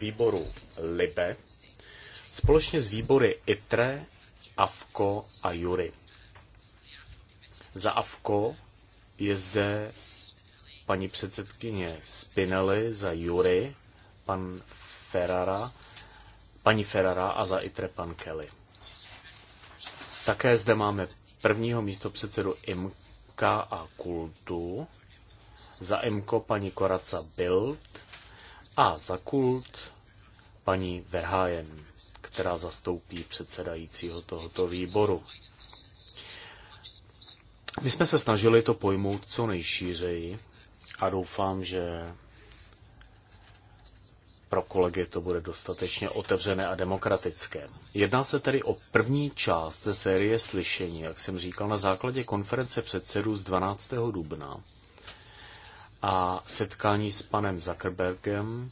výboru LIBE společně s výbory ITRE, AFKO a JURY. Za AFKO je zde paní předsedkyně Spinelli, za JURY pan Ferrara, paní Ferrara a za ITRE pan Kelly. Také zde máme prvního místo předsedu IMKA a KULTU, za IMKO paní Koraca Bild, a za kult paní Verhájen, která zastoupí předsedajícího tohoto výboru. My jsme se snažili to pojmout co nejšířeji a doufám, že pro kolegy to bude dostatečně otevřené a demokratické. Jedná se tedy o první část ze série slyšení, jak jsem říkal, na základě konference předsedů z 12. dubna a setkání s panem Zuckerbergem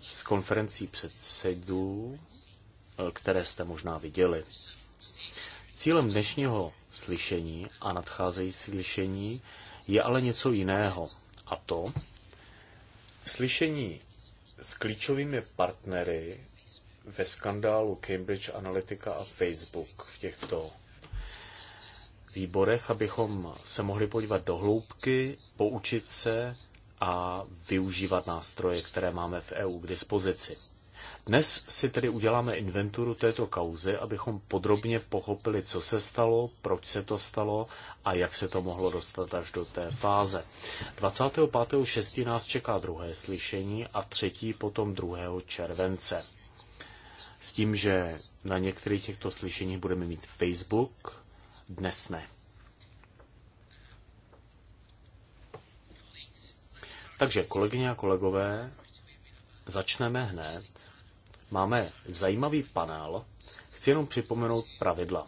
z konferencí předsedů, eh, které jste možná viděli. Cílem dnešního slyšení a nadcházející slyšení je ale něco jiného. A to slyšení s klíčovými partnery ve skandálu Cambridge Analytica a Facebook v těchto výborech, abychom se mohli podívat do hloubky, poučit se a využívat nástroje, které máme v EU k dispozici. Dnes si tedy uděláme inventuru této kauzy, abychom podrobně pochopili, co se stalo, proč se to stalo a jak se to mohlo dostat až do té fáze. 25.6. nás čeká druhé slyšení a třetí potom 2. července. S tím, že na některých těchto slyšeních budeme mít Facebook, dnes ne. Takže kolegyně a kolegové, začneme hned. Máme zajímavý panel. Chci jenom připomenout pravidla.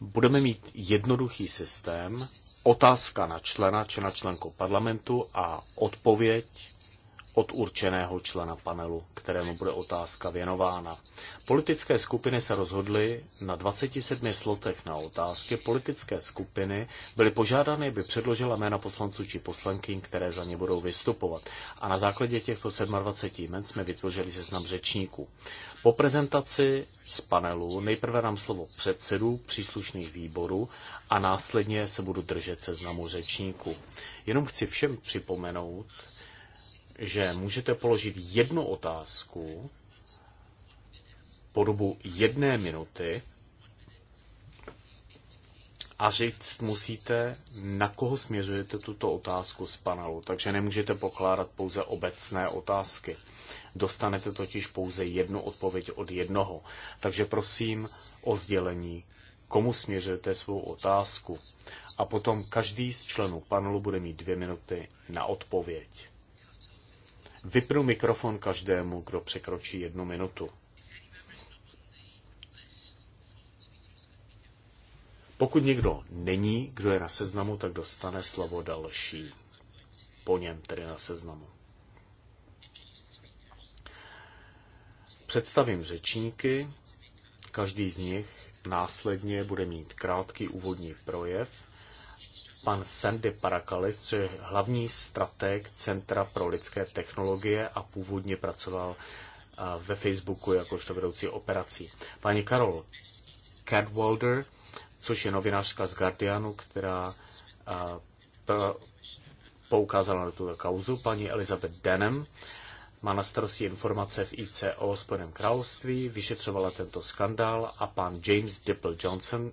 Budeme mít jednoduchý systém, otázka na člena či na členku parlamentu a odpověď od určeného člena panelu, kterému bude otázka věnována. Politické skupiny se rozhodly na 27 slotech na otázky. Politické skupiny byly požádány, aby předložila jména poslanců či poslankyň, které za ně budou vystupovat. A na základě těchto 27 jmen jsme vytvořili seznam řečníků. Po prezentaci z panelu nejprve nám slovo předsedů příslušných výborů a následně se budu držet seznamu řečníků. Jenom chci všem připomenout, že můžete položit jednu otázku po dobu jedné minuty a říct musíte, na koho směřujete tuto otázku z panelu. Takže nemůžete pokládat pouze obecné otázky. Dostanete totiž pouze jednu odpověď od jednoho. Takže prosím o sdělení, komu směřujete svou otázku. A potom každý z členů panelu bude mít dvě minuty na odpověď. Vypnu mikrofon každému, kdo překročí jednu minutu. Pokud někdo není, kdo je na seznamu, tak dostane slovo další. Po něm tedy na seznamu. Představím řečníky, každý z nich následně bude mít krátký úvodní projev pan Sandy Parakalis, což je hlavní strateg Centra pro lidské technologie a původně pracoval ve Facebooku jakožto vedoucí operací. Paní Karol Cadwalder, což je novinářka z Guardianu, která poukázala na tuto kauzu. Paní Elizabeth Denem má na starosti informace v ICO o Spojeném království, vyšetřovala tento skandál a pan James Dipple Johnson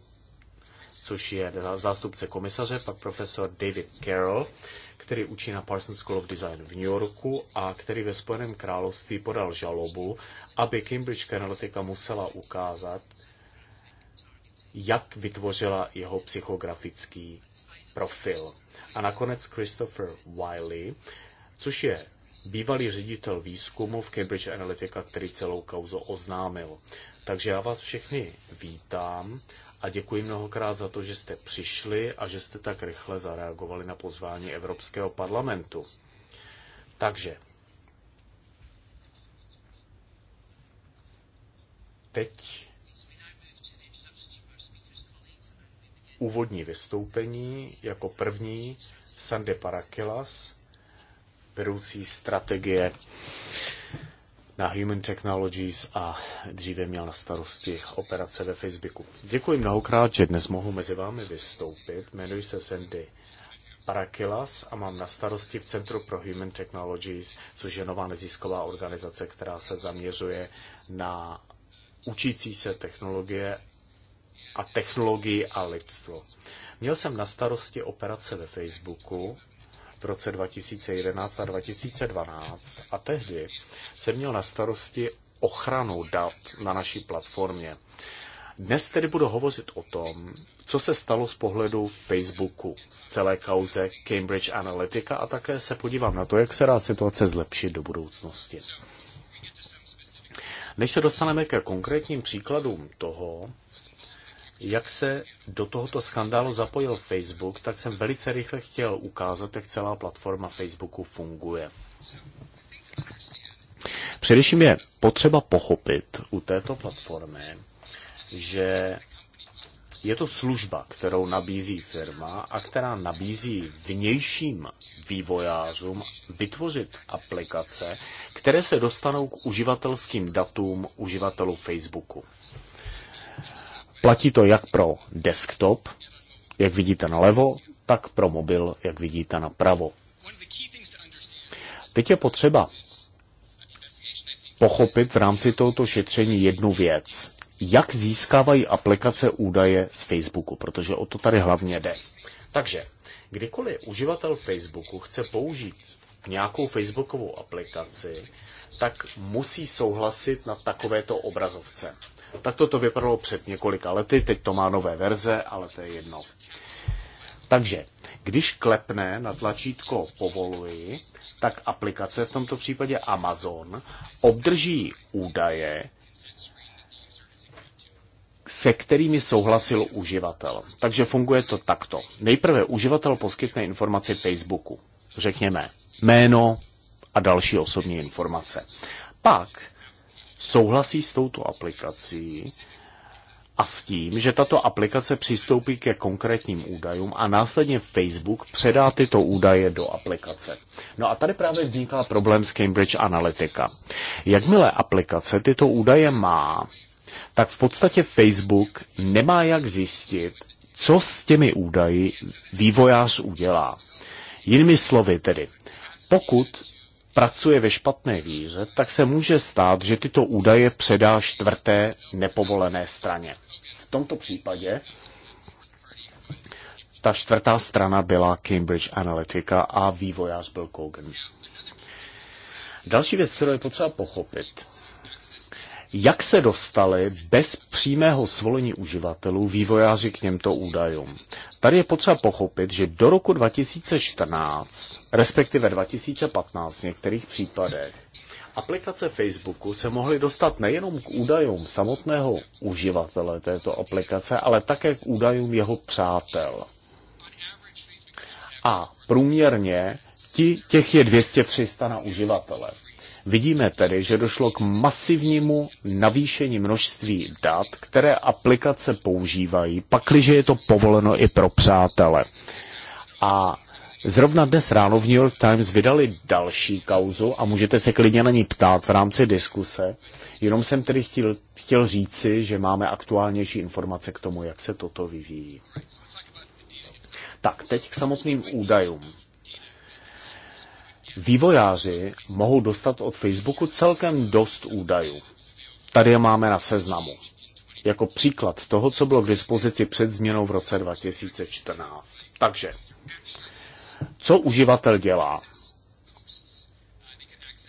což je zástupce komisaře, pak profesor David Carroll, který učí na Parsons School of Design v New Yorku a který ve Spojeném království podal žalobu, aby Cambridge Analytica musela ukázat, jak vytvořila jeho psychografický profil. A nakonec Christopher Wiley, což je bývalý ředitel výzkumu v Cambridge Analytica, který celou kauzu oznámil. Takže já vás všechny vítám a děkuji mnohokrát za to, že jste přišli a že jste tak rychle zareagovali na pozvání Evropského parlamentu. Takže teď úvodní vystoupení jako první Sande Parakilas, vedoucí strategie na Human Technologies a dříve měl na starosti operace ve Facebooku. Děkuji mnohokrát, že dnes mohu mezi vámi vystoupit. Jmenuji se Sandy Parakilas a mám na starosti v Centru pro Human Technologies, což je nová nezisková organizace, která se zaměřuje na učící se technologie a technologii a lidstvo. Měl jsem na starosti operace ve Facebooku v roce 2011 a 2012 a tehdy jsem měl na starosti ochranu dat na naší platformě. Dnes tedy budu hovořit o tom, co se stalo z pohledu Facebooku, celé kauze Cambridge Analytica a také se podívám na to, jak se dá situace zlepšit do budoucnosti. Než se dostaneme ke konkrétním příkladům toho, jak se do tohoto skandálu zapojil Facebook, tak jsem velice rychle chtěl ukázat, jak celá platforma Facebooku funguje. Především je potřeba pochopit u této platformy, že je to služba, kterou nabízí firma a která nabízí vnějším vývojářům vytvořit aplikace, které se dostanou k uživatelským datům uživatelů Facebooku. Platí to jak pro desktop, jak vidíte nalevo, tak pro mobil, jak vidíte napravo. Teď je potřeba pochopit v rámci tohoto šetření jednu věc. Jak získávají aplikace údaje z Facebooku, protože o to tady hlavně jde. Takže, kdykoliv uživatel Facebooku chce použít nějakou Facebookovou aplikaci, tak musí souhlasit na takovéto obrazovce. Tak to vypadalo před několika lety, teď to má nové verze, ale to je jedno. Takže, když klepne na tlačítko povoluji, tak aplikace, v tomto případě Amazon, obdrží údaje, se kterými souhlasil uživatel. Takže funguje to takto. Nejprve uživatel poskytne informaci Facebooku, řekněme jméno a další osobní informace. Pak souhlasí s touto aplikací a s tím, že tato aplikace přistoupí ke konkrétním údajům a následně Facebook předá tyto údaje do aplikace. No a tady právě vzniká problém s Cambridge Analytica. Jakmile aplikace tyto údaje má, tak v podstatě Facebook nemá jak zjistit, co s těmi údaji vývojář udělá. Jinými slovy tedy, pokud pracuje ve špatné víře, tak se může stát, že tyto údaje předá čtvrté nepovolené straně. V tomto případě ta čtvrtá strana byla Cambridge Analytica a vývojář byl Kogan. Další věc, kterou je potřeba pochopit, jak se dostali bez přímého svolení uživatelů vývojáři k těmto údajům. Tady je potřeba pochopit, že do roku 2014 respektive 2015 v některých případech, aplikace Facebooku se mohly dostat nejenom k údajům samotného uživatele této aplikace, ale také k údajům jeho přátel. A průměrně ti, těch je 200-300 na uživatele. Vidíme tedy, že došlo k masivnímu navýšení množství dat, které aplikace používají, pakliže je to povoleno i pro přátele. A Zrovna dnes ráno v New York Times vydali další kauzu a můžete se klidně na ní ptát v rámci diskuse. Jenom jsem tedy chtěl, chtěl říci, že máme aktuálnější informace k tomu, jak se toto vyvíjí. Tak, teď k samotným údajům. Vývojáři mohou dostat od Facebooku celkem dost údajů. Tady je máme na seznamu. Jako příklad toho, co bylo k dispozici před změnou v roce 2014. Takže co uživatel dělá,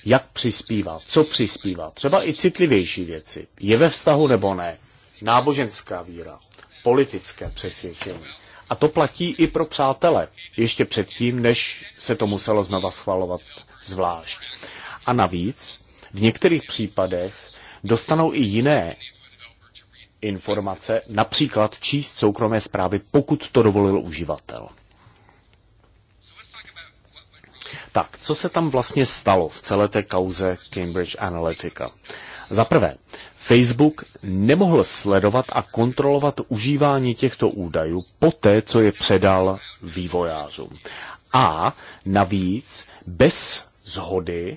jak přispívá, co přispívá, třeba i citlivější věci, je ve vztahu nebo ne, náboženská víra, politické přesvědčení. A to platí i pro přátele, ještě předtím, než se to muselo znova schvalovat zvlášť. A navíc, v některých případech dostanou i jiné informace, například číst soukromé zprávy, pokud to dovolil uživatel. Tak, co se tam vlastně stalo v celé té kauze Cambridge Analytica? Za prvé, Facebook nemohl sledovat a kontrolovat užívání těchto údajů poté, co je předal vývojářům. A navíc bez zhody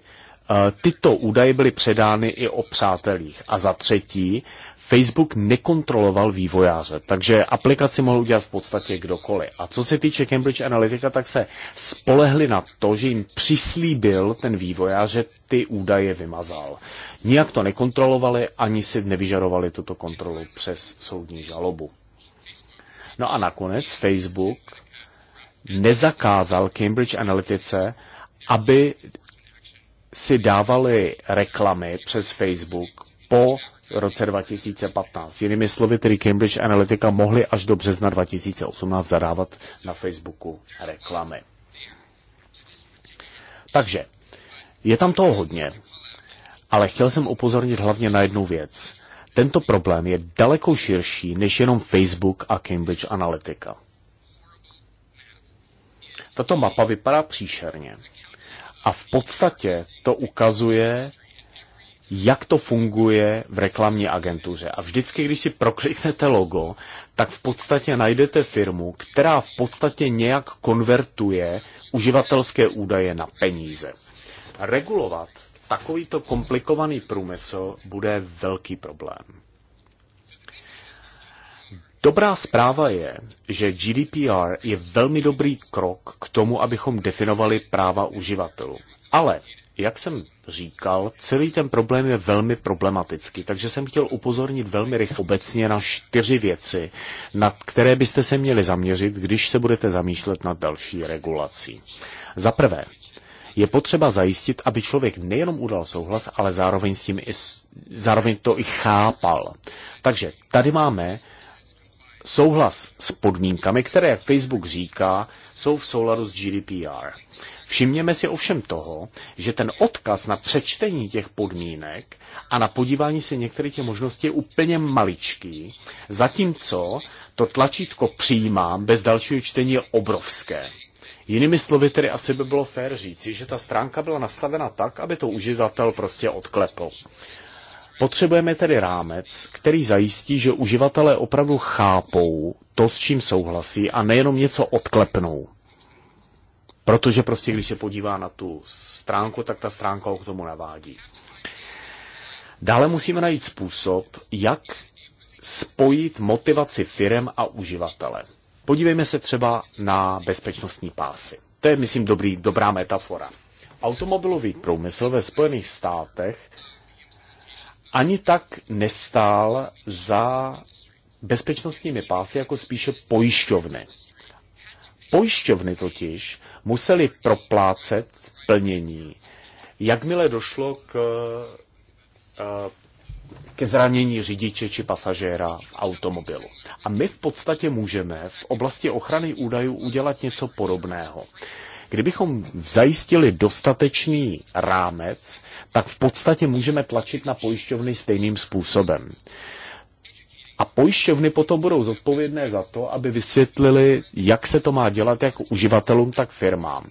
eh, tyto údaje byly předány i o přátelích. A za třetí, Facebook nekontroloval vývojáře, takže aplikaci mohl udělat v podstatě kdokoliv. A co se týče Cambridge Analytica, tak se spolehli na to, že jim přislíbil ten vývojář, že ty údaje vymazal. Nijak to nekontrolovali, ani si nevyžarovali tuto kontrolu přes soudní žalobu. No a nakonec Facebook nezakázal Cambridge Analytice, aby si dávali reklamy přes Facebook po roce 2015. Jinými slovy, tedy Cambridge Analytica mohli až do března 2018 zadávat na Facebooku reklamy. Takže, je tam toho hodně, ale chtěl jsem upozornit hlavně na jednu věc. Tento problém je daleko širší než jenom Facebook a Cambridge Analytica. Tato mapa vypadá příšerně. A v podstatě to ukazuje jak to funguje v reklamní agentuře. A vždycky, když si prokliknete logo, tak v podstatě najdete firmu, která v podstatě nějak konvertuje uživatelské údaje na peníze. Regulovat takovýto komplikovaný průmysl bude velký problém. Dobrá zpráva je, že GDPR je velmi dobrý krok k tomu, abychom definovali práva uživatelů. Ale, jak jsem říkal, celý ten problém je velmi problematický, takže jsem chtěl upozornit velmi rychle obecně na čtyři věci, na které byste se měli zaměřit, když se budete zamýšlet nad další regulací. Za prvé, je potřeba zajistit, aby člověk nejenom udal souhlas, ale zároveň, s tím i, zároveň to i chápal. Takže tady máme souhlas s podmínkami, které, jak Facebook říká, jsou v souladu s GDPR. Všimněme si ovšem toho, že ten odkaz na přečtení těch podmínek a na podívání se některých těch možností je úplně maličký, zatímco to tlačítko přijímám bez dalšího čtení je obrovské. Jinými slovy tedy asi by bylo fér říci, že ta stránka byla nastavena tak, aby to uživatel prostě odklepl. Potřebujeme tedy rámec, který zajistí, že uživatelé opravdu chápou to, s čím souhlasí a nejenom něco odklepnou. Protože prostě, když se podívá na tu stránku, tak ta stránka ho k tomu navádí. Dále musíme najít způsob, jak spojit motivaci firem a uživatele. Podívejme se třeba na bezpečnostní pásy. To je, myslím, dobrý, dobrá metafora. Automobilový průmysl ve Spojených státech ani tak nestál za bezpečnostními pásy, jako spíše pojišťovny. Pojišťovny totiž museli proplácet plnění. Jakmile došlo k, eh, ke zranění řidiče či pasažéra v automobilu. A my v podstatě můžeme v oblasti ochrany údajů udělat něco podobného. Kdybychom zajistili dostatečný rámec, tak v podstatě můžeme tlačit na pojišťovny stejným způsobem. A pojišťovny potom budou zodpovědné za to, aby vysvětlili, jak se to má dělat jak uživatelům, tak firmám.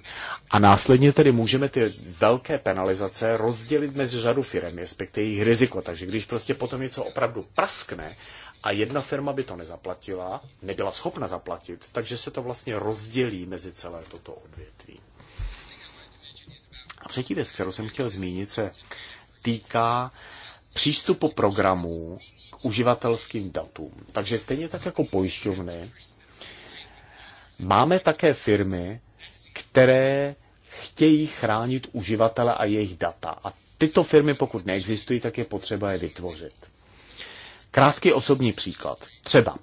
A následně tedy můžeme ty velké penalizace rozdělit mezi řadu firm, respektive jejich riziko. Takže když prostě potom něco opravdu praskne a jedna firma by to nezaplatila, nebyla schopna zaplatit, takže se to vlastně rozdělí mezi celé toto odvětví. A třetí věc, kterou jsem chtěl zmínit, se týká přístupu programů uživatelským datům. Takže stejně tak jako pojišťovny, máme také firmy, které chtějí chránit uživatele a jejich data. A tyto firmy, pokud neexistují, tak je potřeba je vytvořit. Krátký osobní příklad. Třeba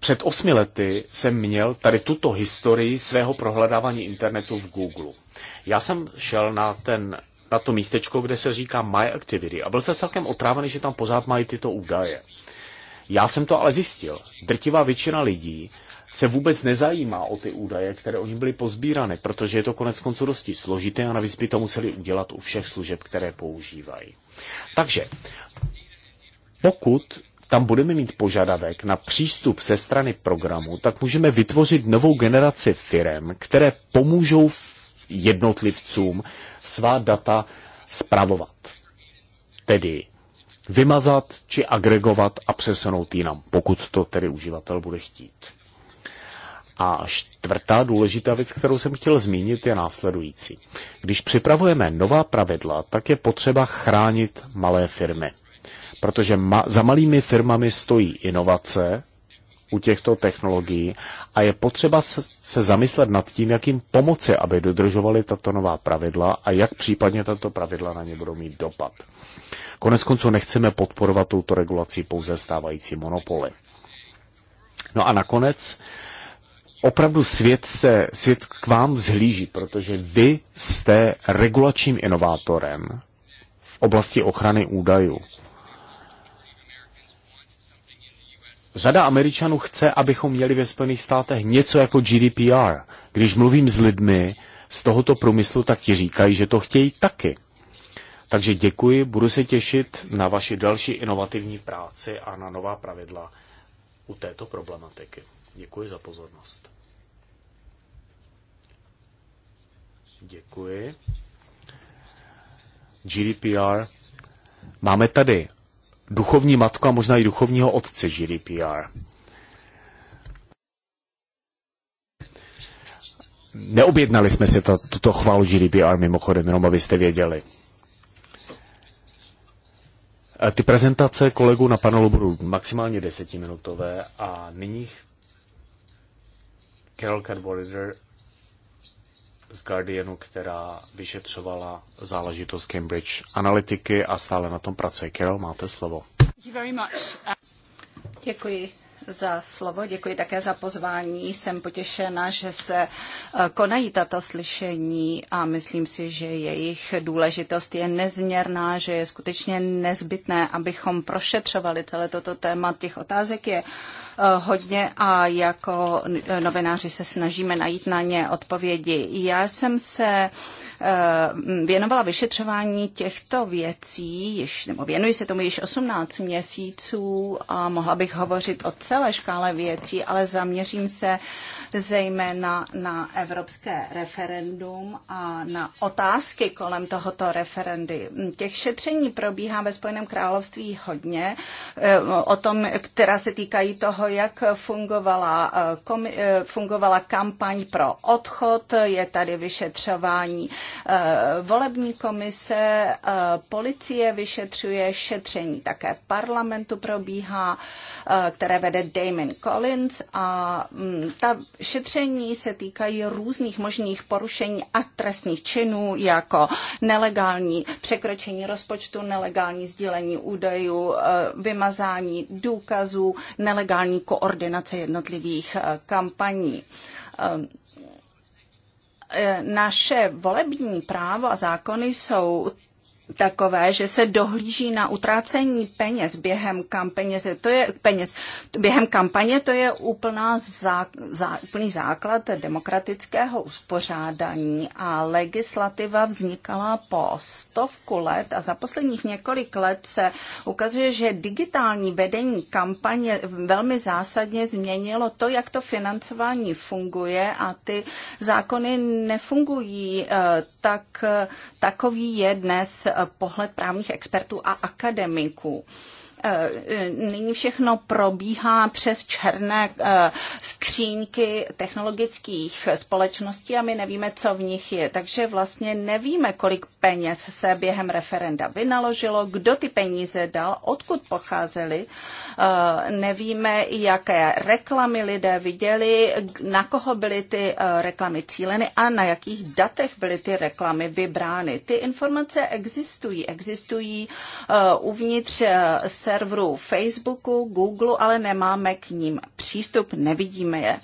před osmi lety jsem měl tady tuto historii svého prohledávání internetu v Google. Já jsem šel na ten na to místečko, kde se říká My Activity a byl jsem celkem otrávený, že tam pořád mají tyto údaje. Já jsem to ale zjistil. Drtivá většina lidí se vůbec nezajímá o ty údaje, které o ní byly pozbírané, protože je to konec konců dosti složité a navíc by to museli udělat u všech služeb, které používají. Takže pokud tam budeme mít požadavek na přístup ze strany programu, tak můžeme vytvořit novou generaci firm, které pomůžou jednotlivcům svá data spravovat. Tedy vymazat či agregovat a přesunout jinam, pokud to tedy uživatel bude chtít. A čtvrtá důležitá věc, kterou jsem chtěl zmínit, je následující. Když připravujeme nová pravidla, tak je potřeba chránit malé firmy. Protože ma- za malými firmami stojí inovace, u těchto technologií a je potřeba se zamyslet nad tím, jak jim pomoci, aby dodržovali tato nová pravidla a jak případně tato pravidla na ně budou mít dopad. Konec konců nechceme podporovat touto regulací pouze stávající monopoly. No a nakonec opravdu svět, se, svět k vám zhlíží, protože vy jste regulačním inovátorem v oblasti ochrany údajů. Řada Američanů chce, abychom měli ve Spojených státech něco jako GDPR. Když mluvím s lidmi z tohoto průmyslu, tak ti říkají, že to chtějí taky. Takže děkuji, budu se těšit na vaši další inovativní práci a na nová pravidla u této problematiky. Děkuji za pozornost. Děkuji. GDPR. Máme tady duchovní matku a možná i duchovního otce GDPR. Neobjednali jsme si ta, tuto chválu GDPR mimochodem, jenom abyste věděli. Ty prezentace kolegů na panelu budou maximálně desetiminutové a nyní Carol Cadwallader z Guardianu, která vyšetřovala záležitost Cambridge Analytiky a stále na tom pracuje. Carol, máte slovo. Děkuji za slovo, děkuji také za pozvání. Jsem potěšena, že se eh, konají tato slyšení a myslím si, že jejich důležitost je nezměrná, že je skutečně nezbytné, abychom prošetřovali celé toto téma. Těch otázek je Eh, hodně a jako novináři se snažíme najít na ně odpovědi. Já jsem se eh, věnovala vyšetřování těchto věcí, již, nebo věnuji se tomu již 18 měsíců a mohla bych hovořit o celé škále věcí, ale zaměřím se zejména na evropské referendum a na otázky kolem tohoto referendy. Těch šetření probíhá ve Spojeném království hodně eh, o tom, která se týkají toho, toho, jak fungovala, eh, eh, fungovala kampaň pro odchod, je tady vyšetřování eh, volební komise, policie vyšetřuje, šetření také parlamentu probíhá, které vede Damon Collins a mm, ta šetření se týkají různých možných porušení a trestných činů, jako nelegální překročení rozpočtu, nelegální sdílení údajů, vymazání důkazů, nelegální posílení koordinace jednotlivých eh, kampaní eh, eh, naše volební právo a zákony jsou takové, že se dohlíží na utrácení peněz během kampaně. To je, peněz, během kampaně to je úplná zá, zá, úplný základ demokratického uspořádání a legislativa vznikala po stovku let a za posledních několik let se ukazuje, že digitální vedení kampaně velmi zásadně změnilo to, jak to financování funguje a ty zákony nefungují eh, tak, eh, takový je dnes eh, pohled právních expertů a akademiků eh, nyní všechno probíhá přes černé eh, skřínky technologických společností a my nevíme, co v nich je. Takže vlastně nevíme, kolik peněz se během referenda vynaložilo, kdo ty peníze dal, odkud pocházely. Eh, nevíme, jaké reklamy lidé viděli, na koho byly ty eh, reklamy cíleny a na jakých datech byly ty reklamy vybrány. Ty informace existují. Existují eh, uvnitř serverů Facebooku, Google, ale nemáme k ním přístup, nevidíme je.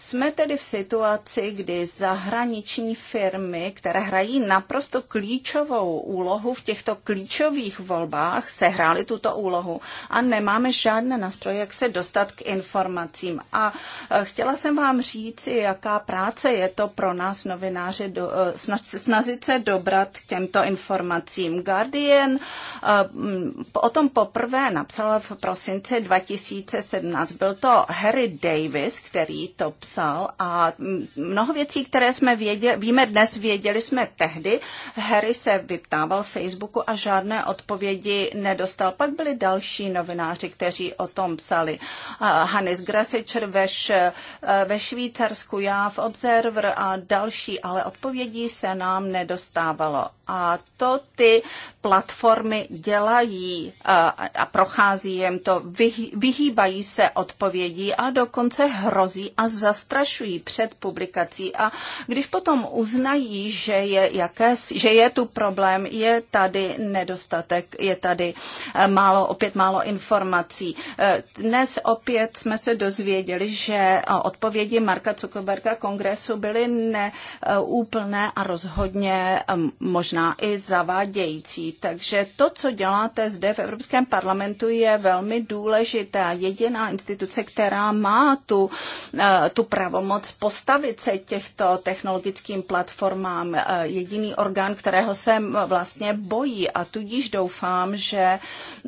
Jsme tedy v situaci, kdy zahraniční firmy, které hrají naprosto klíčovou úlohu v těchto klíčových volbách, sehrály tuto úlohu a nemáme žádné nástroje, jak se dostat k informacím. A e, chtěla jsem vám říct, jaká práce je to pro nás novináři do, e, snažit se dobrat k těmto informacím. Guardian e, o tom poprvé napsal v prosinci 2017. Byl to Harry Davis, který to psal napsal a mnoho věcí, které jsme věděli, víme dnes, věděli jsme tehdy. Harry se vyptával Facebooku a žádné odpovědi nedostal. Pak byli další novináři, kteří o tom psali. Hannes Grasečer ve, e, ve Švýcarsku, já v Observer a další, ale odpovědí se nám nedostávalo. A to ty platformy dělají a prochází jim to, vyhýbají se odpovědí a dokonce hrozí a zastrašují před publikací. A když potom uznají, že je, jaké, že je tu problém, je tady nedostatek, je tady e, málo, opět málo informací. E, dnes opět jsme se dozvěděli, že e, odpovědi Marka Zuckerberga kongresu byly neúplné a rozhodně možná i zavádějící. Takže to, co děláte zde v Evropském parlamentu, je velmi důležité. Jediná instituce, která má tu, eh, tu pravomoc postavit se těchto technologickým platformám, eh, jediný orgán, kterého se vlastně bojí. A tudíž doufám, že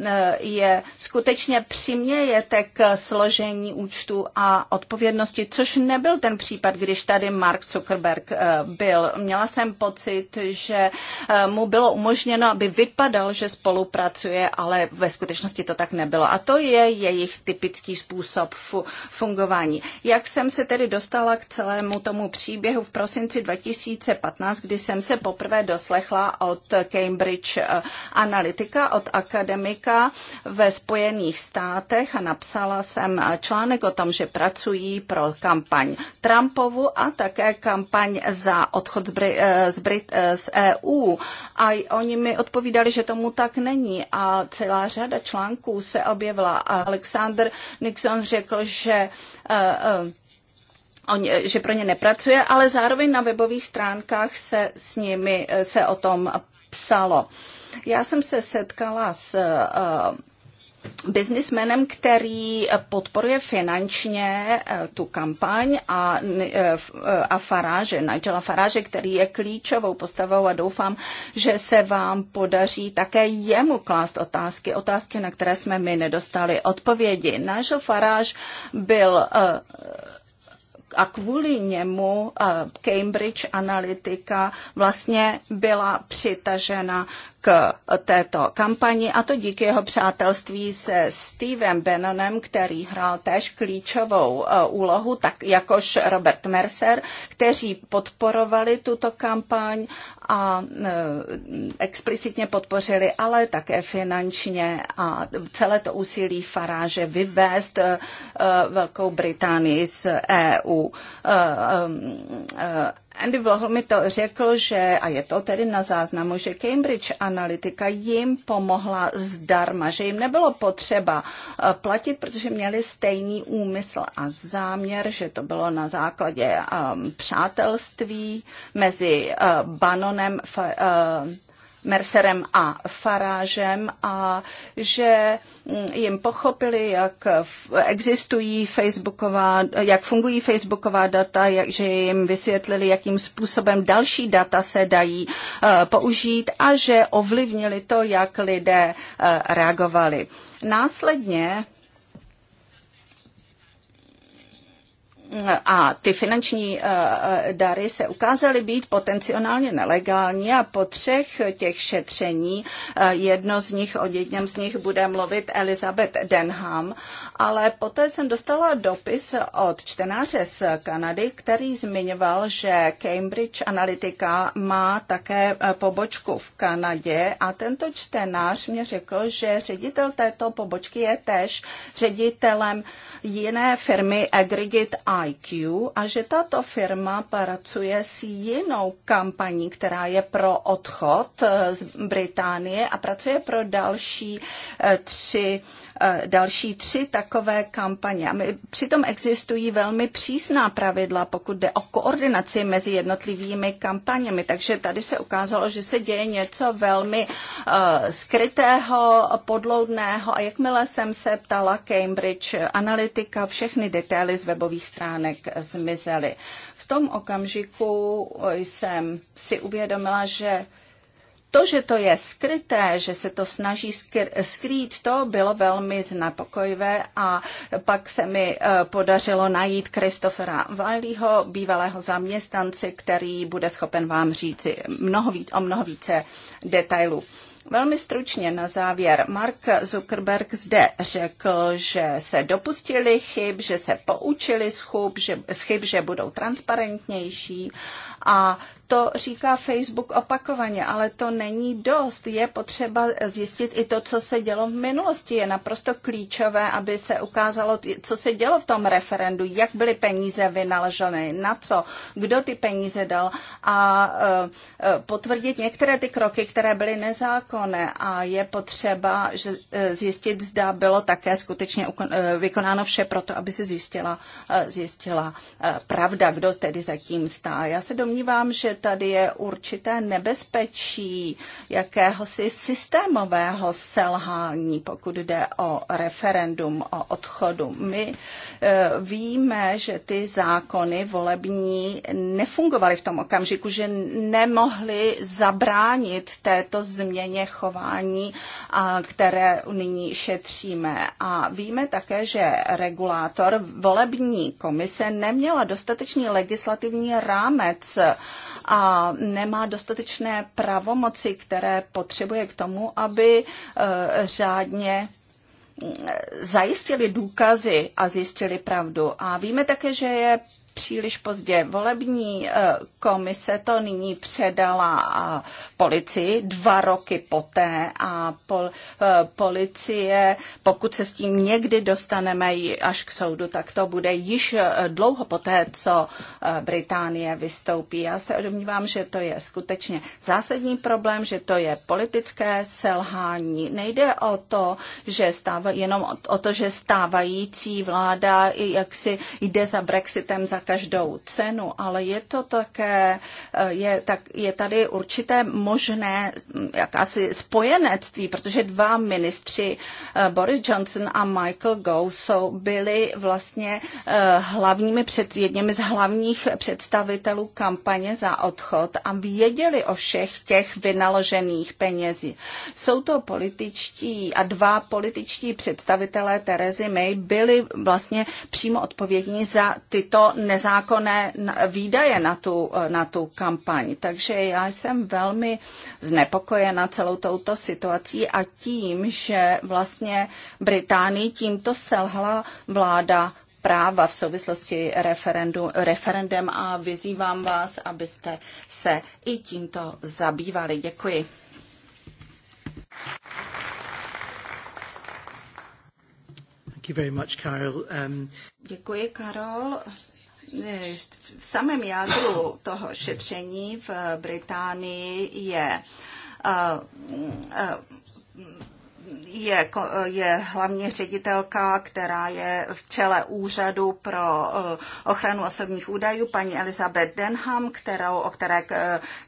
eh, je skutečně přimějete k složení účtu a odpovědnosti, což nebyl ten případ, když tady Mark Zuckerberg byl. Měla jsem pocit, že mu bylo umožněno, aby vypadal, že spolupracuje, ale ve skutečnosti to tak nebylo. A to je jejich typický způsob fu- fungování. Jak jsem se tedy dostala k celému tomu příběhu v prosinci 2015, kdy jsem se poprvé doslechla od Cambridge eh, Analytica, od akademika ve Spojených státech a napsala jsem eh, článek o tom, že pracují pro kampaň Trumpovu a také kampaň za odchod z, eh, Brit- z EU a oni mi odpovídali, že tomu tak není a celá řada článků se objevila a Alexander Nixon řekl, že uh, On, že pro ně nepracuje, ale zároveň na webových stránkách se s nimi eh, se o tom psalo. Já jsem se setkala s uh, biznismenem, který podporuje finančně eh, tu kampaň a, eh, eh, a Faráže, Nigela Faráže, který je klíčovou postavou a doufám, že se vám podaří také jemu klást otázky, otázky, na které jsme my nedostali odpovědi. Nigel Faráž byl a kvůli němu Cambridge Analytica vlastně byla přitažena této kampani a to díky jeho přátelství se Stevem Bannonem, který hrál též klíčovou eh, úlohu, tak jakož Robert Mercer, kteří podporovali tuto kampaň a eh, explicitně podpořili, ale také finančně a celé to úsilí Faráže vyvést eh, Velkou Británii z EU. Andy Vohl mi to řekl, že, a je to tedy na záznamu, že Cambridge Analytica jim pomohla zdarma, že jim nebylo potřeba eh, platit, protože měli stejný úmysl a záměr, že to bylo na základě um, přátelství mezi uh, Bannonem, uh, Mercerem a Farážem a že mm, jim pochopili, jak existují Facebooková, jak fungují Facebooková data, jak, že jim vysvětlili, jakým způsobem další data se dají uh, použít a že ovlivnili to, jak lidé uh, reagovali. Následně a ty finanční eh, eh, dary se ukázaly být potenciálně nelegální a po třech těch šetření, eh, jedno z nich, o jednom z nich bude mluvit Elizabeth Denham, ale poté jsem dostala dopis od čtenáře z Kanady, který zmiňoval, že Cambridge Analytica má také pobočku v Kanadě a tento čtenář mě řekl, že ředitel této pobočky je též ředitelem jiné firmy Aggregate IQ a že tato firma pracuje s jinou kampaní, která je pro odchod eh, z Británie a pracuje pro další eh, tři Eh, další tři takové kampaně. A my, přitom existují velmi přísná pravidla, pokud jde o koordinaci mezi jednotlivými kampaněmi. Takže tady se ukázalo, že se děje něco velmi uh, skrytého, podloudného. A jakmile jsem se ptala Cambridge Analytica, všechny detaily z webových stránek zmizely. V tom okamžiku eh, jsem si uvědomila, že to, že to je skryté, že se to snaží skrýt, to bylo velmi znepokojivé a pak se mi eh, podařilo najít Kristofera Valího, bývalého zaměstnance, který bude schopen vám říci mnoho víc, o mnoho více detailů. Velmi stručně na závěr. Mark Zuckerberg zde řekl, že se dopustili chyb, že se poučili z chyb, že, z chyb, že budou transparentnější a to říká Facebook opakovaně, ale to není dost. Je potřeba zjistit i to, co se dělo v minulosti. Je naprosto klíčové, aby se ukázalo, co se dělo v tom referendu, jak byly peníze vynaloženy, na co, kdo ty peníze dal a e, e, potvrdit některé ty kroky, které byly nezákonné a je potřeba e, zjistit, zda bylo také skutečně vykonáno vše pro to, aby se zjistila, zjistila pravda, kdo tedy zatím stá. Já se domnívám, že tady je určité nebezpečí jakéhosi systémového selhání, pokud jde o referendum, o odchodu. My e, víme, že ty zákony volební nefungovaly v tom okamžiku, že nemohly zabránit této změně chování, které nyní šetříme. A víme také, že regulátor volební komise neměla dostatečný legislativní rámec a nemá dostatečné pravomoci, které potřebuje k tomu, aby e, řádně e, zajistili důkazy a zjistili pravdu. A víme také, že je příliš pozdě. Volební e, Komise to nyní předala policii dva roky poté a pol, e, policie, pokud se s tím někdy dostaneme až k soudu, tak to bude již e, dlouho poté, co e, Británie vystoupí. Já se domnívám, že to je skutečně zásadní problém, že to je politické selhání. Nejde o to, že stáva, jenom o to, že stávající vláda jaksi jde za Brexitem za každou cenu, ale je to také Eh, je, tak je tady určité možné mm, jakási spojenectví, protože dva ministři, eh, Boris Johnson a Michael Gove, jsou, byli vlastně eh, hlavními před, jedněmi z hlavních představitelů kampaně za odchod a věděli o všech těch vynaložených penězí. Jsou to političtí a dva političtí představitelé Terezy May byli vlastně přímo odpovědní za tyto nezákonné výdaje na tu na tu kampaň. Takže já jsem velmi znepokojena celou touto situací a tím, že vlastně Británii tímto selhala vláda práva v souvislosti referendu, referendem a vyzývám vás, abyste se i tímto zabývali. Děkuji. Thank you very much, Carol. Um... Děkuji, Karol v samém jádru toho šetření v Británii je eh, eh, je, je hlavně ředitelka, která je v čele úřadu pro eh, ochranu osobních údajů, paní Elizabeth Denham, kterou, o které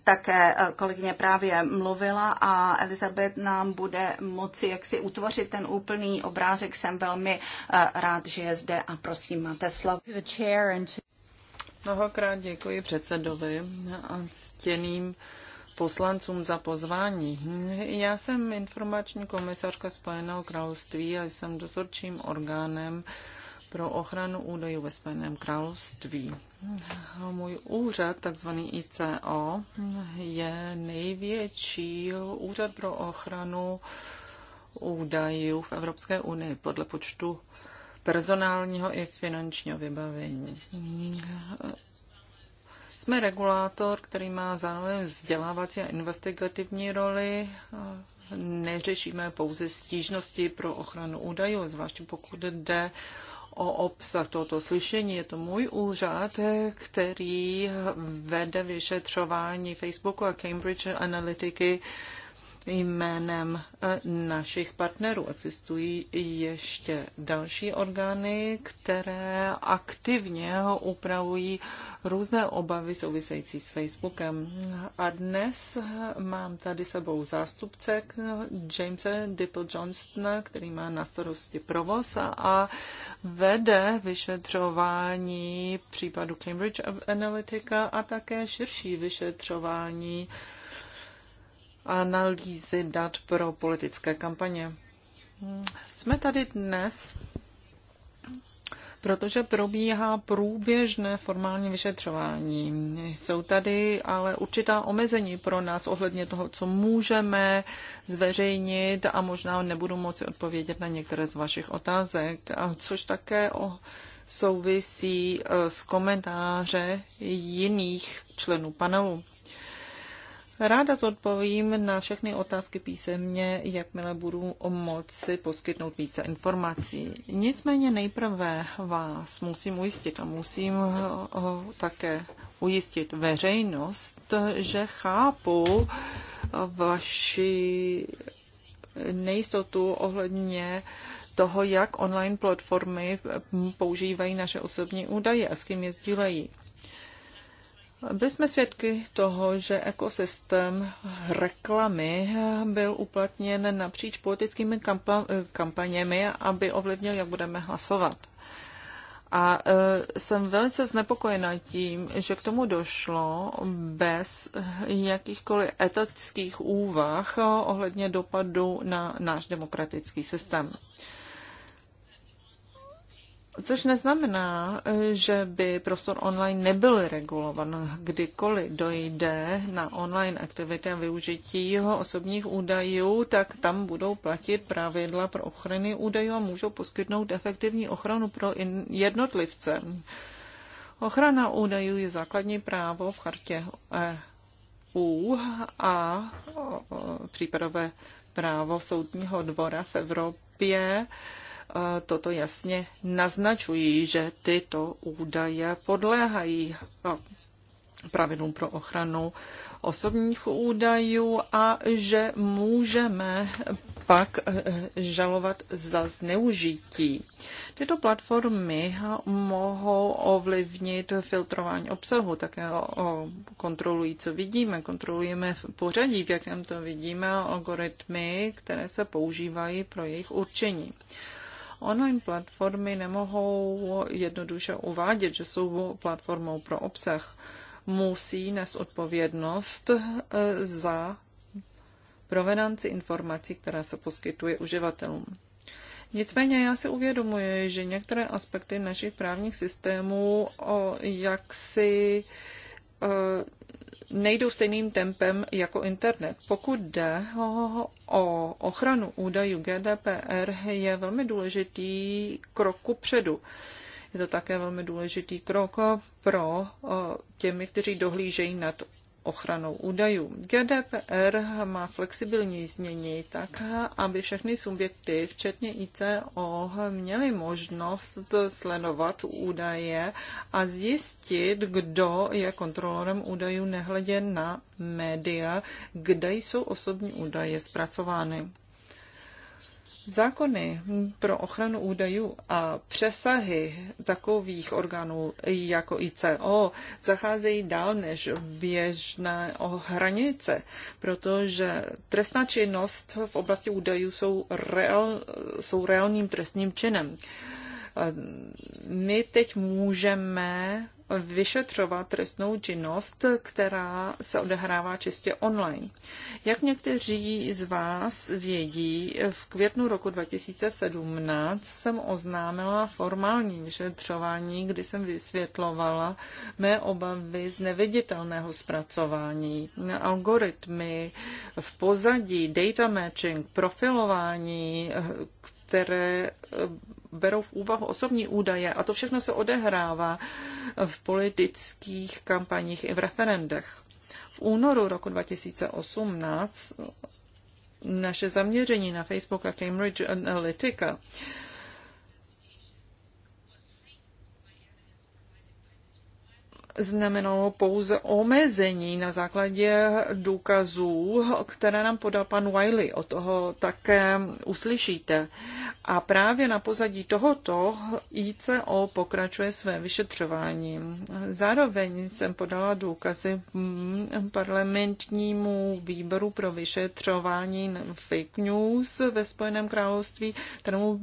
také kolegyně právě mluvila a Elizabeth nám bude moci jak si utvořit ten úplný obrázek. Jsem velmi rád, že je zde a prosím, máte slovo. Mnohokrát děkuji předsedovi a ctěným poslancům za pozvání. Já jsem informační komisařka Spojeného království a jsem dozorčím orgánem pro ochranu údajů ve Spojeném království. Můj úřad, takzvaný ICO, je největší úřad pro ochranu údajů v Evropské unii podle počtu personálního i finančního vybavení. Jsme regulátor, který má zároveň vzdělávací a investigativní roli. Neřešíme pouze stížnosti pro ochranu údajů, zvláště pokud jde o obsah tohoto slyšení. Je to můj úřad, který vede vyšetřování Facebooku a Cambridge Analytiky jménem eh, našich partnerů. Existují ještě další orgány, které aktivně upravují různé obavy související s Facebookem. A dnes eh, mám tady sebou zástupce Jamesa Dipple Johnstona, který má na starosti provoz a vede vyšetřování případu Cambridge Analytica a také širší vyšetřování analýzy dat pro politické kampaně. Hmm. Jsme tady dnes, protože probíhá průběžné formální vyšetřování. Jsou tady ale určitá omezení pro nás ohledně toho, co můžeme zveřejnit a možná nebudu moci odpovědět na některé z vašich otázek, což také o souvisí eh, s komentáře jiných členů panelu. Ráda zodpovím na všechny otázky písemně, jakmile budu o moci poskytnout více informací. Nicméně nejprve vás musím ujistit a musím také ujistit veřejnost, že chápu vaši nejistotu ohledně toho, jak online platformy používají naše osobní údaje a s kým je sdílejí. Byli jsme svědky toho, že ekosystém reklamy byl uplatněn napříč politickými kampa- kampaněmi, aby ovlivnil, jak budeme hlasovat. A e, jsem velice znepokojena tím, že k tomu došlo bez jakýchkoliv etických úvah ohledně dopadu na náš demokratický systém. E, Což neznamená, eh, že by prostor online nebyl regulovan. Kdykoliv dojde na online aktivity a využití jeho osobních údajů, tak tam budou platit pravidla pro ochrany údajů a můžou poskytnout efektivní ochranu pro jednotlivce. Ochrana údajů je základní právo v chartě EU a případové právo soudního dvora v Evropě toto jasně naznačují, že tyto údaje podléhají no, pravidlům pro ochranu osobních údajů a že můžeme pak eh, žalovat za zneužití. Tyto platformy mohou ovlivnit filtrování obsahu, také kontrolují, co vidíme, kontrolujeme v pořadí, v jakém to vidíme, algoritmy, které se používají pro jejich určení. Online platformy nemohou jednoduše uvádět, že jsou platformou pro obsah. Musí nést odpovědnost eh, za provenanci informací, která se poskytuje uživatelům. Nicméně já si uvědomuji, že některé aspekty našich právních systémů o jaksi eh, nejdou stejným tempem jako internet. Pokud jde o ochranu údajů, GDPR je velmi důležitý krok ku předu. Je to také velmi důležitý krok pro těmi, kteří dohlížejí nad ochranou údajů. GDPR má flexibilní znění tak, aby všechny subjekty, včetně ICO, měly možnost sledovat údaje a zjistit, kdo je kontrolorem údajů nehledě na média, kde jsou osobní údaje zpracovány. Zákony pro ochranu údajů a přesahy takových orgánů jako ICO zacházejí dál než běžné hranice, protože trestná činnost v oblasti údajů jsou, reál, jsou reálným trestním činem. My teď můžeme vyšetřovat trestnou činnost, která se odehrává čistě online. Jak někteří z vás vědí, v květnu roku 2017 jsem oznámila formální vyšetřování, kdy jsem vysvětlovala mé obavy z neviditelného zpracování, algoritmy v pozadí, data matching, profilování, které eh, berou v úvahu osobní údaje a to všechno se odehrává v politických kampaních i v referendech. V únoru roku 2018 naše zaměření na Facebook a Cambridge Analytica znamenalo pouze omezení na základě důkazů, které nám podal pan Wiley. O toho také uslyšíte. A právě na pozadí tohoto ICO pokračuje své vyšetřování. Zároveň jsem podala důkazy parlamentnímu výboru pro vyšetřování fake news ve Spojeném království, kterému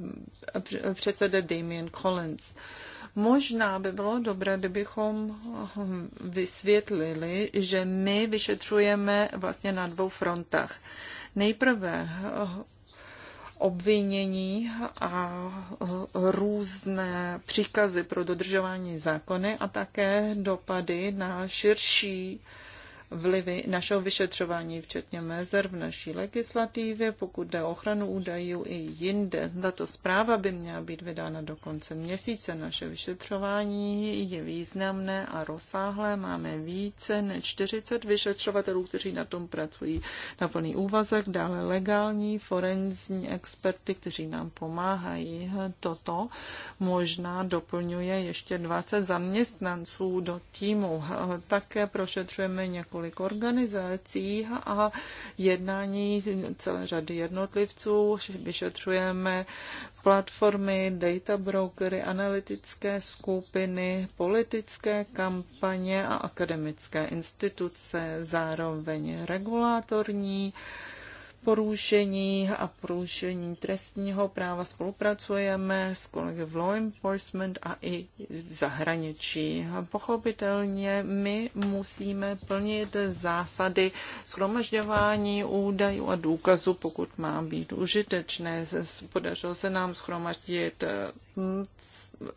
předsede Damien Collins. Možná by bylo dobré, kdybychom vysvětlili, že my vyšetřujeme vlastně na dvou frontách. Nejprve eh, obvinění a eh, různé příkazy pro dodržování zákony a také dopady na širší vlivy našeho vyšetřování, včetně mezer v naší legislativě, pokud jde o ochranu údajů i jinde. Tato zpráva by měla být vydána do konce měsíce. Naše vyšetřování je významné a rozsáhlé. Máme více než 40 vyšetřovatelů, kteří na tom pracují na plný úvazek, dále legální forenzní experty, kteří nám pomáhají. Toto možná doplňuje ještě 20 zaměstnanců do týmu. Také prošetřujeme několik několik organizací a jednání celé řady jednotlivců. Vyšetřujeme platformy, data brokery, analytické skupiny, politické kampaně a akademické instituce, zároveň regulátorní porušení a porušení trestního práva spolupracujeme s kolegy v law enforcement a i v zahraničí. Pochopitelně my musíme plnit zásady schromažďování údajů a důkazů, pokud má být užitečné. Podařilo se nám schromaždit hm,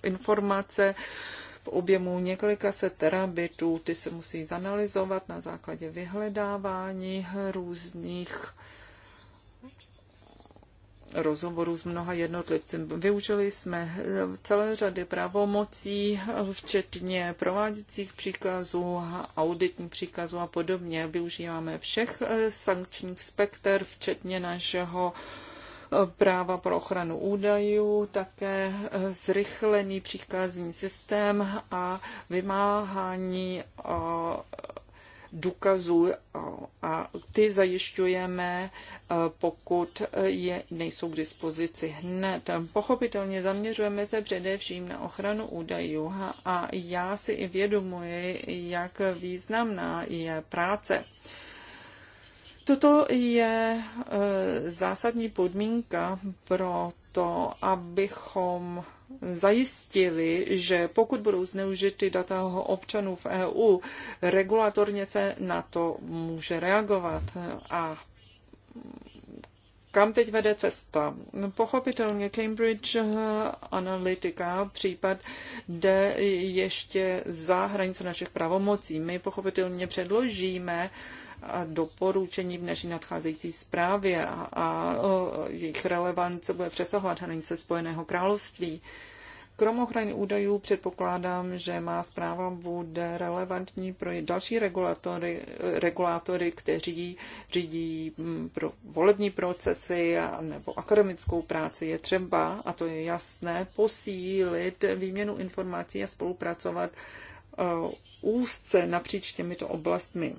informace, v objemu několika set terabitů. Ty se musí zanalizovat na základě vyhledávání různých rozhovorů s mnoha jednotlivci. Využili jsme celé řady pravomocí, včetně prováděcích příkazů, auditních příkazů a podobně. Využíváme všech eh, sankčních spekter, včetně našeho eh, práva pro ochranu údajů, také eh, zrychlený příkazní systém a vymáhání důkazů eh, a ty zajišťujeme, eh, pokud eh, je nejsou k dispozici hned. Pochopitelně zaměřujeme se především na ochranu údajů a já si i vědomuji, jak významná je práce. Toto je zásadní podmínka pro to, abychom zajistili, že pokud budou zneužity data občanů v EU, regulatorně se na to může reagovat. A kam teď vede cesta? Pochopitelně Cambridge Analytica případ jde ještě za hranice našich pravomocí. My pochopitelně předložíme uh, doporučení v naší nadcházející zprávě a, a jejich relevance bude přesahovat hranice Spojeného království. Krom ochrany údajů předpokládám, že má zpráva bude relevantní pro další regulatory, regulátory, kteří řídí mm, pro volební procesy nebo akademickou práci. Je třeba, a to je jasné, posílit výměnu informací a spolupracovat e, úzce napříč těmito oblastmi.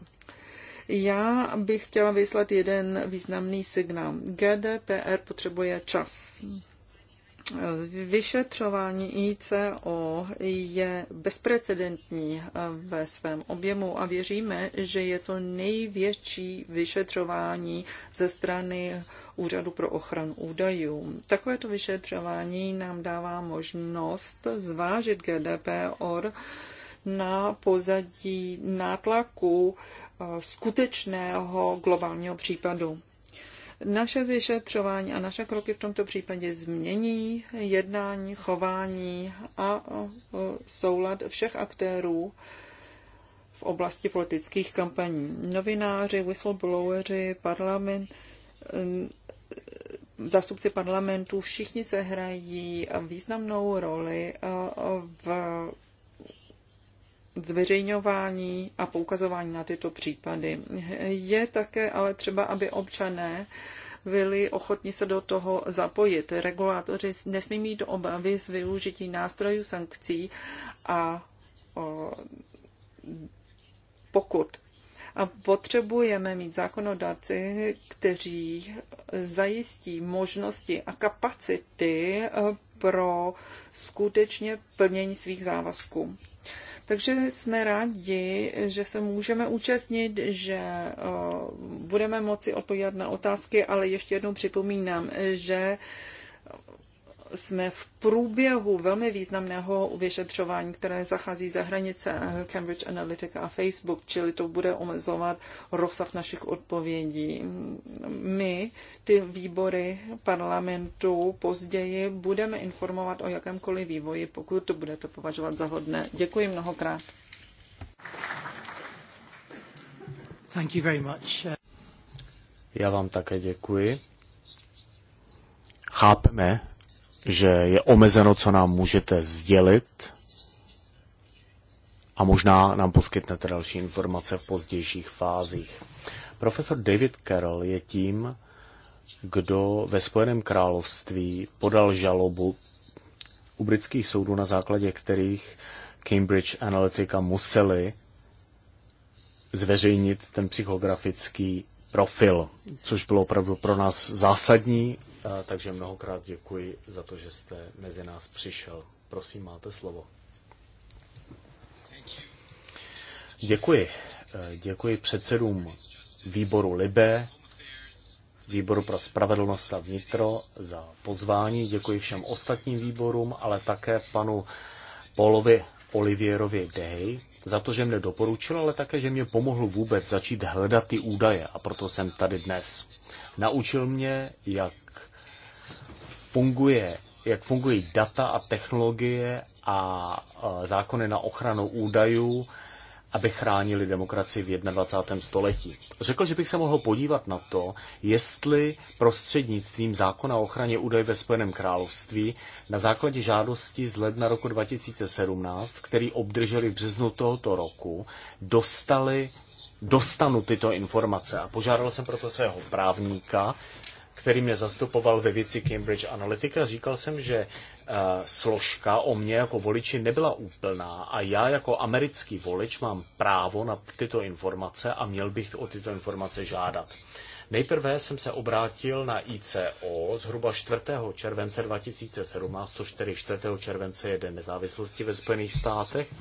Já bych chtěla vyslat jeden významný signál. GDPR potřebuje čas. Vyšetřování ICO je bezprecedentní ve svém objemu a věříme, že je to největší vyšetřování ze strany Úřadu pro ochranu údajů. Takovéto vyšetřování nám dává možnost zvážit GDPR na pozadí nátlaku Eh, skutečného globálního případu. Naše vyšetřování a naše kroky v tomto případě změní jednání, chování a eh, soulad všech aktérů v oblasti politických kampaní. Novináři, whistlebloweri, parlament, eh, zástupci parlamentu, všichni se hrají významnou roli v zveřejňování a poukazování na tyto případy. Je také ale třeba, aby občané byli ochotni se do toho zapojit. Regulátoři nesmí mít do obavy z využití nástrojů sankcí a o, pokud. A potřebujeme mít zákonodáci, kteří zajistí možnosti a kapacity eh, pro skutečně plnění svých závazků. Takže jsme rádi, že se můžeme účastnit, že eh, budeme moci odpovídat na otázky, ale ještě jednou připomínám, že jsme v průběhu velmi významného vyšetřování, které zachází za hranice Cambridge Analytica a Facebook, čili to bude omezovat rozsah našich odpovědí. My, ty výbory parlamentu, později budeme informovat o jakémkoliv vývoji, pokud to budete považovat za hodné. Děkuji mnohokrát. Thank you very much. Já vám také děkuji. Chápeme, že je omezeno, co nám můžete sdělit a možná nám poskytnete další informace v pozdějších fázích. Profesor David Carroll je tím, kdo ve Spojeném království podal žalobu u britských soudů, na základě kterých Cambridge Analytica museli zveřejnit ten psychografický profil, což bylo opravdu pro nás zásadní takže mnohokrát děkuji za to, že jste mezi nás přišel. Prosím, máte slovo. Děkuji. Děkuji předsedům výboru Libe, výboru pro spravedlnost a vnitro za pozvání. Děkuji všem ostatním výborům, ale také panu Polovi Olivierovi Dej za to, že mě doporučil, ale také, že mě pomohl vůbec začít hledat ty údaje a proto jsem tady dnes. Naučil mě, jak funguje, jak fungují data a technologie a zákony na ochranu údajů, aby chránili demokracii v 21. století. Řekl, že bych se mohl podívat na to, jestli prostřednictvím zákona o ochraně údajů ve Spojeném království na základě žádosti z ledna roku 2017, který obdrželi v březnu tohoto roku, dostali, dostanu tyto informace. A požádal jsem proto svého právníka, který mě zastupoval ve věci Cambridge Analytica. Říkal jsem, že eh, složka o mě jako voliči nebyla úplná a já jako americký volič mám právo na tyto informace a měl bych o tyto informace žádat. Nejprve jsem se obrátil na ICO zhruba 4. července 2017, což tedy 4. července je Den nezávislosti ve Spojených státech.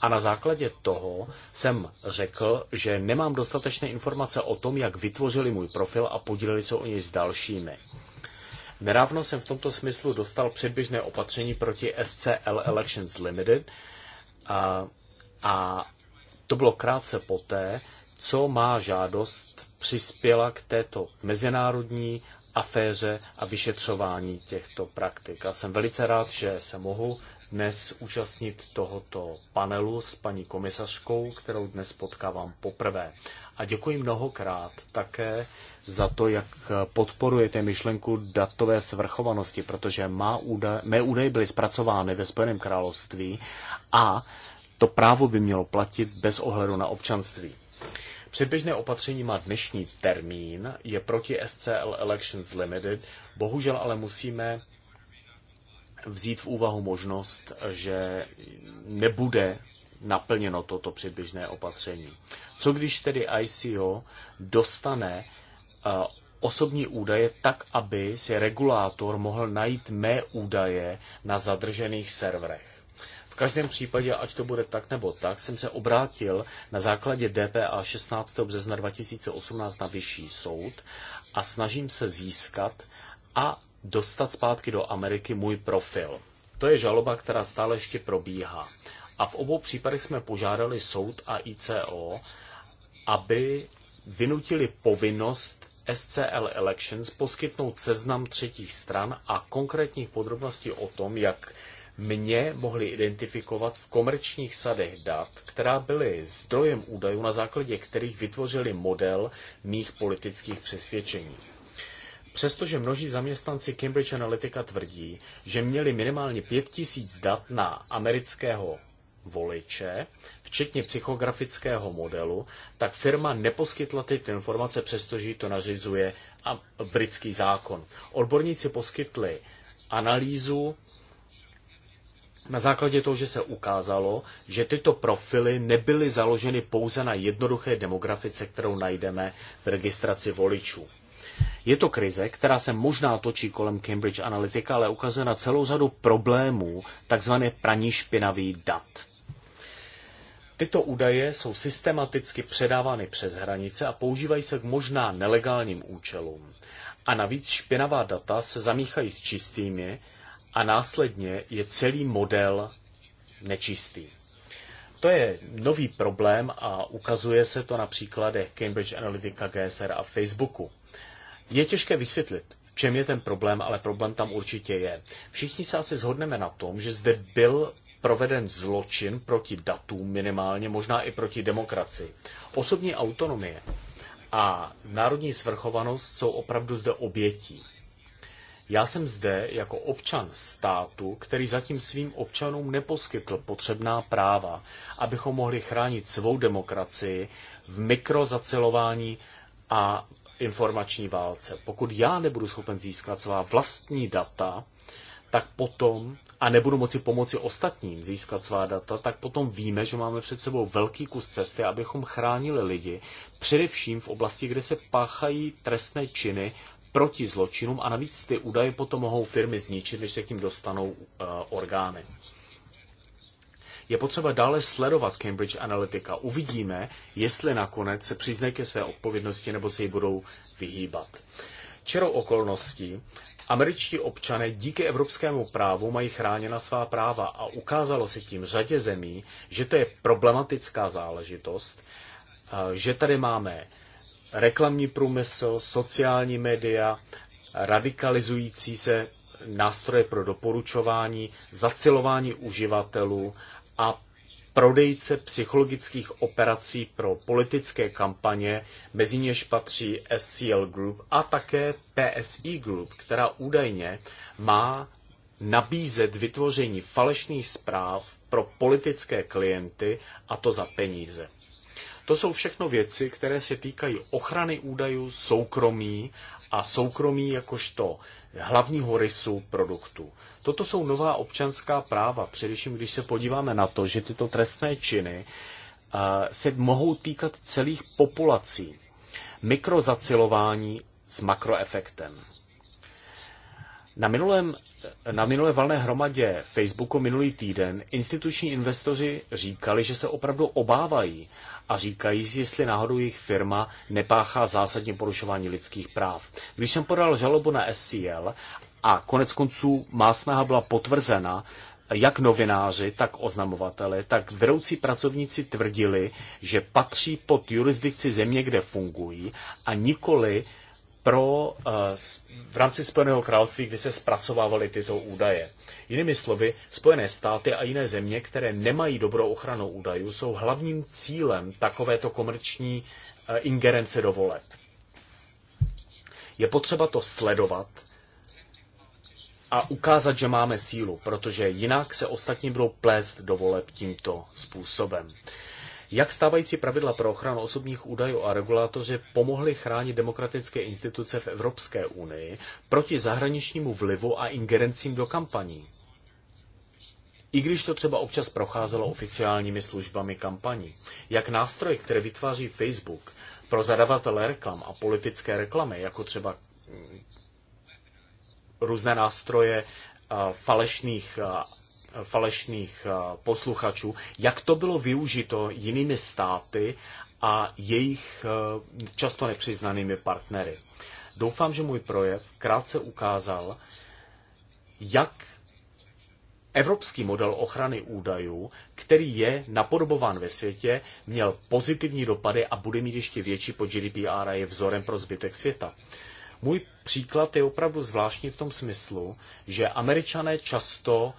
A na základě toho jsem řekl, že nemám dostatečné informace o tom, jak vytvořili můj profil a podíleli se o něj s dalšími. Nedávno jsem v tomto smyslu dostal předběžné opatření proti SCL Elections Limited a, a to bylo krátce poté, co má žádost přispěla k této mezinárodní aféře a vyšetřování těchto praktik. A jsem velice rád, že se mohu dnes účastnit tohoto panelu s paní komisařkou, kterou dnes potkávám poprvé. A děkuji mnohokrát také za to, jak podporujete myšlenku datové svrchovanosti, protože má údaj, mé údaje byly zpracovány ve Spojeném království a to právo by mělo platit bez ohledu na občanství. Předběžné opatření má dnešní termín, je proti SCL Elections Limited, bohužel ale musíme vzít v úvahu možnost, že nebude naplněno toto předběžné opatření. Co když tedy ICO dostane eh, osobní údaje tak, aby si regulátor mohl najít mé údaje na zadržených serverech? každém případě, ať to bude tak nebo tak, jsem se obrátil na základě DPA 16. března 2018 na vyšší soud a snažím se získat a dostat zpátky do Ameriky můj profil. To je žaloba, která stále ještě probíhá. A v obou případech jsme požádali soud a ICO, aby vynutili povinnost SCL Elections poskytnout seznam třetích stran a konkrétních podrobností o tom, jak mě mohli identifikovat v komerčních sadech dat, která byly zdrojem údajů, na základě kterých vytvořili model mých politických přesvědčení. Přestože množí zaměstnanci Cambridge Analytica tvrdí, že měli minimálně 5000 dat na amerického voliče, včetně psychografického modelu, tak firma neposkytla tyto informace, přestože jí to nařizuje britský zákon. Odborníci poskytli analýzu na základě toho, že se ukázalo, že tyto profily nebyly založeny pouze na jednoduché demografice, kterou najdeme v registraci voličů. Je to krize, která se možná točí kolem Cambridge Analytica, ale ukazuje na celou řadu problémů, takzvané praní špinavý dat. Tyto údaje jsou systematicky předávány přes hranice a používají se k možná nelegálním účelům. A navíc špinavá data se zamíchají s čistými, a následně je celý model nečistý. To je nový problém a ukazuje se to na příkladech Cambridge Analytica, GSR a Facebooku. Je těžké vysvětlit, v čem je ten problém, ale problém tam určitě je. Všichni se asi zhodneme na tom, že zde byl proveden zločin proti datům minimálně, možná i proti demokracii. Osobní autonomie a národní svrchovanost jsou opravdu zde obětí. Já jsem zde jako občan státu, který zatím svým občanům neposkytl potřebná práva, abychom mohli chránit svou demokracii v mikrozacelování a informační válce. Pokud já nebudu schopen získat svá vlastní data, tak potom, a nebudu moci pomoci ostatním získat svá data, tak potom víme, že máme před sebou velký kus cesty, abychom chránili lidi, především v oblasti, kde se páchají trestné činy proti zločinům a navíc ty údaje potom mohou firmy zničit, když se k ním dostanou eh, orgány. Je potřeba dále sledovat Cambridge Analytica. Uvidíme, jestli nakonec se přiznají ke své odpovědnosti nebo se jí budou vyhýbat. Čerou okolností Američtí občané díky evropskému právu mají chráněna svá práva a ukázalo se tím řadě zemí, že to je problematická záležitost, eh, že tady máme reklamní průmysl, sociální média, radikalizující se nástroje pro doporučování, zacilování uživatelů a prodejce psychologických operací pro politické kampaně, mezi něž patří SCL Group a také PSI Group, která údajně má nabízet vytvoření falešných zpráv pro politické klienty a to za peníze. To jsou všechno věci, které se týkají ochrany údajů, soukromí a soukromí jakožto hlavního rysu produktu. Toto jsou nová občanská práva, především když se podíváme na to, že tyto trestné činy eh, se mohou týkat celých populací. Mikrozacilování s makroefektem. Na minulém na minulé valné hromadě Facebooku minulý týden instituční investoři říkali, že se opravdu obávají a říkají si, jestli náhodou jejich firma nepáchá zásadně porušování lidských práv. Když jsem podal žalobu na SCL a konec konců má snaha byla potvrzena, jak novináři, tak oznamovateli, tak vedoucí pracovníci tvrdili, že patří pod jurisdikci země, kde fungují a nikoli pro, eh, v rámci Spojeného království, kdy se zpracovávaly tyto údaje. Jinými slovy, Spojené státy a jiné země, které nemají dobrou ochranu údajů, jsou hlavním cílem takovéto komerční eh, ingerence do voleb. Je potřeba to sledovat a ukázat, že máme sílu, protože jinak se ostatní budou plést do voleb tímto způsobem. Jak stávající pravidla pro ochranu osobních údajů a regulátoři pomohly chránit demokratické instituce v Evropské unii proti zahraničnímu vlivu a ingerencím do kampaní? I když to třeba občas procházelo oficiálními službami kampaní, jak nástroje, které vytváří Facebook pro zadavatele reklam a politické reklamy, jako třeba mm, různé nástroje falešných, falešných posluchačů, jak to bylo využito jinými státy a jejich často nepřiznanými partnery. Doufám, že můj projev krátce ukázal, jak evropský model ochrany údajů, který je napodobován ve světě, měl pozitivní dopady a bude mít ještě větší po GDPR a je vzorem pro zbytek světa. Můj příklad je opravdu zvláštní v tom smyslu, že američané často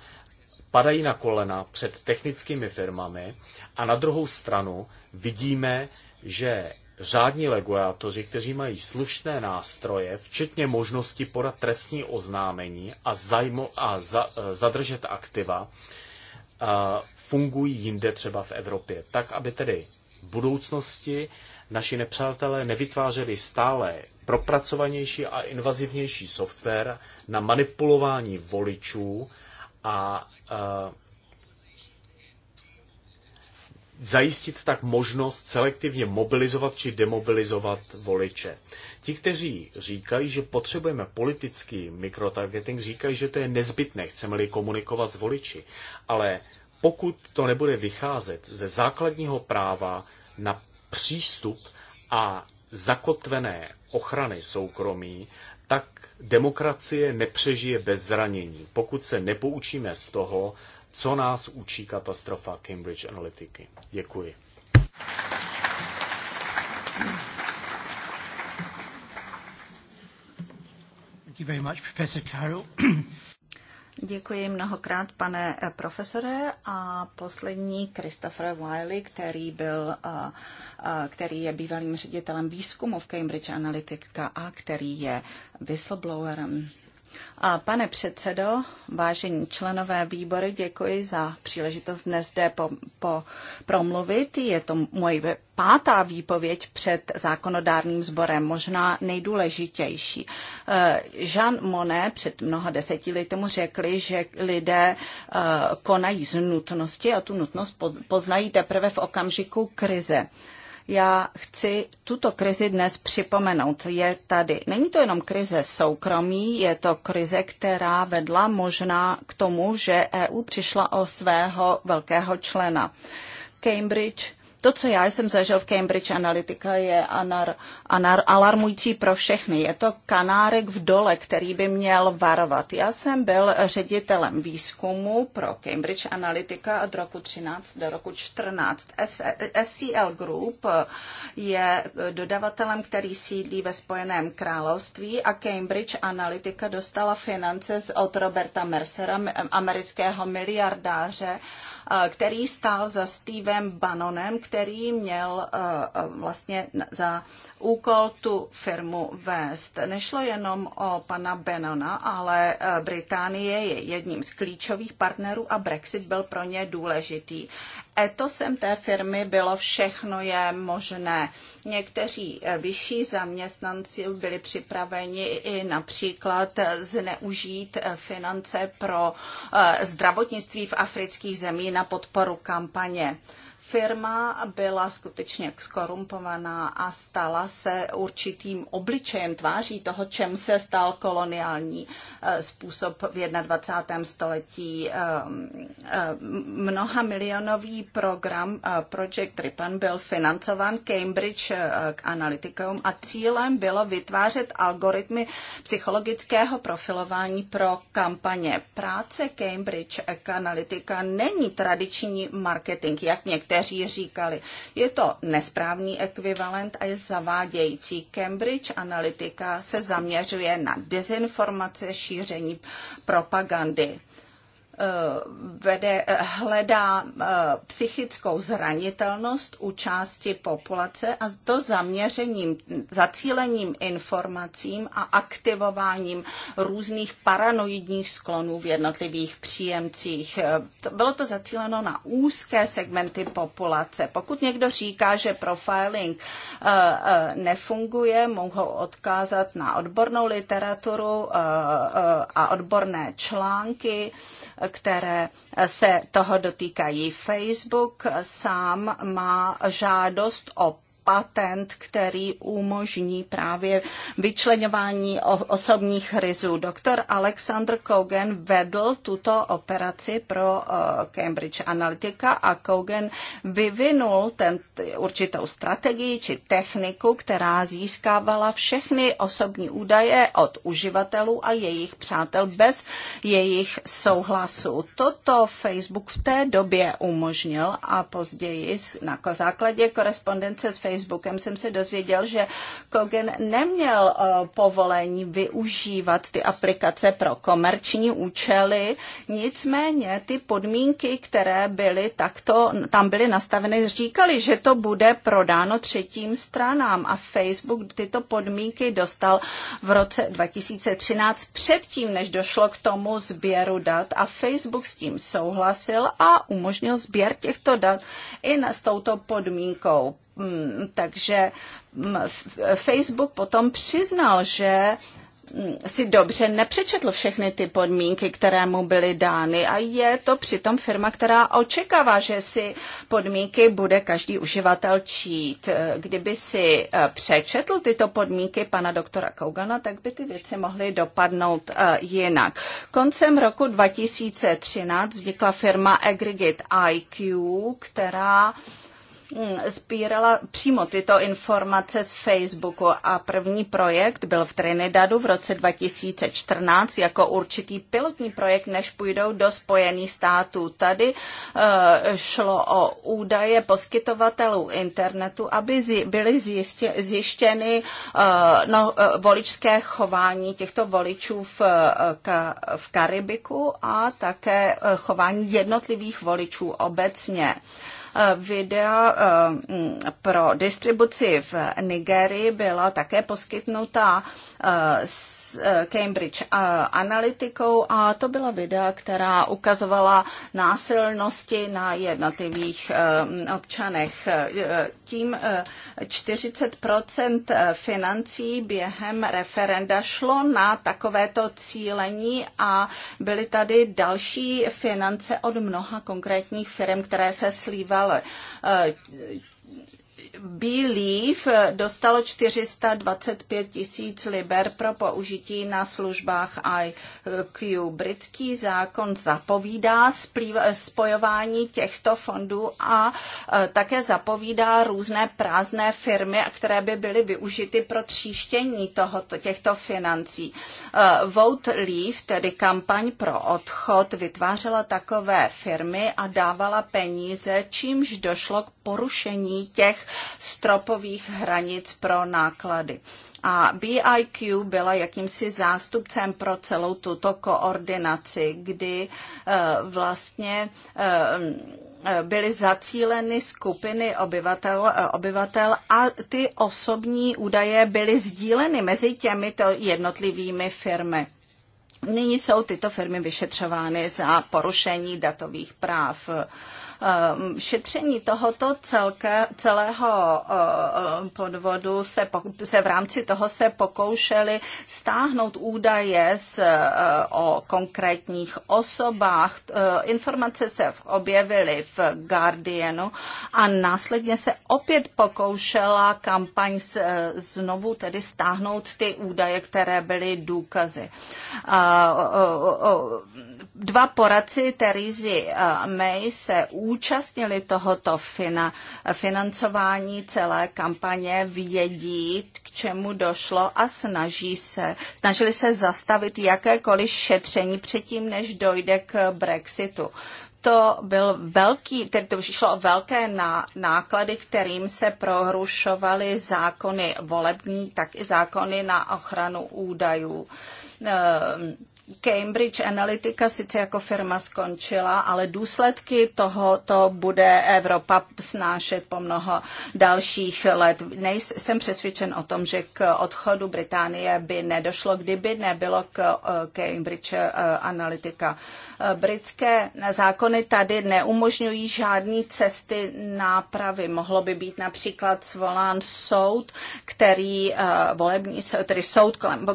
padají na kolena před technickými firmami a na druhou stranu vidíme, že řádní regulátoři, kteří mají slušné nástroje, včetně možnosti podat trestní oznámení a, zajmo, a za, zadržet aktiva, a fungují jinde třeba v Evropě. Tak, aby tedy v budoucnosti naši nepřátelé nevytvářeli stále propracovanější a invazivnější software na manipulování voličů a eh, zajistit tak možnost selektivně mobilizovat či demobilizovat voliče. Ti, kteří říkají, že potřebujeme politický mikrotargeting, říkají, že to je nezbytné, chceme-li komunikovat s voliči. Ale pokud to nebude vycházet ze základního práva na přístup a zakotvené ochrany soukromí, tak demokracie nepřežije bez zranění, pokud se nepoučíme z toho, co nás učí katastrofa Cambridge Analytiky. Děkuji. Thank you very much, Professor Carroll. Děkuji mnohokrát, pane eh, profesore. A poslední Christopher Wiley, který, byl, eh, eh, který je bývalým ředitelem výzkumu v Cambridge Analytica a který je whistleblowerem. A pane předsedo, vážení členové výboru, děkuji za příležitost dnes zde po, po promluvit. Je to moje pátá výpověď před zákonodárným sborem, možná nejdůležitější. E, Jean Monnet před mnoha desetiletí mu řekli, že lidé e, konají z nutnosti a tu nutnost poznají teprve v okamžiku krize. Já chci tuto krizi dnes připomenout. Je tady. Není to jenom krize soukromí, je to krize, která vedla možná k tomu, že EU přišla o svého velkého člena. Cambridge to, co já jsem zažil v Cambridge Analytica, je anar, anar, alarmující pro všechny. Je to kanárek v dole, který by měl varovat. Já jsem byl ředitelem výzkumu pro Cambridge Analytica od roku 13 do roku 14. SCL Group je dodavatelem, který sídlí ve Spojeném království a Cambridge Analytica dostala finance od Roberta Mercera, amerického miliardáře, který stál za Stevem Bannonem, který měl vlastně za úkol tu firmu vést. Nešlo jenom o pana Benona, ale eh, Británie je jedním z klíčových partnerů a Brexit byl pro ně důležitý. Etosem té firmy bylo všechno je možné. Někteří eh, vyšší zaměstnanci byli připraveni i například eh, zneužít finance pro zdravotnictví v afrických zemích na podporu kampaně firma byla skutečně skorumpovaná a stala se určitým obličejem tváří toho, čem se stal koloniální eh, způsob v 21. století. Ehm, ehm, Mnoha milionový program eh, Project Ripon byl financován Cambridge eh, Analyticum a cílem bylo vytvářet algoritmy psychologického profilování pro kampaně. Práce Cambridge Analytica není tradiční marketing, jak někteří kteří říkali. Je to nesprávný ekvivalent a je zavádějící. Cambridge Analytica se zaměřuje na dezinformace, šíření propagandy. Eh, vede, eh, hledá eh, psychickou zranitelnost u části populace a to zaměřením, zacílením informacím a aktivováním různých paranoidních sklonů v jednotlivých příjemcích. Bylo to zacíleno na úzké segmenty populace. Pokud někdo říká, že profiling nefunguje, mohou odkázat na odbornou literaturu a odborné články, které se toho dotýkají. Facebook sám má žádost o patent, který umožní právě vyčleňování osobních ryzů. Doktor Alexander Kogan vedl tuto operaci pro eh, Cambridge Analytica a Kogan vyvinul ten, určitou strategii či techniku, která získávala všechny osobní údaje od uživatelů a jejich přátel bez jejich souhlasu. Toto Facebook v té době umožnil a později na základě korespondence s Facebookem Facebookem jsem se dozvěděl, že Kogen neměl eh, povolení využívat ty aplikace pro komerční účely, nicméně ty podmínky, které byly takto, tam byly nastaveny, říkali, že to bude prodáno třetím stranám a Facebook tyto podmínky dostal v roce 2013 předtím, než došlo k tomu sběru dat a Facebook s tím souhlasil a umožnil sběr těchto dat i na, s touto podmínkou. Mm, takže mm, Facebook potom přiznal, že mm, si dobře nepřečetl všechny ty podmínky, které mu byly dány a je to přitom firma, která očekává, že si podmínky bude každý uživatel čít. Eh, kdyby si eh, přečetl tyto podmínky pana doktora Kougana, tak by ty věci mohly dopadnout eh, jinak. Koncem roku 2013 vznikla firma Aggregate IQ, která Hmm, sbírala přímo tyto informace z Facebooku a první projekt byl v Trinidadu v roce 2014 jako určitý pilotní projekt, než půjdou do Spojených států. Tady eh, šlo o údaje poskytovatelů internetu, aby byly zjištěny eh, no, eh, voličské chování těchto voličů v, v Karibiku a také chování jednotlivých voličů obecně. Eh, videa eh, mm, pro distribuci v Nigerii byla také poskytnuta eh, s Cambridge Analytikou a to byla videa, která ukazovala násilnosti na jednotlivých mm, občanech. Tím 40 financí během referenda šlo na takovéto cílení a byly tady další finance od mnoha konkrétních firm, které se slívaly dále. Believe dostalo 425 tisíc liber pro použití na službách IQ. Britský zákon zapovídá spojování těchto fondů a e, také zapovídá různé prázdné firmy, které by byly využity pro tříštění tohoto, těchto financí. E, Vote Leave, tedy kampaň pro odchod, vytvářela takové firmy a dávala peníze, čímž došlo k porušení těch stropových hranic pro náklady. A BIQ byla jakýmsi zástupcem pro celou tuto koordinaci, kdy eh, vlastně eh, eh, byly zacíleny skupiny obyvatel, obyvatel a ty osobní údaje byly sdíleny mezi těmito jednotlivými firmy. Nyní jsou tyto firmy vyšetřovány za porušení datových práv. Ehm, šetření tohoto celka, celého ehm, podvodu se, se v rámci toho se pokoušeli stáhnout údaje z, eh, o konkrétních osobách. Ehm, informace se objevily v Guardianu a následně se opět pokoušela kampaň eh, znovu tedy stáhnout ty údaje, které byly důkazy dva poradci Terezy eh, May se účastnili tohoto fina, financování celé kampaně, vědí, k čemu došlo a snaží se, snažili se zastavit jakékoliv šetření předtím, než dojde k Brexitu to byl velký, tedy to šlo o velké náklady, kterým se prohrušovaly zákony volební, tak i zákony na ochranu údajů. Ehm, Cambridge Analytica sice jako firma skončila, ale důsledky tohoto bude Evropa snášet po mnoho dalších let. jsem přesvědčen o tom, že k odchodu Británie by nedošlo, kdyby nebylo k eh, Cambridge eh, Analytica. Eh, britské zákony tady neumožňují žádné cesty nápravy. Mohlo by být například zvolán soud, který volební, tedy soud kolem,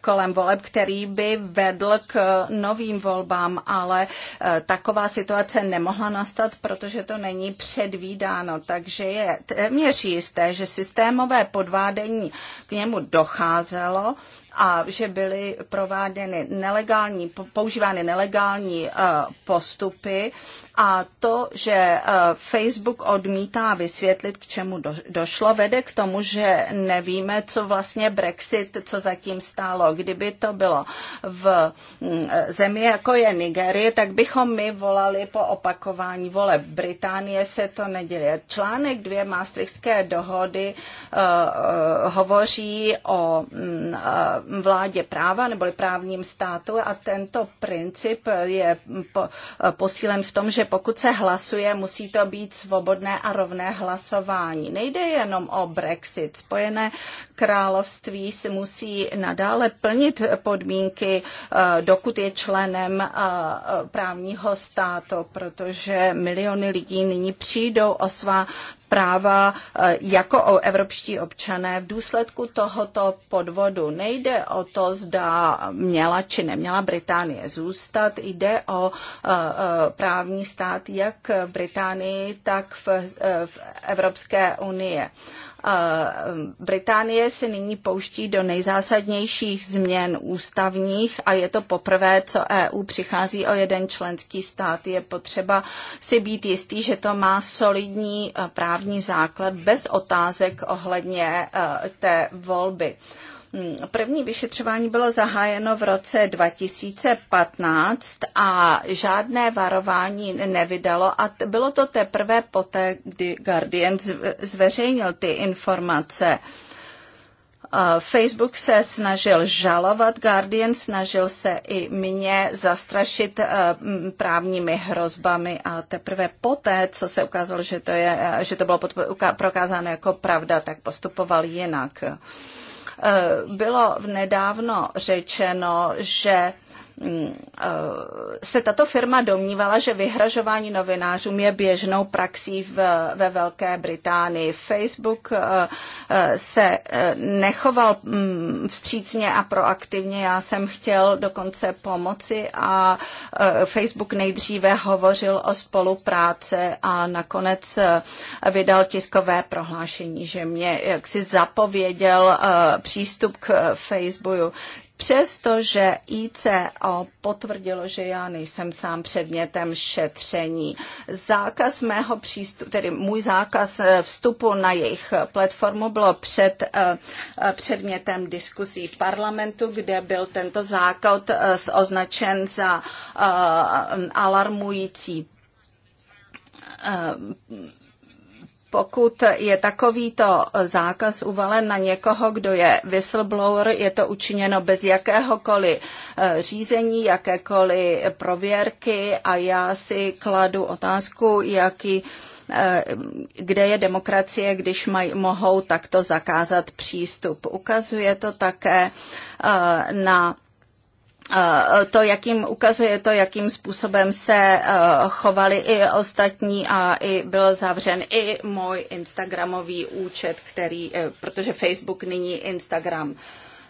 kolem voleb, který by vedl k eh, novým volbám, ale eh, taková situace nemohla nastat, protože to není předvídáno. Takže je téměř jisté, že systémové podvádění k němu docházelo a že byly prováděny nelegální, používány nelegální eh, postupy a to, že eh, Facebook odmítá vysvětlit, k čemu došlo, vede k tomu, že nevíme, co vlastně Brexit, co zatím stálo. Kdyby to bylo v mm, zemi, jako je Nigerie, tak bychom my volali po opakování voleb. Británie se to neděje. Článek dvě Maastrichtské dohody uh, uh, hovoří o uh, vládě práva neboli právním státu a tento princip je posílen v tom, že pokud se hlasuje, musí to být svobodné a rovné hlasování. Nejde jenom o Brexit. Spojené království si musí nadále plnit podmínky, eh, dokud je členem eh, právního státu, protože miliony lidí nyní přijdou o svá práva eh, jako o evropští občané v důsledku tohoto podvodu. Nejde o to, zda měla či neměla Británie zůstat, jde o eh, eh, právní stát jak v Británii, tak v, v Evropské unie. Británie se nyní pouští do nejzásadnějších změn ústavních a je to poprvé, co EU přichází o jeden členský stát. Je potřeba si být jistý, že to má solidní právní právní základ bez otázek ohledně eh, té volby. Hmm, první vyšetřování bylo zahájeno v roce 2015 a žádné varování nevydalo a bylo to teprve poté, kdy Guardian zveřejnil ty informace. Facebook se snažil žalovat, Guardian snažil se i mě zastrašit eh, právními hrozbami a teprve poté, co se ukázalo, že to, je, eh, že to bylo prokázáno jako pravda, tak postupoval jinak. Eh, bylo nedávno řečeno, že Eh, se tato firma domnívala, že vyhražování novinářům je běžnou praxí v, ve Velké Británii. Facebook eh, eh, se nechoval mm, vstřícně a proaktivně. Já jsem chtěl dokonce pomoci a Facebook nejdříve hovořil o spolupráce a nakonec vydal tiskové prohlášení, že mě jaksi zapověděl přístup k Facebooku přestože ICO potvrdilo, že já nejsem sám předmětem šetření. Zákaz mého přístupu, tedy můj zákaz eh, vstupu na jejich platformu bylo před, eh, eh, předmětem diskuzí v parlamentu, kde byl tento zákaz označen za alarmující pokud je takovýto zákaz uvalen na někoho, kdo je whistleblower, je to učiněno bez jakéhokoliv eh, řízení, jakékoliv prověrky a já si kladu otázku, jaký eh, kde je demokracie, když maj, mohou takto zakázat přístup. Ukazuje to také eh, na Eh, to, jakým ukazuje to, jakým způsobem se eh, chovali i ostatní a i byl zavřen i můj Instagramový účet, který, eh, protože Facebook nyní Instagram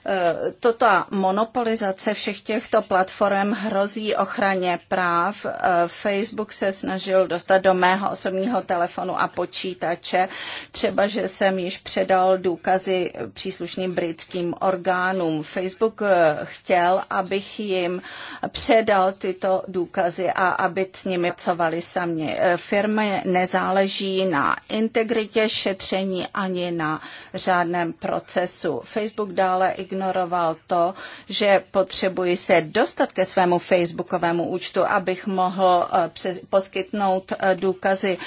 Eh, toto monopolizace všech těchto platform hrozí ochraně práv. Eh, Facebook se snažil dostat do mého osobního telefonu a počítače, třeba že jsem již předal důkazy příslušným britským orgánům. Facebook eh, chtěl, abych jim předal tyto důkazy a aby s nimi pracovali sami. Firmy nezáleží na integritě šetření ani na řádném procesu. Facebook dále i ignoroval to, že potřebuji se dostat ke svému facebookovému účtu, abych mohl eh, poskytnout eh, důkazy.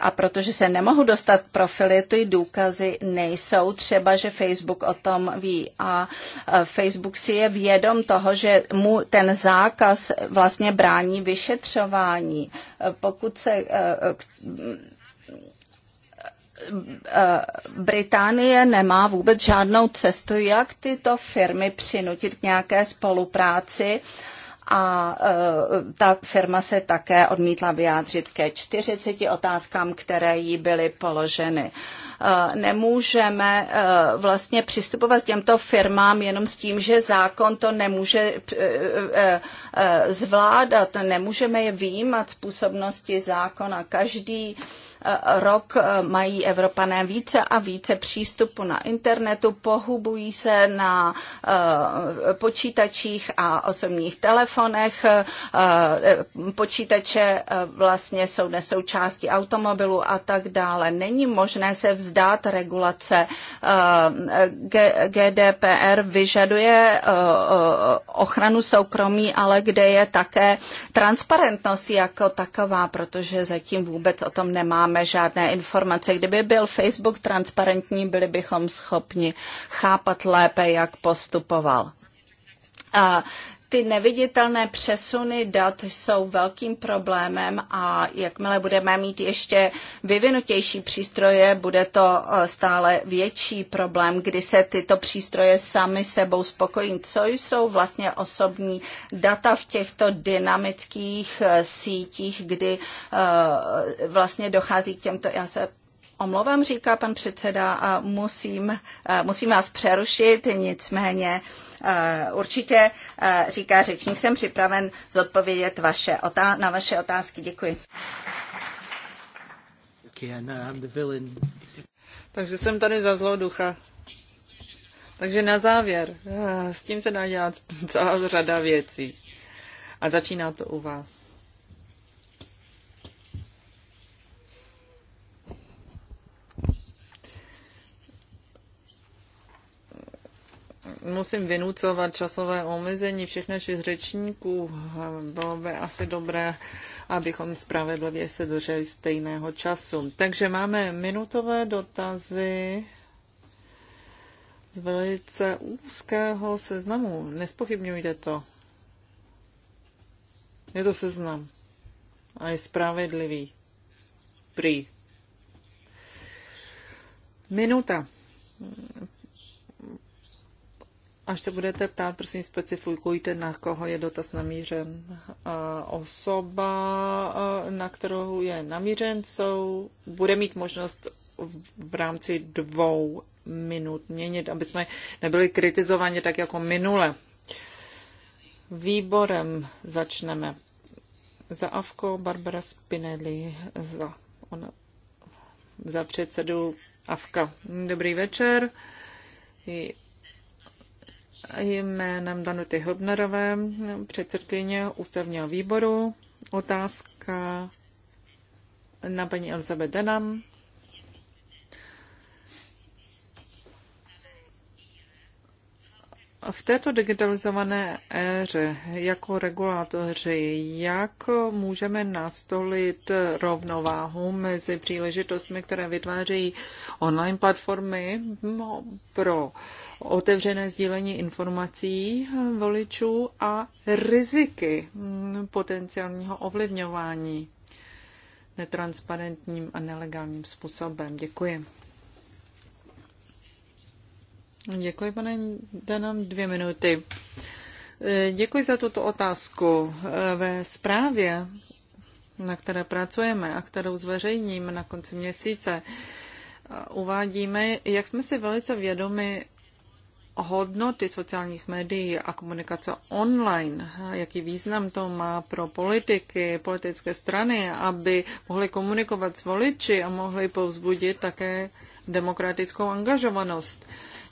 A protože se nemohu dostat k profily, ty důkazy nejsou. Třeba, že Facebook o tom ví a eh, Facebook si je vědom toho, že mu ten zákaz vlastně brání vyšetřování. Pokud se k Eh, Británie nemá vůbec žádnou cestu, jak tyto firmy přinutit k nějaké spolupráci a eh, ta firma se také odmítla vyjádřit ke 40 otázkám, které jí byly položeny. Eh, nemůžeme vlastně přistupovat k těmto firmám jenom s tím, že zákon to nemůže zvládat, nemůžeme je výjímat z působnosti zákona. Každý rok eh, mají Evropané více a více přístupu na internetu, pohubují se na eh, počítačích a osobních telefonech. Eh, počítače vlastně jsou nesoučástí automobilu a tak dále. Není možné se vzdát regulace. GDPR vyžaduje ochranu soukromí, ale kde je také transparentnost jako taková, protože zatím vůbec o tom nemáme nemáme žádné informace. Kdyby byl Facebook transparentní, byli bychom schopni chápat lépe, jak postupoval. A ty neviditelné přesuny dat jsou velkým problémem a jakmile budeme mít ještě vyvinutější přístroje, bude to eh, stále větší problém, kdy se tyto přístroje sami sebou spokojí. Co jsou vlastně osobní data v těchto dynamických eh, sítích, kdy eh, vlastně dochází k těmto, já se omlouvám, říká pan předseda, a musím, eh, musím vás přerušit, nicméně eh, určitě, eh, říká řečník, jsem připraven zodpovědět vaše, na vaše otázky. Děkuji. Uh, Takže jsem tady za zlou ducha. Takže na závěr, s tím se dá dělat celá řada věcí. A začíná to u vás. musím vynucovat časové omezení všech našich řečníků. Bylo by asi dobré, abychom spravedlivě se drželi stejného času. Takže máme minutové dotazy z velice úzkého seznamu. Nespochybňujte to. Je to seznam. A je spravedlivý. Prý. Minuta Až se budete ptát, prosím, specifikujte, na koho je dotaz namířen. Eh, osoba, eh, na kterou je namířen, jsou, bude mít možnost v rámci dvou minut měnit, aby jsme nebyli kritizováni tak jako minule. Výborem začneme. Za Avko Barbara Spinelli, za, ona, za předsedu Avka. Dobrý večer jménem Danuty Hubnerové, předsedkyně ústavního výboru. Otázka na paní Elizabeth Denam. V této digitalizované éře jako regulátoři, jak můžeme nastolit rovnováhu mezi příležitostmi, které vytvářejí online platformy pro otevřené sdílení informací eh, voličů a riziky mm, potenciálního ovlivňování netransparentním a nelegálním způsobem. Děkuji. Děkuji, pane Danam, dvě minuty. Eh, děkuji za tuto otázku. Eh, ve zprávě, na které pracujeme a kterou zveřejním na konci měsíce, uvádíme, jak jsme si velice vědomi hodnoty sociálních médií a komunikace online, jaký význam to má pro politiky, politické strany, aby mohly komunikovat s voliči a mohly povzbudit také demokratickou angažovanost.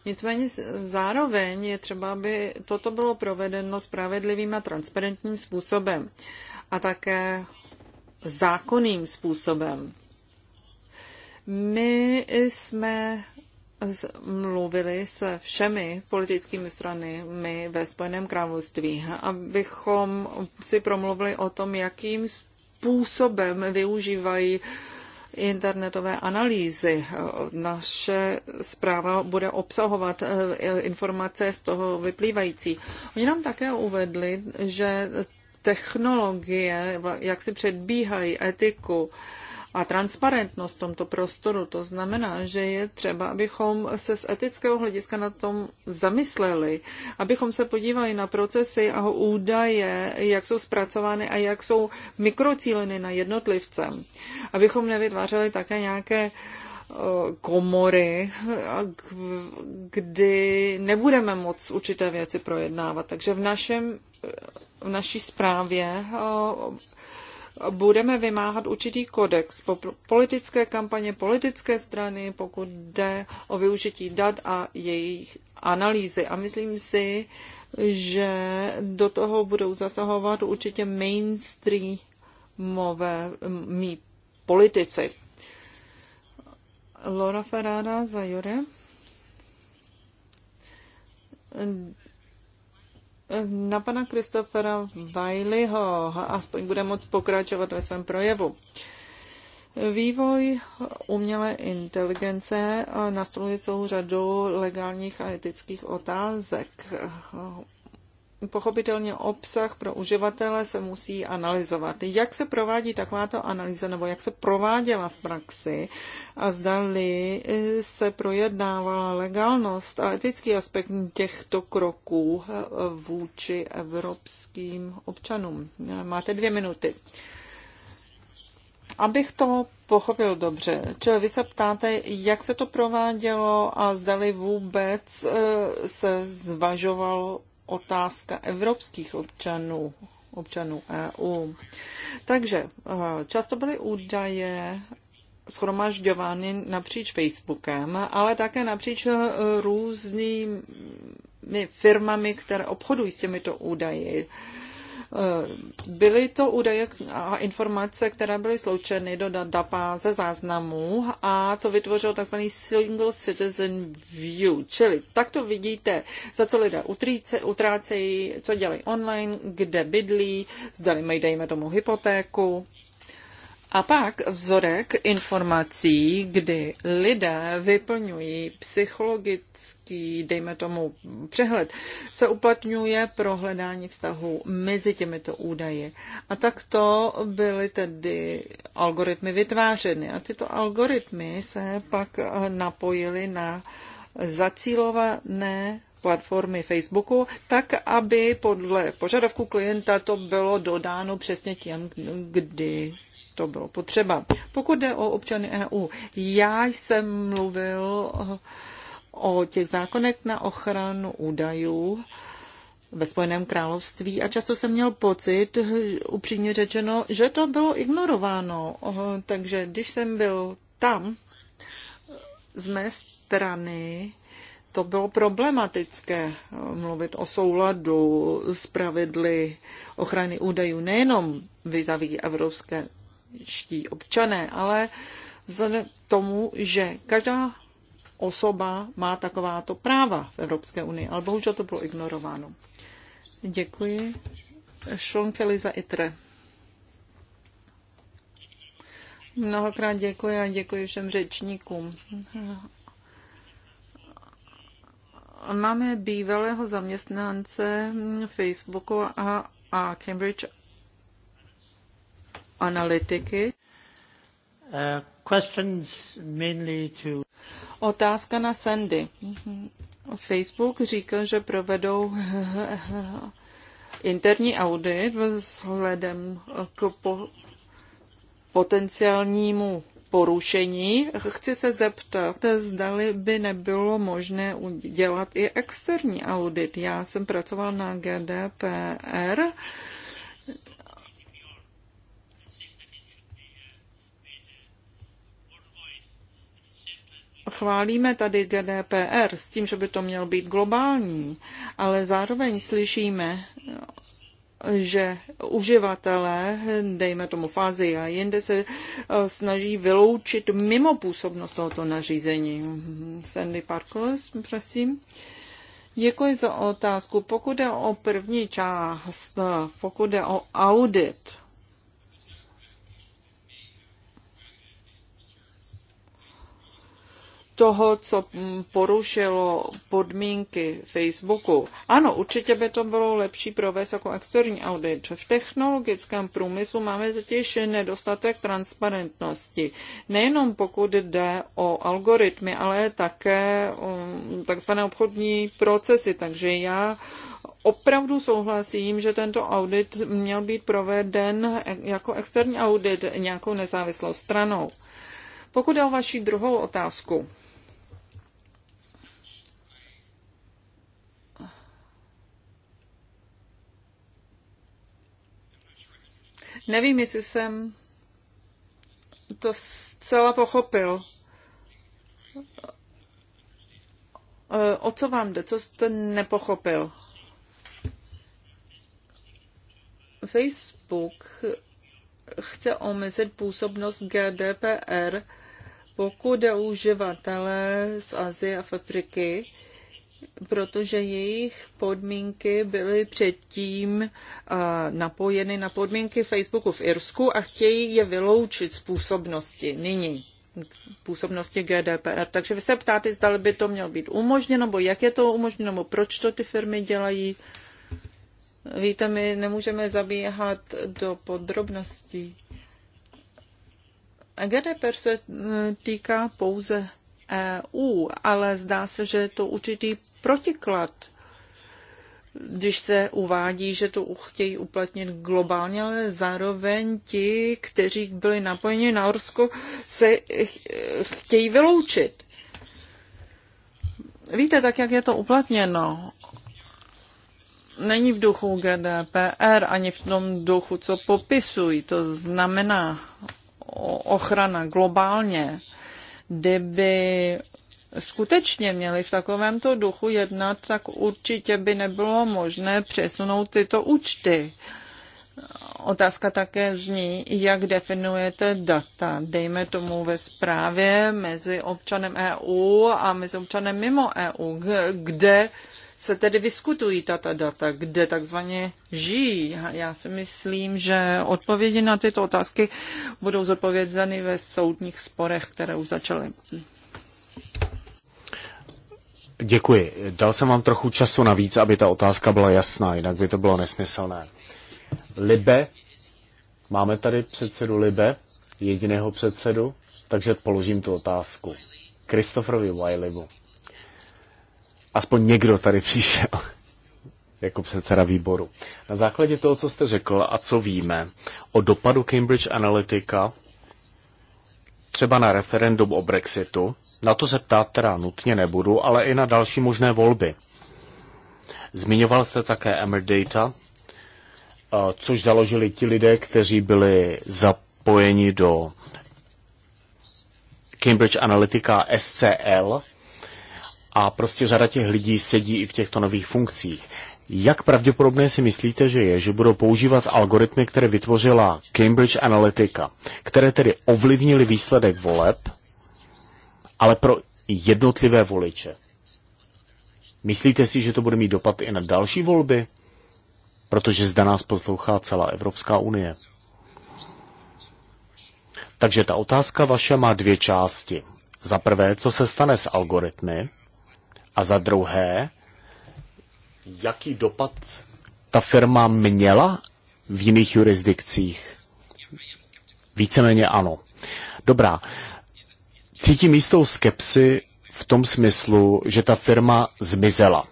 Nicméně zároveň je třeba, aby toto bylo provedeno spravedlivým a transparentním způsobem a také zákonným způsobem. My jsme mluvili se všemi politickými stranami ve Spojeném království, abychom si promluvili o tom, jakým způsobem využívají internetové analýzy. Naše zpráva bude obsahovat eh, informace z toho vyplývající. Oni nám také uvedli, že technologie jak si předbíhají etiku, a transparentnost v tomto prostoru. To znamená, že je třeba, abychom se z etického hlediska na tom zamysleli, abychom se podívali na procesy a údaje, jak jsou zpracovány a jak jsou mikrocíleny na jednotlivce. Abychom nevytvářeli také nějaké eh, komory, kdy nebudeme moc určité věci projednávat. Takže v, našem, v naší zprávě eh, budeme vymáhat určitý kodex po politické kampaně, politické strany, pokud jde o využití dat a jejich analýzy. A myslím si, že do toho budou zasahovat určitě mainstreamové mý politici. Laura Ferrara za Jure na pana Kristofera Wileyho, aspoň bude moc pokračovat ve svém projevu. Vývoj umělé inteligence nastoluje celou řadu legálních a etických otázek pochopitelně obsah pro uživatele se musí analyzovat. Jak se provádí takováto analýza, nebo jak se prováděla v praxi a zdali se projednávala legálnost a etický aspekt těchto kroků vůči evropským občanům. Máte dvě minuty. Abych to pochopil dobře, čili vy se ptáte, jak se to provádělo a zdali vůbec eh, se zvažovalo otázka evropských občanů, občanů EU. Takže eh, často byly údaje schromažďovány napříč Facebookem, ale také napříč eh, různými firmami, které obchodují s těmito údaji. Byly to údaje a informace, které byly sloučeny do databáze záznamů a to vytvořilo tzv. Single Citizen View, čili tak to vidíte, za co lidé utrácejí, co dělají online, kde bydlí, zda mají, dejme tomu, hypotéku, a pak vzorek informací, kdy lidé vyplňují psychologický, dejme tomu, přehled, se uplatňuje pro hledání vztahu mezi těmito údaji. A takto byly tedy algoritmy vytvářeny. A tyto algoritmy se pak eh, napojily na zacílované platformy Facebooku, tak aby podle požadavku klienta to bylo dodáno přesně těm, kdy to bylo potřeba. Pokud jde o občany EU, já jsem mluvil eh, o těch zákonech na ochranu údajů ve Spojeném království a často jsem měl pocit, eh, upřímně řečeno, že to bylo ignorováno. Eh, takže když jsem byl tam, z mé strany to bylo problematické mluvit o souladu s pravidly ochrany údajů nejenom vizaví Evropské čeští občané, ale vzhledem k tomu, že každá osoba má takováto práva v Evropské unii, ale bohužel to bylo ignorováno. Děkuji. Šonkeli za ITRE. Mnohokrát děkuji a děkuji všem řečníkům. Máme bývalého zaměstnance Facebooku a, a Cambridge analytiky. Uh, Otázka na Sandy. Facebook říkal, že provedou interní audit vzhledem k po potenciálnímu porušení. Chci se zeptat, zdali by nebylo možné udělat i externí audit. Já jsem pracoval na GDPR chválíme tady GDPR s tím, že by to měl být globální, ale zároveň slyšíme že uživatelé, dejme tomu fázi a jinde, se eh, snaží vyloučit mimo působnost tohoto nařízení. Sandy Parkles, prosím. Děkuji za otázku. Pokud je o první část, pokud je o audit, toho, co mm, porušilo podmínky Facebooku. Ano, určitě by to bylo lepší provést jako externí audit. V technologickém průmyslu máme totiž nedostatek transparentnosti. Nejenom pokud jde o algoritmy, ale také o mm, takzvané obchodní procesy. Takže já opravdu souhlasím, že tento audit měl být proveden jako externí audit nějakou nezávislou stranou. Pokud je o vaši druhou otázku, Nevím, jestli jsem to zcela pochopil. Eh, o co vám jde? Co jste nepochopil? Facebook chce omezit působnost GDPR, pokud je uživatelé z Azie a Afriky, protože jejich podmínky byly předtím eh, napojeny na podmínky Facebooku v Irsku a chtějí je vyloučit z působnosti nyní působnosti GDPR. Takže vy se ptáte, zda by to mělo být umožněno, nebo jak je to umožněno, nebo proč to ty firmy dělají. Víte, my nemůžeme zabíhat do podrobností. A GDPR se eh, týká pouze EU, ale zdá se, že je to určitý protiklad, když se uvádí, že to chtějí uplatnit globálně, ale zároveň ti, kteří byli napojeni na Orsko, se chtějí vyloučit. Víte, tak jak je to uplatněno, není v duchu GDPR ani v tom duchu, co popisují. To znamená ochrana globálně. Kdyby skutečně měli v takovémto duchu jednat, tak určitě by nebylo možné přesunout tyto účty. Otázka také zní, jak definujete data, dejme tomu ve zprávě mezi občanem EU a mezi občanem mimo EU, kde se tedy vyskutují tato data, kde takzvaně žijí. Já si myslím, že odpovědi na tyto otázky budou zodpovězeny ve soudních sporech, které už začaly. Děkuji. Dal jsem vám trochu času navíc, aby ta otázka byla jasná, jinak by to bylo nesmyslné. Libe, máme tady předsedu Libe, jediného předsedu, takže položím tu otázku. Kristofrovi Wileyvu aspoň někdo tady přišel jako předseda výboru. Na základě toho, co jste řekl a co víme o dopadu Cambridge Analytica třeba na referendum o Brexitu, na to se ptát teda nutně nebudu, ale i na další možné volby. Zmiňoval jste také Data, eh, což založili ti lidé, kteří byli zapojeni do Cambridge Analytica SCL, a prostě řada těch lidí sedí i v těchto nových funkcích. Jak pravděpodobné si myslíte, že je, že budou používat algoritmy, které vytvořila Cambridge Analytica, které tedy ovlivnily výsledek voleb, ale pro jednotlivé voliče? Myslíte si, že to bude mít dopad i na další volby? Protože zda nás poslouchá celá Evropská unie. Takže ta otázka vaše má dvě části. Za prvé, co se stane s algoritmy, a za druhé, jaký dopad ta firma měla v jiných jurisdikcích? Víceméně ano. Dobrá. Cítím jistou skepsi v tom smyslu, že ta firma zmizela.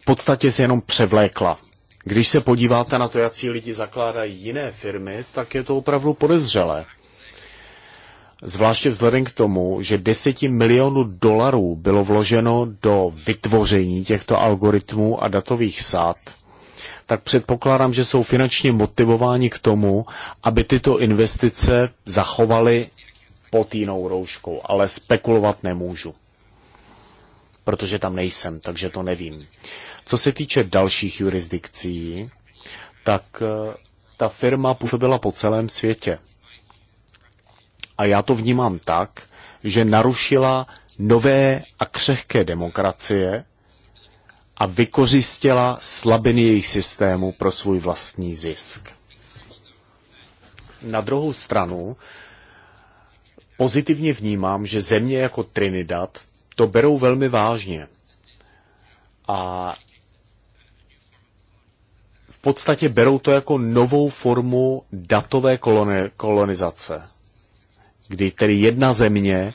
V podstatě se jenom převlékla. Když se podíváte na to, jak lidi zakládají jiné firmy, tak je to opravdu podezřelé zvláště vzhledem k tomu, že 10 milionů dolarů bylo vloženo do vytvoření těchto algoritmů a datových sád, tak předpokládám, že jsou finančně motivováni k tomu, aby tyto investice zachovaly pod jinou rouškou, ale spekulovat nemůžu, protože tam nejsem, takže to nevím. Co se týče dalších jurisdikcí, tak eh, ta firma působila po celém světě a já to vnímám tak, že narušila nové a křehké demokracie a vykořistila slabiny jejich systému pro svůj vlastní zisk. Na druhou stranu pozitivně vnímám, že země jako Trinidad to berou velmi vážně. A v podstatě berou to jako novou formu datové kolonizace kdy tedy jedna země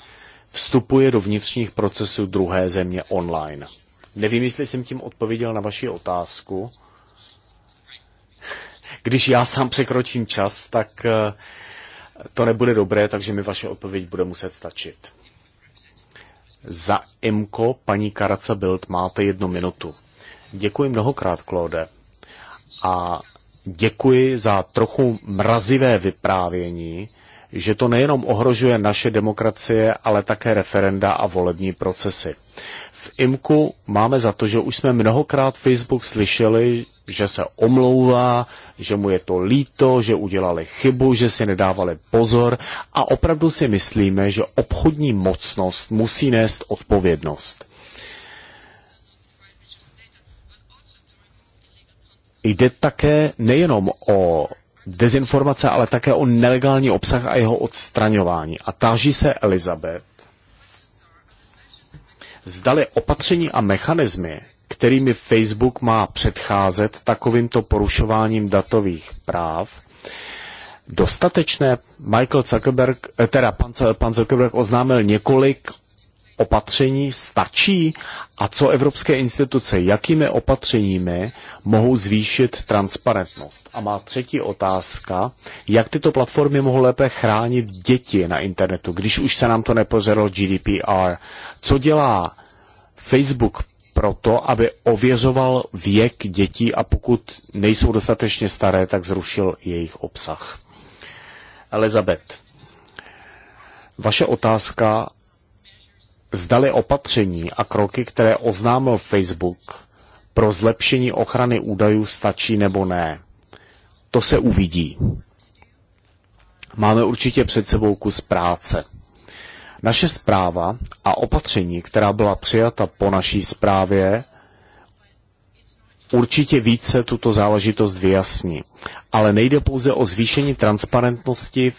vstupuje do vnitřních procesů druhé země online. Nevím, jestli jsem tím odpověděl na vaši otázku. Když já sám překročím čas, tak eh, to nebude dobré, takže mi vaše odpověď bude muset stačit. Za Imko paní Karaca Bild máte jednu minutu. Děkuji mnohokrát, Klode. A děkuji za trochu mrazivé vyprávění, že to nejenom ohrožuje naše demokracie, ale také referenda a volební procesy. V IMKU máme za to, že už jsme mnohokrát Facebook slyšeli, že se omlouvá, že mu je to líto, že udělali chybu, že si nedávali pozor a opravdu si myslíme, že obchodní mocnost musí nést odpovědnost. Jde také nejenom o dezinformace, ale také o nelegální obsah a jeho odstraňování. A táží se Elizabeth, zdali opatření a mechanismy, kterými Facebook má předcházet takovýmto porušováním datových práv, dostatečné. Michael Zuckerberg, eh, teda pan, pan Zuckerberg oznámil několik opatření stačí a co evropské instituce, jakými opatřeními mohou zvýšit transparentnost. A má třetí otázka, jak tyto platformy mohou lépe chránit děti na internetu, když už se nám to nepořelo GDPR. Co dělá Facebook proto, aby ověřoval věk dětí a pokud nejsou dostatečně staré, tak zrušil jejich obsah. Elizabeth, vaše otázka zdali opatření a kroky, které oznámil Facebook pro zlepšení ochrany údajů stačí nebo ne. To se uvidí. Máme určitě před sebou kus práce. Naše zpráva a opatření, která byla přijata po naší zprávě, určitě více tuto záležitost vyjasní. Ale nejde pouze o zvýšení transparentnosti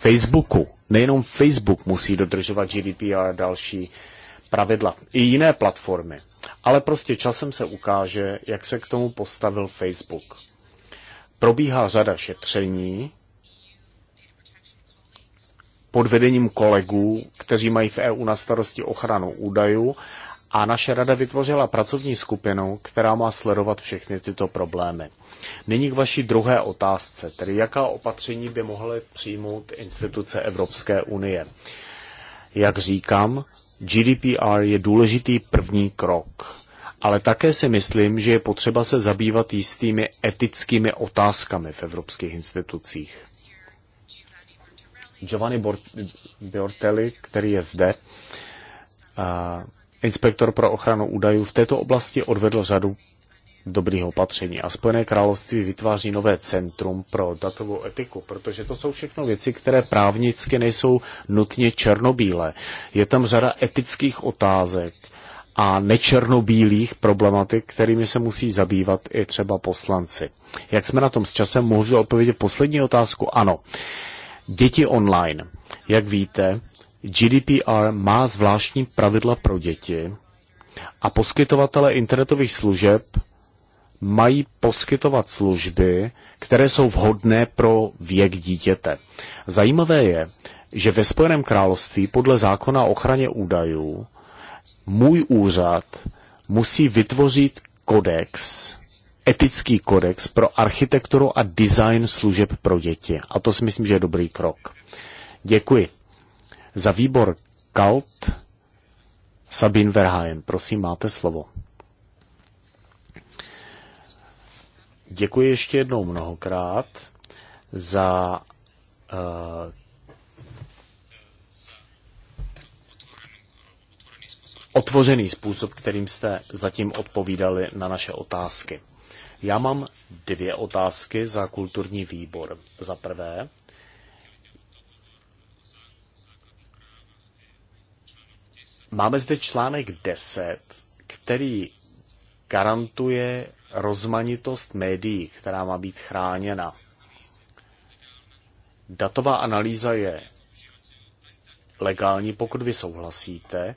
Facebooku Nejenom Facebook musí dodržovat GDPR a další pravidla, i jiné platformy. Ale prostě časem se ukáže, jak se k tomu postavil Facebook. Probíhá řada šetření pod vedením kolegů, kteří mají v EU na starosti ochranu údajů a naše rada vytvořila pracovní skupinu, která má sledovat všechny tyto problémy. Nyní k vaší druhé otázce, tedy jaká opatření by mohly přijmout instituce Evropské unie. Jak říkám, GDPR je důležitý první krok, ale také si myslím, že je potřeba se zabývat jistými etickými otázkami v evropských institucích. Giovanni Bortelli, který je zde, inspektor pro ochranu údajů v této oblasti odvedl řadu dobrých opatření. A Spojené království vytváří nové centrum pro datovou etiku, protože to jsou všechno věci, které právnicky nejsou nutně černobílé. Je tam řada etických otázek a nečernobílých problematik, kterými se musí zabývat i třeba poslanci. Jak jsme na tom s časem, můžu odpovědět poslední otázku? Ano. Děti online. Jak víte, GDPR má zvláštní pravidla pro děti a poskytovatele internetových služeb mají poskytovat služby, které jsou vhodné pro věk dítěte. Zajímavé je, že ve Spojeném království podle zákona o ochraně údajů můj úřad musí vytvořit kodex, etický kodex pro architekturu a design služeb pro děti. A to si myslím, že je dobrý krok. Děkuji. Za výbor KALT Sabin Verhaen, prosím, máte slovo. Děkuji ještě jednou mnohokrát za uh, otvořený způsob, kterým jste zatím odpovídali na naše otázky. Já mám dvě otázky za kulturní výbor. Za prvé, Máme zde článek 10, který garantuje rozmanitost médií, která má být chráněna. Datová analýza je legální, pokud vy souhlasíte.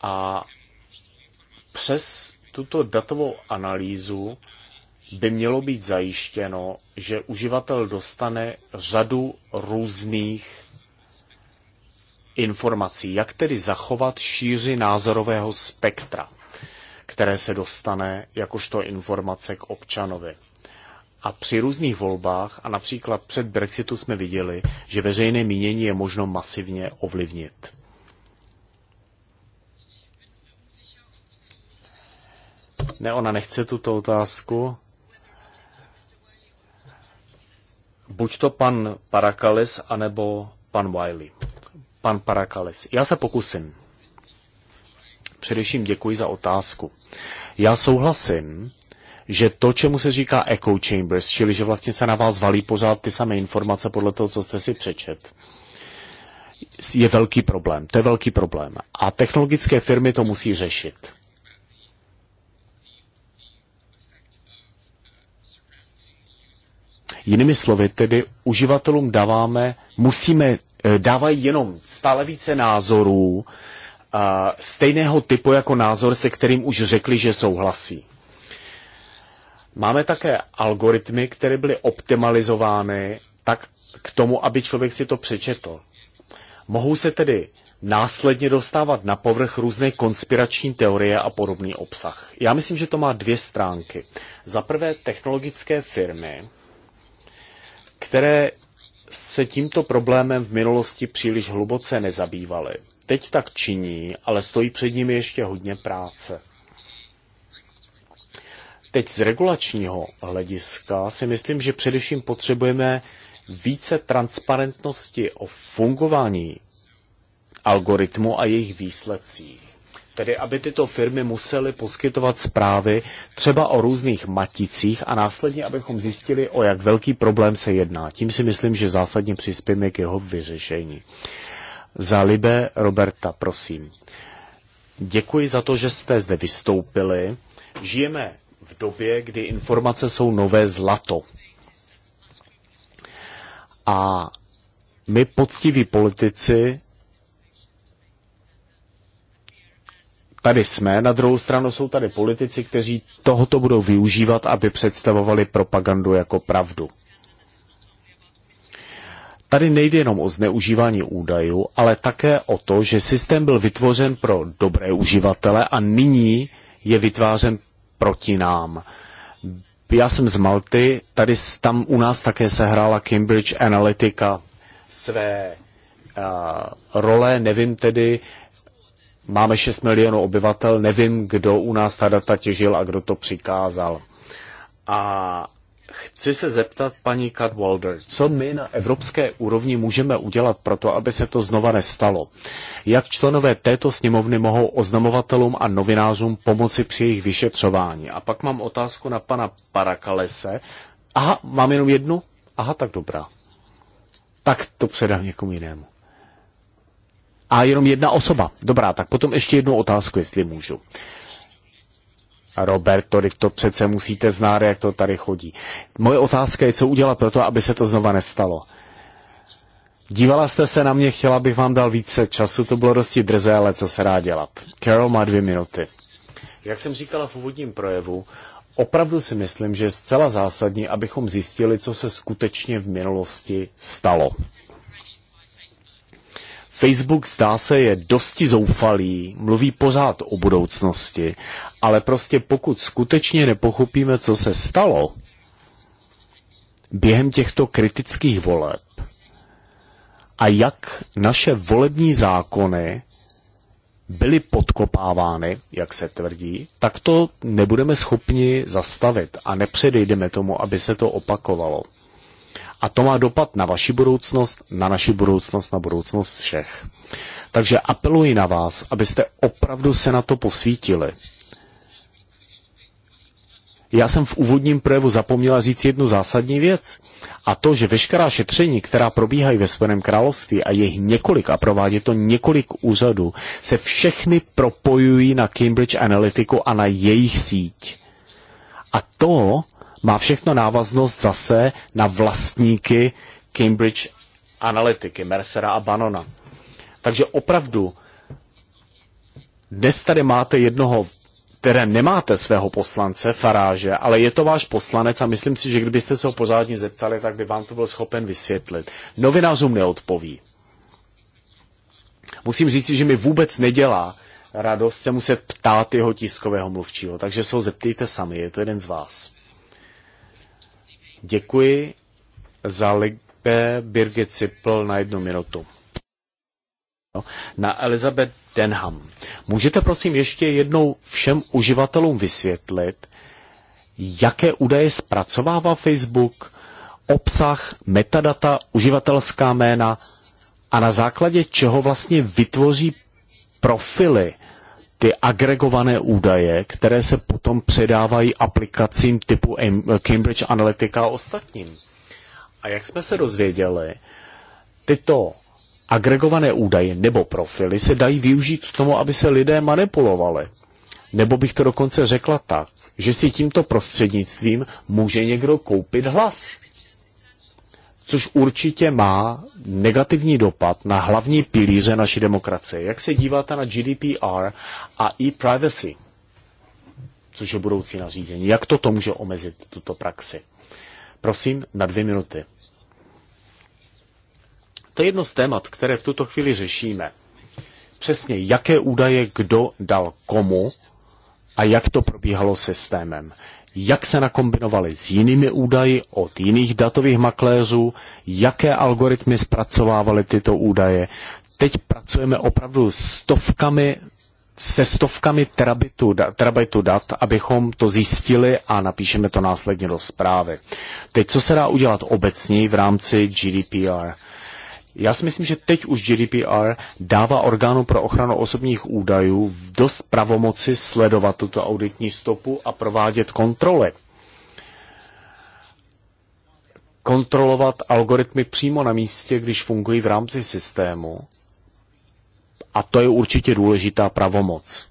A přes tuto datovou analýzu by mělo být zajištěno, že uživatel dostane řadu různých informací, jak tedy zachovat šíři názorového spektra, které se dostane jakožto informace k občanovi. A při různých volbách a například před Brexitu jsme viděli, že veřejné mínění je možno masivně ovlivnit. Ne, ona nechce tuto otázku. Buď to pan Parakalis, anebo pan Wiley. Pan Parakalis. Já se pokusím. Především děkuji za otázku. Já souhlasím, že to, čemu se říká echo chambers, čili že vlastně se na vás valí pořád ty samé informace podle toho, co jste si přečet, je velký problém. To je velký problém. A technologické firmy to musí řešit. Jinými slovy, tedy uživatelům dáváme, musíme Eh, dávají jenom stále více názorů eh, stejného typu jako názor, se kterým už řekli, že souhlasí. Máme také algoritmy, které byly optimalizovány tak k tomu, aby člověk si to přečetl. Mohou se tedy následně dostávat na povrch různé konspirační teorie a podobný obsah. Já myslím, že to má dvě stránky. Za prvé technologické firmy, které se tímto problémem v minulosti příliš hluboce nezabývali. Teď tak činí, ale stojí před nimi ještě hodně práce. Teď z regulačního hlediska si myslím, že především potřebujeme více transparentnosti o fungování algoritmu a jejich výsledcích. Tedy, aby tyto firmy musely poskytovat zprávy třeba o různých maticích a následně, abychom zjistili, o jak velký problém se jedná. Tím si myslím, že zásadně přispějeme k jeho vyřešení. Za Libe Roberta, prosím. Děkuji za to, že jste zde vystoupili. Žijeme v době, kdy informace jsou nové zlato. A my poctiví politici tady jsme, na druhou stranu jsou tady politici, kteří tohoto budou využívat, aby představovali propagandu jako pravdu. Tady nejde jenom o zneužívání údajů, ale také o to, že systém byl vytvořen pro dobré uživatele a nyní je vytvářen proti nám. Já jsem z Malty, tady tam u nás také se hrála Cambridge Analytica své uh, role, nevím tedy, Máme 6 milionů obyvatel, nevím, kdo u nás ta data těžil a kdo to přikázal. A chci se zeptat paní Cadwalder, co my na evropské úrovni můžeme udělat pro to, aby se to znova nestalo? Jak členové této sněmovny mohou oznamovatelům a novinářům pomoci při jejich vyšetřování? A pak mám otázku na pana Parakalese. Aha, mám jenom jednu? Aha, tak dobrá. Tak to předám někomu jinému. A jenom jedna osoba. Dobrá, tak potom ještě jednu otázku, jestli můžu. Robert, to, to přece musíte znát, jak to tady chodí. Moje otázka je, co udělat pro to, aby se to znova nestalo. Dívala jste se na mě, chtěla bych vám dal více času, to bylo dosti drzé, ale co se dá dělat. Carol má dvě minuty. Jak jsem říkala v úvodním projevu, opravdu si myslím, že je zcela zásadní, abychom zjistili, co se skutečně v minulosti stalo. Facebook zdá se je dosti zoufalý, mluví pořád o budoucnosti, ale prostě pokud skutečně nepochopíme, co se stalo během těchto kritických voleb a jak naše volební zákony byly podkopávány, jak se tvrdí, tak to nebudeme schopni zastavit a nepředejdeme tomu, aby se to opakovalo. A to má dopad na vaši budoucnost, na naši budoucnost, na budoucnost všech. Takže apeluji na vás, abyste opravdu se na to posvítili. Já jsem v úvodním projevu zapomněla říct jednu zásadní věc. A to, že veškerá šetření, která probíhají ve svém království a jejich několik a provádí to několik úřadů, se všechny propojují na Cambridge Analytiku a na jejich síť. A to má všechno návaznost zase na vlastníky Cambridge Analytiky, Mercera a Banona. Takže opravdu, dnes tady máte jednoho, které nemáte svého poslance, Faráže, ale je to váš poslanec a myslím si, že kdybyste se ho pořádně zeptali, tak by vám to byl schopen vysvětlit. Novinářům neodpoví. Musím říct, že mi vůbec nedělá radost se muset ptát jeho tiskového mluvčího, takže se ho zeptejte sami, je to jeden z vás. Děkuji za Ligbe Birgit Cipl na jednu minutu. Na Elizabeth Denham. Můžete prosím ještě jednou všem uživatelům vysvětlit, jaké údaje zpracovává Facebook, obsah, metadata, uživatelská jména a na základě čeho vlastně vytvoří profily ty agregované údaje, které se potom předávají aplikacím typu Cambridge Analytica a ostatním. A jak jsme se dozvěděli, tyto agregované údaje nebo profily se dají využít k tomu, aby se lidé manipulovali. Nebo bych to dokonce řekla tak, že si tímto prostřednictvím může někdo koupit hlas což určitě má negativní dopad na hlavní pilíře naší demokracie. Jak se díváte na GDPR a e-privacy, což je budoucí nařízení? Jak toto může omezit tuto praxi? Prosím, na dvě minuty. To je jedno z témat, které v tuto chvíli řešíme. Přesně, jaké údaje kdo dal komu a jak to probíhalo systémem jak se nakombinovaly s jinými údaji od jiných datových makléřů, jaké algoritmy zpracovávaly tyto údaje. Teď pracujeme opravdu stovkami se stovkami terabitů, terabitu dat, abychom to zjistili a napíšeme to následně do zprávy. Teď, co se dá udělat obecně v rámci GDPR? Já si myslím, že teď už GDPR dává orgánu pro ochranu osobních údajů v dost pravomoci sledovat tuto auditní stopu a provádět kontroly. Kontrolovat algoritmy přímo na místě, když fungují v rámci systému. A to je určitě důležitá pravomoc.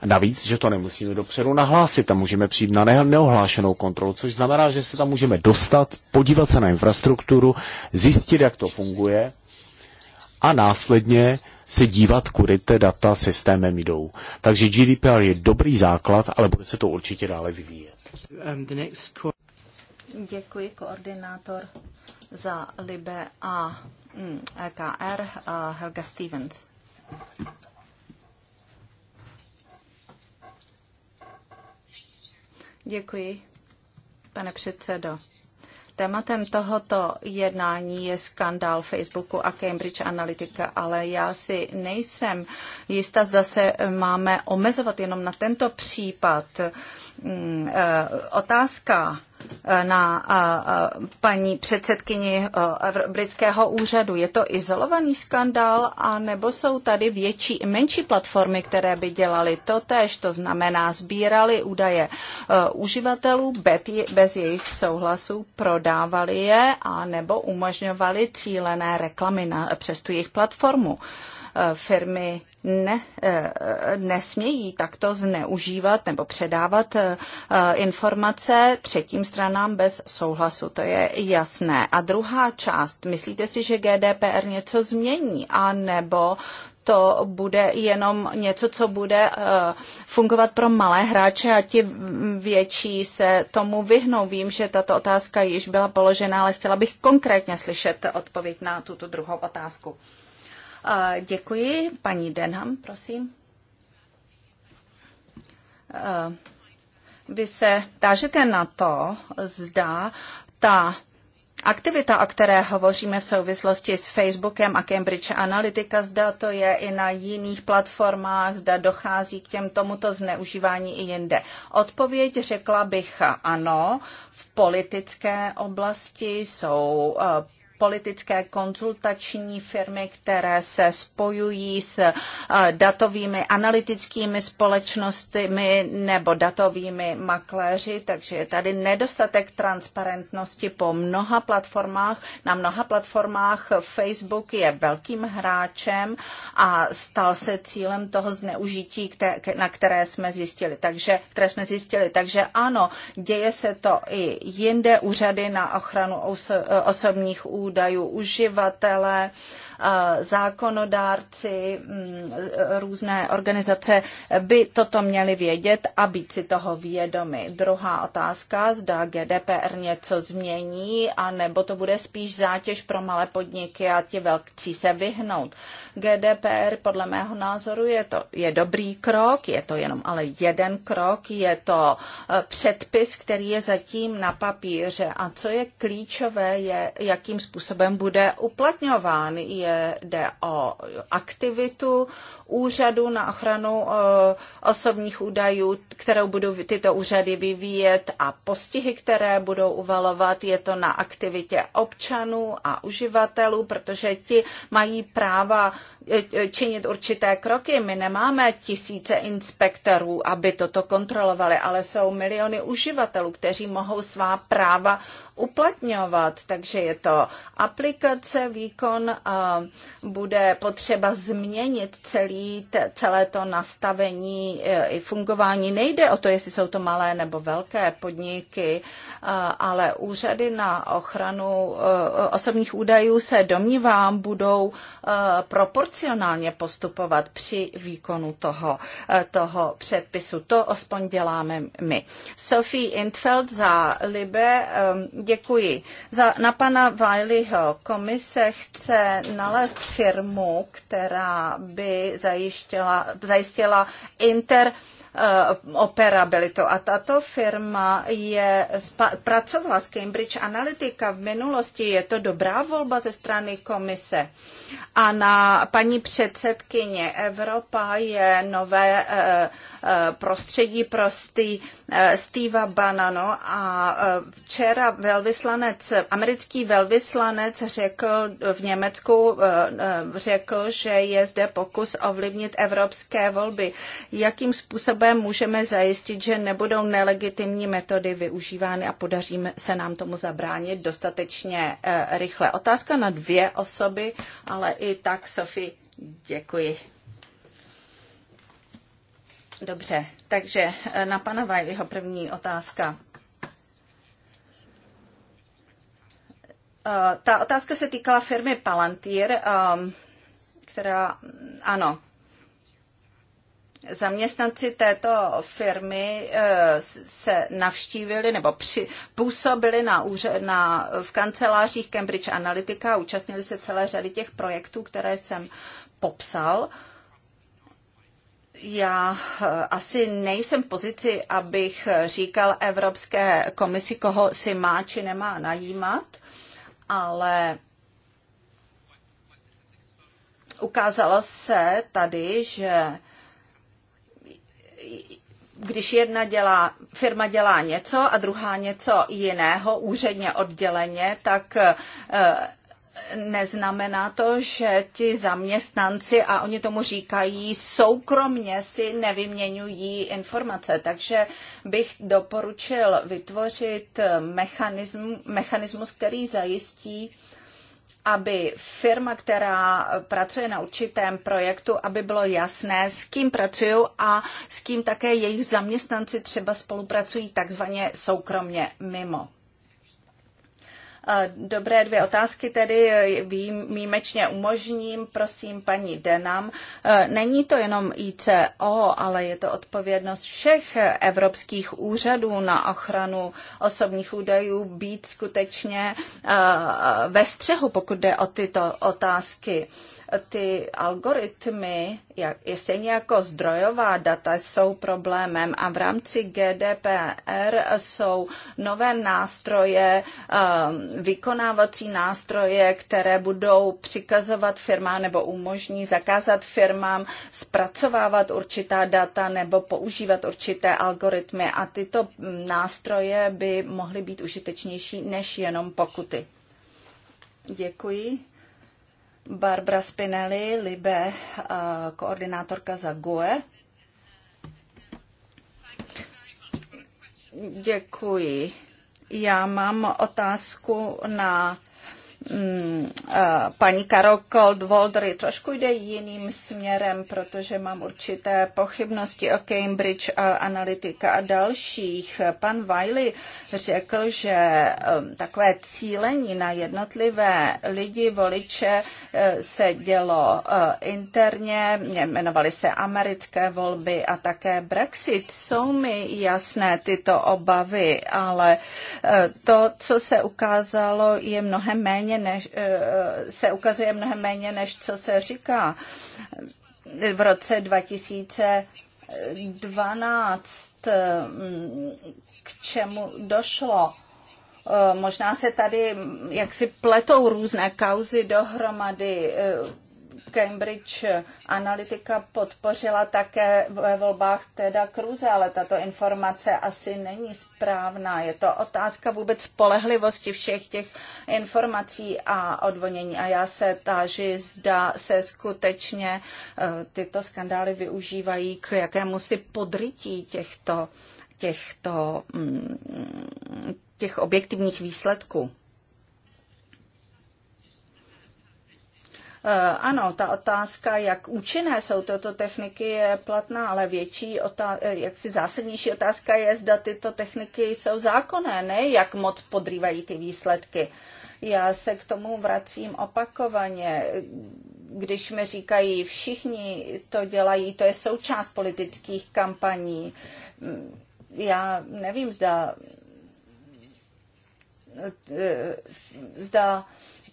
A navíc, že to nemusíme dopředu nahlásit, tam můžeme přijít na neohlášenou kontrolu, což znamená, že se tam můžeme dostat, podívat se na infrastrukturu, zjistit, jak to funguje a následně se dívat, kudy ty data systémem jdou. Takže GDPR je dobrý základ, ale bude se to určitě dále vyvíjet. Um, Děkuji koordinátor za Libe a mm, EKR a uh, Helga Stevens. Děkuji, pane předsedo. Tématem tohoto jednání je skandál Facebooku a Cambridge Analytica, ale já si nejsem jistá, zda se máme omezovat jenom na tento případ. Mm, eh, otázka Eh, na eh, eh, paní předsedkyni britského úřadu. Je to izolovaný skandál, a nebo jsou tady větší i menší platformy, které by dělaly to tež, to znamená sbírali údaje uživatelů bez jejich souhlasu, prodávali je a nebo umožňovali cílené reklamy na, přes tu jejich platformu firmy ne, eh, nesmějí takto zneužívat nebo předávat eh, eh, informace třetím stranám bez souhlasu. To je jasné. A druhá část, myslíte si, že GDPR něco změní, a nebo to bude jenom něco, co bude fungovat pro malé hráče a ti větší se tomu vyhnou. Vím, že tato otázka již byla položena, ale chtěla bych konkrétně slyšet odpověď na tuto druhou otázku. Děkuji. Paní Denham, prosím. Vy se tážete na to, zda ta Aktivita, o které hovoříme v souvislosti s Facebookem a Cambridge Analytica, zda to je i na jiných platformách, zda dochází k těm tomuto zneužívání i jinde. Odpověď řekla bych ano. V politické oblasti jsou eh, politické konzultační firmy, které se spojují s eh, datovými analytickými společnostmi nebo datovými makléři, takže je tady nedostatek transparentnosti po mnoha platformách. Na mnoha platformách Facebook je velkým hráčem a stal se cílem toho zneužití, na které jsme zjistili. Takže, které jsme zjistili. Takže ano, děje se to i jinde úřady na ochranu osobních údajů údajů uživatele zákonodárci, mm, různé organizace by toto měli vědět a být si toho vědomi. Druhá otázka, zda GDPR něco změní, anebo to bude spíš zátěž pro malé podniky a ti velkcí se vyhnout. GDPR podle mého názoru je to je dobrý krok, je to jenom ale jeden krok, je to e, předpis, který je zatím na papíře. A co je klíčové, je, jakým způsobem bude uplatňován. Je jde o aktivitu úřadu na ochranu eh, osobních údajů, kterou budou tyto úřady vyvíjet a postihy, které budou uvalovat. Je to na aktivitě občanů a uživatelů, protože ti mají práva eh, eh, činit určité kroky. My nemáme tisíce inspektorů, aby toto kontrolovali, ale jsou miliony uživatelů, kteří mohou svá práva uplatňovat. Takže je to aplikace, výkon, bude potřeba změnit celý celít celé to nastavení e, i fungování. Nejde o to, jestli jsou to malé nebo velké podniky, e, ale úřady na ochranu e, osobních údajů se domnívám budou proporcionálně postupovat při výkonu toho, toho předpisu. To aspoň děláme my. Sophie Intfeld za Libe, děkuji. Za, na pana Wileyho komise chce nalézt firmu, která by zajištěla, zajistila inter Eh, operabilitu. A tato firma je, pracovala s Cambridge Analytica v minulosti, je to dobrá volba ze strany komise. A na paní předsedkyně Evropa je nové eh, eh, prostředí pro Stevea Banano a včera velvyslanec, americký velvyslanec řekl v Německu, řekl, že je zde pokus ovlivnit evropské volby. Jakým způsobem způsobem můžeme zajistit, že nebudou nelegitimní metody využívány a podaří se nám tomu zabránit dostatečně eh, rychle. Otázka na dvě osoby, ale i tak, Sofie, děkuji. Dobře, takže eh, na pana jeho první otázka. Eh, ta otázka se týkala firmy Palantir, která, ano, Zaměstnanci této firmy eh, se navštívili nebo při, působili na, úře, na, v kancelářích Cambridge Analytica, účastnili se celé řady těch projektů, které jsem popsal já eh, asi nejsem v pozici, abych říkal Evropské komisi, koho si má či nemá najímat, ale ukázalo se tady, že když jedna dělá, firma dělá něco a druhá něco jiného, úředně odděleně, tak eh, neznamená to, že ti zaměstnanci, a oni tomu říkají, soukromně si nevyměňují informace. Takže bych doporučil vytvořit eh, mechanism, mechanismus, který zajistí, aby firma, která pracuje na určitém projektu, aby bylo jasné, s kým pracují a s kým také jejich zaměstnanci třeba spolupracují takzvaně soukromně mimo. Eh, dobré dvě otázky tedy eh, výjimečně umožním, prosím paní Denam. Eh, není to jenom ICO, ale je to odpovědnost všech evropských úřadů na ochranu osobních údajů být skutečně ve střehu, pokud jde o tyto otázky ty algoritmy, jak, stejně jako zdrojová data, jsou problémem a v rámci GDPR jsou nové nástroje, ehm, vykonávací nástroje, které budou přikazovat firmám nebo umožní zakázat firmám zpracovávat určitá data nebo používat určité algoritmy a tyto mm, nástroje by mohly být užitečnější než jenom pokuty. Děkuji. Barbara Spinelli, Libe, koordinátorka za GUE. Děkuji. Já mám otázku na Mm, eh, paní Karol Coldwoldery trošku jde jiným směrem, protože mám určité pochybnosti o Cambridge eh, Analytica a dalších. Pan Wiley řekl, že eh, takové cílení na jednotlivé lidi, voliče se dělo interně, jmenovaly se americké volby a také Brexit. Jsou mi jasné tyto obavy, ale to, co se ukázalo, je mnohem méně méně než, eh, se ukazuje mnohem méně, než co se říká. V roce 2012 eh, k čemu došlo? Eh, možná se tady jaksi pletou různé kauzy dohromady Cambridge Analytica podpořila také ve volbách teda Kruze, ale tato informace asi není správná. Je to otázka vůbec spolehlivosti všech těch informací a odvonění. A já se táži, zda se skutečně eh, tyto skandály využívají k jakému si podrytí těchto, těchto mm, těch objektivních výsledků. Eh, ano, ta otázka, jak účinné jsou tyto techniky, je platná, ale větší, eh, si zásadnější otázka je, zda tyto techniky jsou zákonné, ne jak moc podrývají ty výsledky. Já se k tomu vracím opakovaně. Když mi říkají, všichni to dělají, to je součást politických kampaní. Mm, já nevím, zda, eh, zda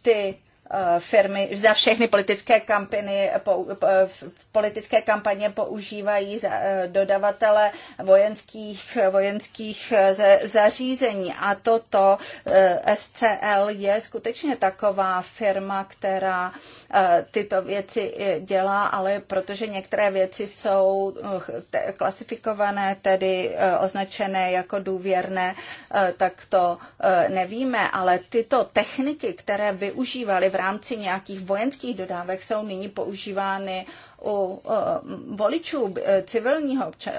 ty Eh, firmy, zda všechny politické po, politické kampaně používají eh, dodavatele vojenských, vojenských eh, zařízení. A toto SCL je skutečně taková firma, která tyto věci dělá, ale protože některé věci jsou klasifikované, tedy označené jako důvěrné, tak to nevíme, ale tyto techniky, které využívali v rámci nějakých vojenských dodávek jsou nyní používány u eh, voličů eh, civilního eh,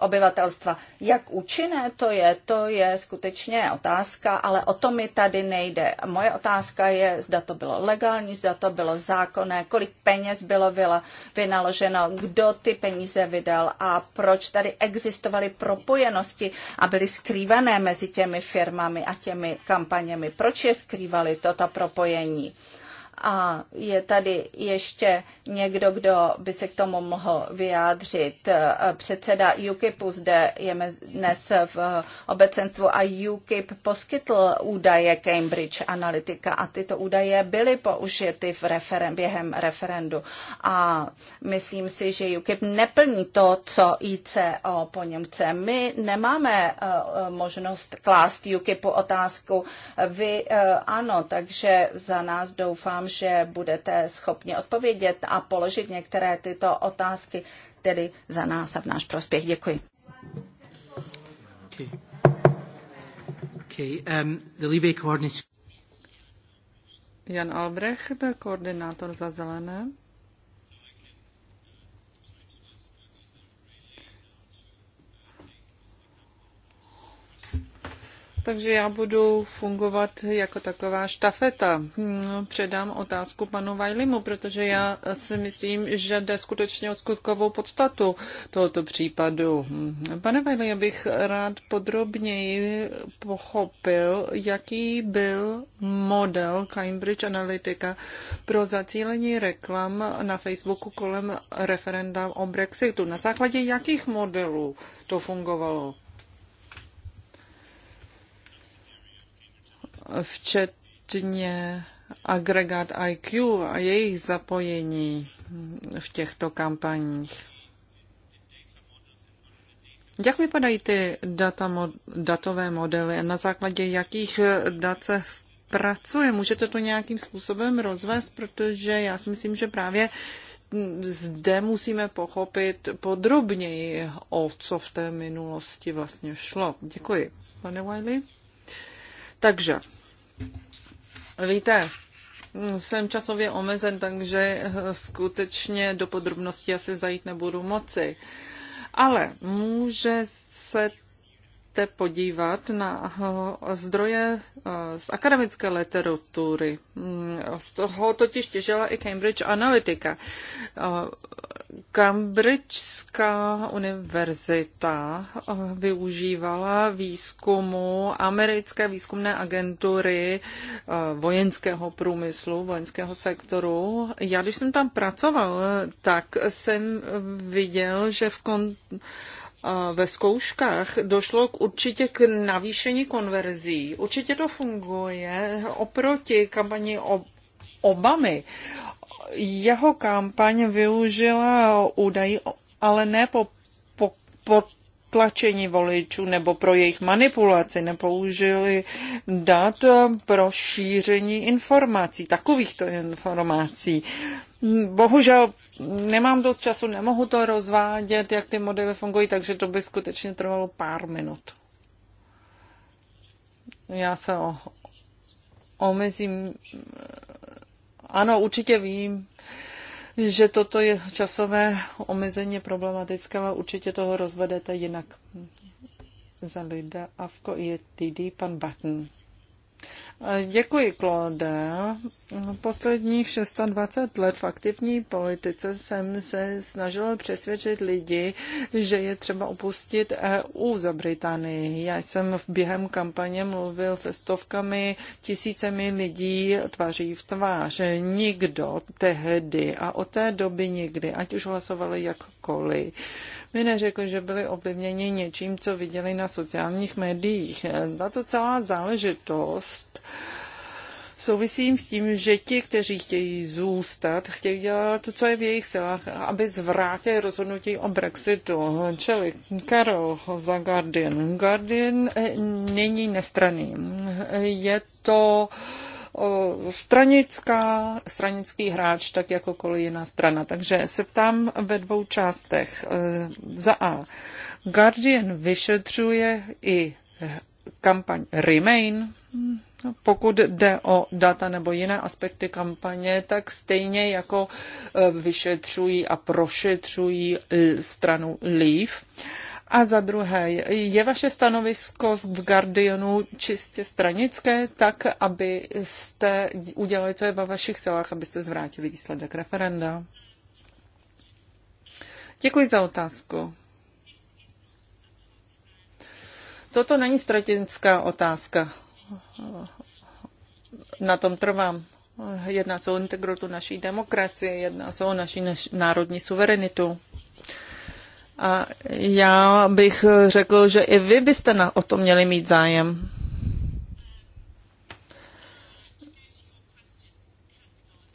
obyvatelstva, jak účinné to je, to je skutečně otázka, ale o to mi tady nejde. Moje otázka je, zda to bylo legální, zda to bylo zákonné, kolik peněz bylo vyla, vynaloženo, kdo ty peníze vydal a proč tady existovaly propojenosti a byly skrývané mezi těmi firmami a těmi kampaněmi. Proč je skrývali toto propojení? A je tady ještě někdo, kdo by se k tomu mohl vyjádřit. Eh, předseda UKIPu zde je dnes v obecenstvu a UKIP poskytl údaje Cambridge Analytica a tyto údaje byly použity v referen, během referendu. A myslím si, že UKIP neplní to, co ICO po něm chce. My nemáme eh, možnost klást UKIPu otázku. Vy eh, ano, takže za nás doufám, že budete schopni odpovědět a položit některé tyto otázky, tedy za nás a v náš prospěch. Děkuji. Okay. Okay. Um, the Libe coordinator... Jan Albrecht, koordinátor za zelené. Takže já budu fungovat jako taková štafeta. Hm, předám otázku panu Vajlimu, protože já si myslím, že jde skutečně o skutkovou podstatu tohoto případu. Hm, pane Vajli, já bych rád podrobněji pochopil, jaký byl model Cambridge Analytica pro zacílení reklam na Facebooku kolem referenda o Brexitu. Na základě jakých modelů to fungovalo? včetně agregát IQ a jejich zapojení v těchto kampaních. Jak vypadají ty data, datové modely a na základě jakých dat se pracuje? Můžete to nějakým způsobem rozvést, protože já si myslím, že právě zde musíme pochopit podrobněji, o co v té minulosti vlastně šlo. Děkuji. Pane Wiley? Takže, víte, jsem časově omezen, takže skutečně do podrobností asi zajít nebudu moci. Ale může se podívat na eh, zdroje eh, z akademické literatury. Mm, z toho totiž těžila i Cambridge Analytica. Eh, Cambridgeská univerzita eh, využívala výzkumu americké výzkumné agentury eh, vojenského průmyslu, vojenského sektoru. Já, když jsem tam pracoval, tak jsem viděl, že v kon- eh, ve zkouškách došlo k určitě k navýšení konverzí. Určitě to funguje oproti kampani Obamy jeho kampaň využila údaj, ale ne po, po, po tlačení voličů nebo pro jejich manipulaci, nepoužili dat pro šíření informací, takovýchto informací. Bohužel nemám dost času, nemohu to rozvádět, jak ty modely fungují, takže to by skutečně trvalo pár minut. Já se omezím ano, určitě vím, že toto je časové omezení problematické, ale určitě toho rozvedete jinak. Za Avko je TD pan Button. Děkuji, Claude. Posledních 620 let v aktivní politice jsem se snažila přesvědčit lidi, že je třeba opustit EU za Británii. Já jsem v během kampaně mluvil se stovkami, tisícemi lidí tvaří v tvář. Nikdo tehdy a od té doby nikdy, ať už hlasovali jakkoliv, by neřekl, že byli ovlivněni něčím, co viděli na sociálních médiích. Tato celá záležitost souvisím s tím, že ti, kteří chtějí zůstat, chtějí dělat to, co je v jejich silách, aby zvrátili rozhodnutí o Brexitu. Čili Karol za Guardian. Guardian eh, není nestraný. Je to uh, stranická, stranický hráč, tak jakokoliv jiná strana. Takže se ptám ve dvou částech. E, za A. Guardian vyšetřuje i kampaň Remain, no, pokud jde o data nebo jiné aspekty kampaně, tak stejně jako e, vyšetřují a prošetřují e, stranu Leave. A za druhé, je vaše stanovisko v Guardianu čistě stranické, tak abyste udělali, co je ve vašich silách, abyste zvrátili výsledek referenda? Děkuji za otázku. Toto není stratinská otázka. Na tom trvám. Jedná se o integritu naší demokracie, jedná se o naší národní suverenitu. A já bych řekl, že i vy byste na, o to měli mít zájem.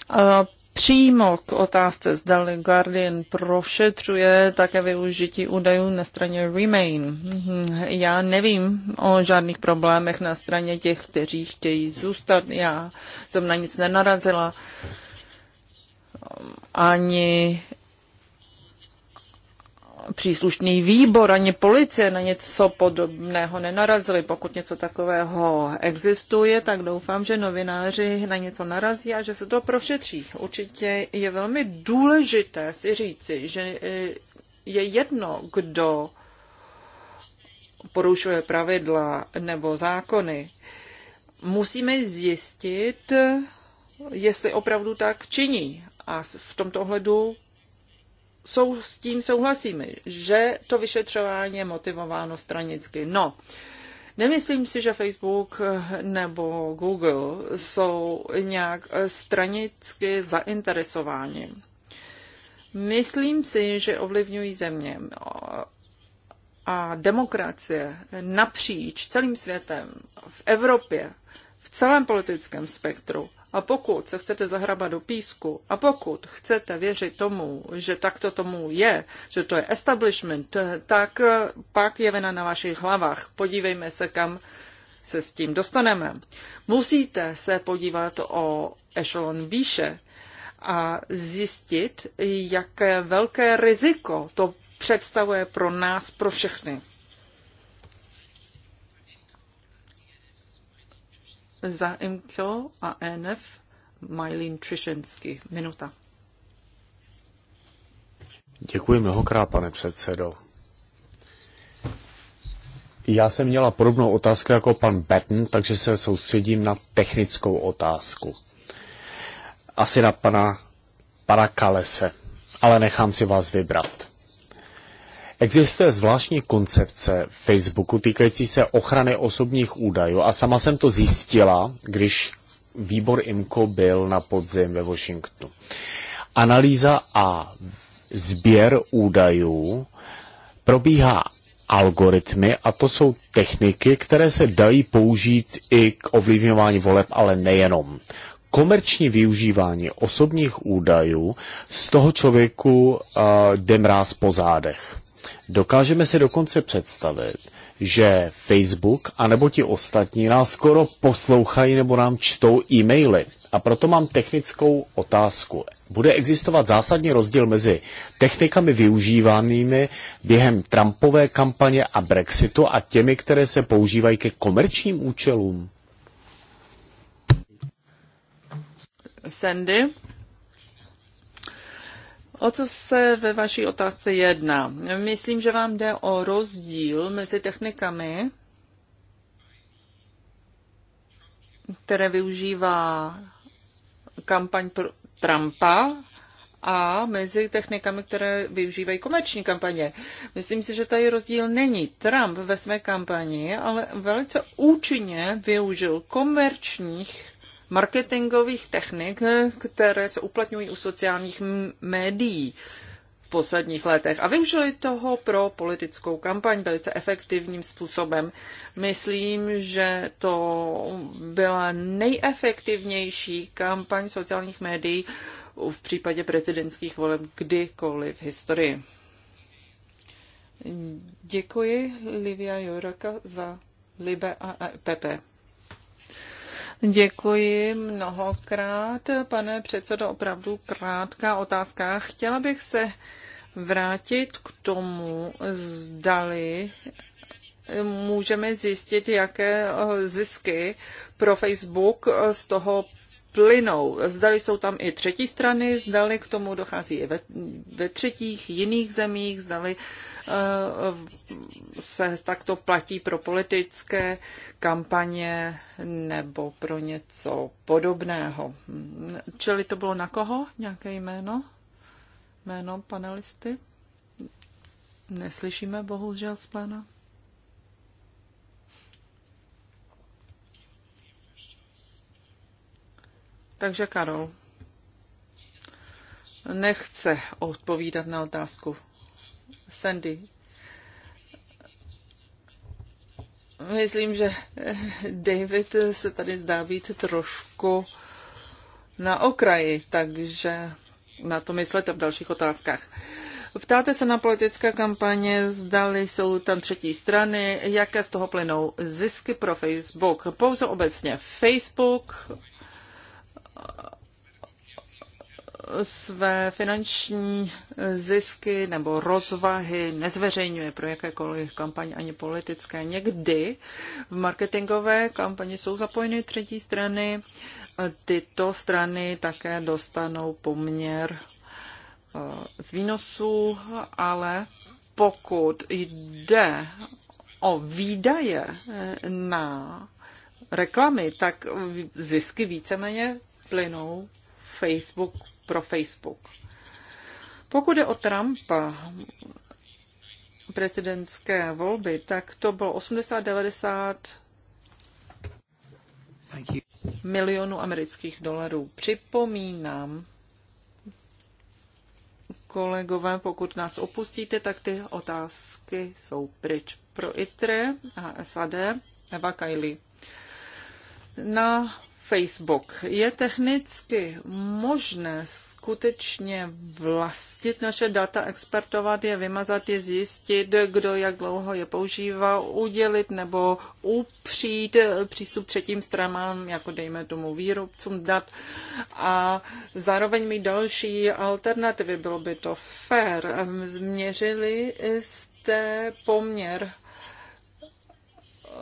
A přímo k otázce, zda Guardian prošetřuje také využití údajů na straně Remain. Mhm, já nevím o žádných problémech na straně těch, kteří chtějí zůstat. Já jsem na nic nenarazila. Ani příslušný výbor ani policie na něco podobného nenarazili. Pokud něco takového existuje, tak doufám, že novináři na něco narazí a že se to prošetří. Určitě je velmi důležité si říci, že e, je jedno, kdo porušuje pravidla nebo zákony. Musíme zjistit, jestli opravdu tak činí. A v tomto ohledu sou, s tím souhlasíme, že to vyšetřování je motivováno stranicky. No, Nemyslím si, že Facebook nebo Google jsou nějak stranicky zainteresováni. Myslím si, že ovlivňují země a demokracie napříč celým světem, v Evropě, v celém politickém spektru. A pokud se chcete zahrabat do písku a pokud chcete věřit tomu, že takto tomu je, že to je establishment, tak eh, pak je vena na vašich hlavách. Podívejme se, kam se s tím dostaneme. Musíte se podívat o echelon výše a zjistit, jaké velké riziko to představuje pro nás, pro všechny. za IMCO a ENF Majlín Trišensky. Minuta. Děkuji mnohokrát, pane předsedo. Já jsem měla podobnou otázku jako pan Betten, takže se soustředím na technickou otázku. Asi na pana, pana Kalese, ale nechám si vás vybrat. Existuje zvláštní koncepce Facebooku týkající se ochrany osobních údajů a sama jsem to zjistila, když výbor IMCO byl na podzim ve Washingtonu. Analýza a sběr údajů probíhá algoritmy a to jsou techniky, které se dají použít i k ovlivňování voleb, ale nejenom. Komerční využívání osobních údajů z toho člověku uh, jde mráz po zádech. Dokážeme si dokonce představit, že Facebook anebo ti ostatní nás skoro poslouchají nebo nám čtou e-maily. A proto mám technickou otázku. Bude existovat zásadní rozdíl mezi technikami využívanými během Trumpové kampaně a Brexitu a těmi, které se používají ke komerčním účelům? Sandy? O co se ve vaší otázce jedná? Myslím, že vám jde o rozdíl mezi technikami, které využívá kampaň Trumpa a mezi technikami, které využívají komerční kampaně. Myslím si, že tady rozdíl není. Trump ve své kampani ale velice účinně využil komerčních marketingových technik, které se uplatňují u sociálních médií v posledních letech a využili toho pro politickou kampaň velice efektivním způsobem. Myslím, že to byla nejefektivnější kampaň sociálních médií v případě prezidentských voleb kdykoliv v historii. Děkuji Livia Joraka za Libe a PP. E Děkuji mnohokrát, pane předsedo, opravdu krátká otázka. Chtěla bych se vrátit k tomu, zdali můžeme zjistit, jaké zisky pro Facebook z toho plynou. Zdali jsou tam i třetí strany, zdali k tomu dochází i ve, ve třetích jiných zemích, zdali Eh, se takto platí pro politické kampaně nebo pro něco podobného. Čili to bylo na koho? Nějaké jméno? Jméno panelisty? Neslyšíme bohužel z pléna. Takže Karol nechce odpovídat na otázku Sandy. Myslím, že David se tady zdá být trošku na okraji, takže na to myslete v dalších otázkách. Ptáte se na politické kampaně, zdali jsou tam třetí strany, jaké z toho plynou zisky pro Facebook. Pouze obecně Facebook své finanční zisky nebo rozvahy nezveřejňuje pro jakékoliv kampaň ani politické. Někdy v marketingové kampani jsou zapojeny třetí strany. Tyto strany také dostanou poměr eh, z výnosů, ale pokud jde o výdaje eh, na reklamy, tak zisky víceméně plynou Facebooku pro Facebook. Pokud je o Trumpa, prezidentské volby, tak to bylo 80-90 milionů amerických dolarů. Připomínám, kolegové, pokud nás opustíte, tak ty otázky jsou pryč. Pro ITRE a SAD Eva Kajli. Na Facebook. Je technicky možné skutečně vlastnit naše data, expertovat je, vymazat je, zjistit, kdo jak dlouho je používá, udělit nebo upřít přístup třetím stranám, jako dejme tomu výrobcům dat a zároveň mít další alternativy. Bylo by to fair. Změřili jste poměr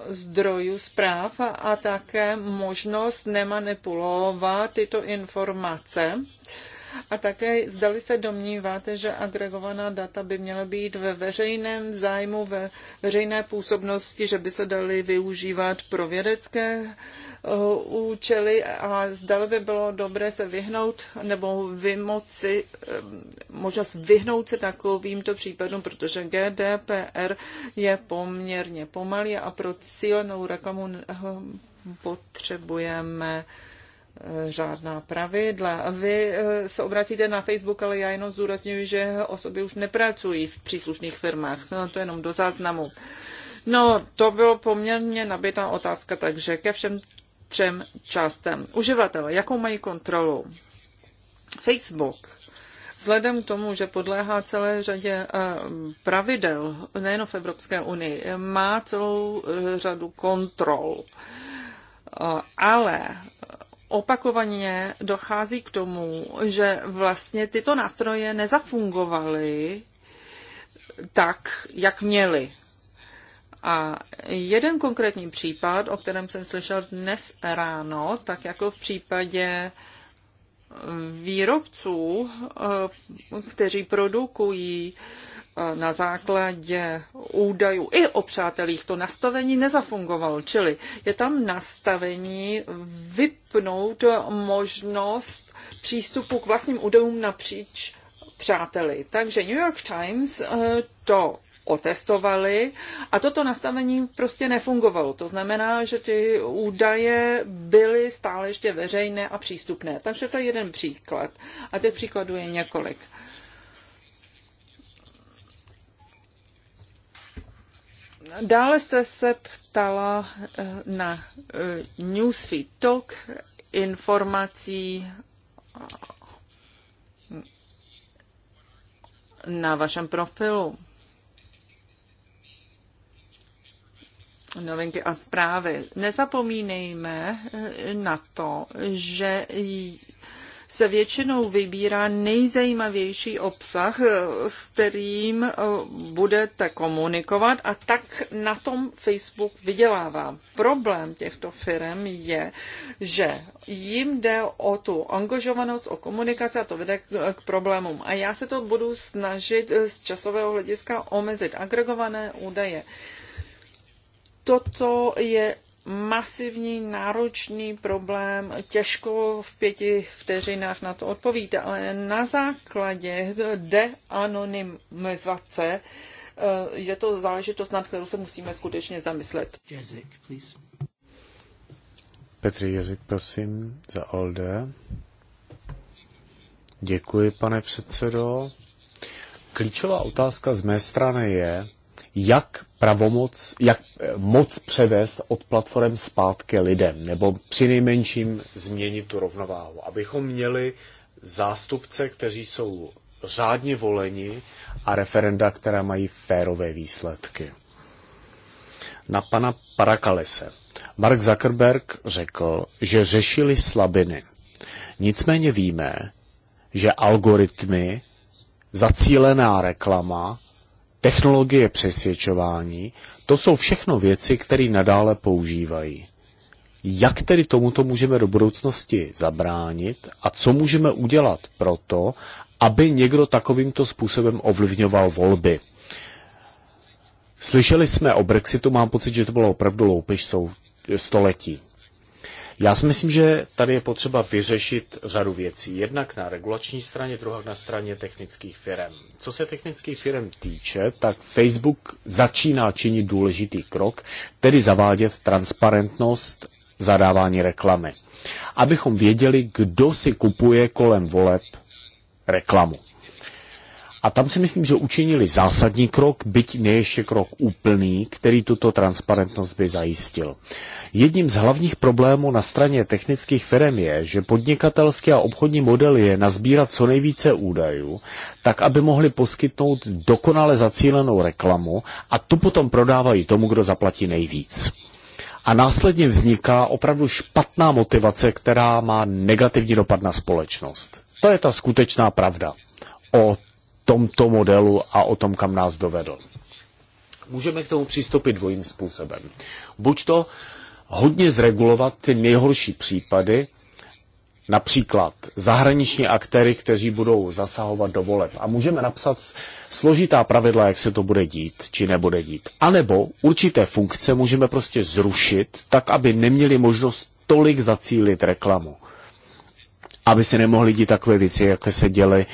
zdrojů zpráv a také možnost nemanipulovat tyto informace a také zdali se domníváte, že agregovaná data by měla být ve veřejném zájmu, ve veřejné působnosti, že by se daly využívat pro vědecké eh, účely a zdali by bylo dobré se vyhnout nebo vymoci, eh, možnost vyhnout se takovýmto případům, protože GDPR je poměrně pomalý a pro cílenou reklamu eh, potřebujeme Eh, řádná pravidla. Vy eh, se obracíte na Facebook, ale já jenom zúraznuju, že osoby už nepracují v příslušných firmách. No, to jenom do záznamu. No, to bylo poměrně nabitá otázka, takže ke všem třem částem. Uživatelé, jakou mají kontrolu? Facebook vzhledem k tomu, že podléhá celé řadě eh, pravidel, nejen v Evropské unii, má celou řadu kontrol. Ale opakovaně dochází k tomu, že vlastně tyto nástroje nezafungovaly tak, jak měly. A jeden konkrétní případ, o kterém jsem slyšel dnes ráno, tak jako v případě výrobců, eh, kteří produkují na základě údajů i o přátelích to nastavení nezafungovalo. Čili je tam nastavení vypnout možnost přístupu k vlastním údajům napříč přáteli. Takže New York Times eh, to otestovali a toto nastavení prostě nefungovalo. To znamená, že ty údaje byly stále ještě veřejné a přístupné. Takže to je jeden příklad a těch příkladů je několik. Dále jste se ptala eh, na eh, newsfeed talk informací na vašem profilu. Novinky a zprávy. Nezapomínejme eh, na to, že se většinou vybírá nejzajímavější obsah, s kterým eh, budete komunikovat a tak na tom Facebook vydělává. Problém těchto firm je, že jim jde o tu angažovanost, o komunikaci a to vede k problémům. A já se to budu snažit eh, z časového hlediska omezit agregované údaje toto je masivní, náročný problém, těžko v pěti vteřinách na to odpovíte, ale na základě deanonymizace eh, je to záležitost, nad kterou se musíme skutečně zamyslet. Jazyk, please. Petr Jazyk, prosím, za Olde. Děkuji, pane předsedo. Klíčová otázka z mé strany je, jak pravomoc, jak eh, moc převést od platform zpátky lidem, nebo přinejmenším změnit tu rovnováhu, abychom měli zástupce, kteří jsou řádně voleni a referenda, která mají férové výsledky. Na pana Parakalise. Mark Zuckerberg řekl, že řešili slabiny. Nicméně víme, že algoritmy, zacílená reklama technologie přesvědčování, to jsou všechno věci, které nadále používají. Jak tedy tomuto můžeme do budoucnosti zabránit a co můžeme udělat pro to, aby někdo takovýmto způsobem ovlivňoval volby? Slyšeli jsme o Brexitu, mám pocit, že to bylo opravdu loupež století. Já si myslím, že tady je potřeba vyřešit řadu věcí. Jednak na regulační straně, druhá na straně technických firm. Co se technických firm týče, tak Facebook začíná činit důležitý krok, tedy zavádět transparentnost zadávání reklamy. Abychom věděli, kdo si kupuje kolem voleb reklamu. A tam si myslím, že učinili zásadní krok, byť ne ještě krok úplný, který tuto transparentnost by zajistil. Jedním z hlavních problémů na straně technických firm je, že podnikatelský a obchodní model je nazbírat co nejvíce údajů, tak aby mohli poskytnout dokonale zacílenou reklamu a tu potom prodávají tomu, kdo zaplatí nejvíc. A následně vzniká opravdu špatná motivace, která má negativní dopad na společnost. To je ta skutečná pravda o tomto modelu a o tom, kam nás dovedl. Můžeme k tomu přistoupit dvojím způsobem. Buď to hodně zregulovat ty nejhorší případy, například zahraniční aktéry, kteří budou zasahovat do voleb. A můžeme napsat složitá pravidla, jak se to bude dít, či nebude dít. A nebo určité funkce můžeme prostě zrušit, tak aby neměli možnost tolik zacílit reklamu. Aby se nemohli dít takové věci, jaké se děly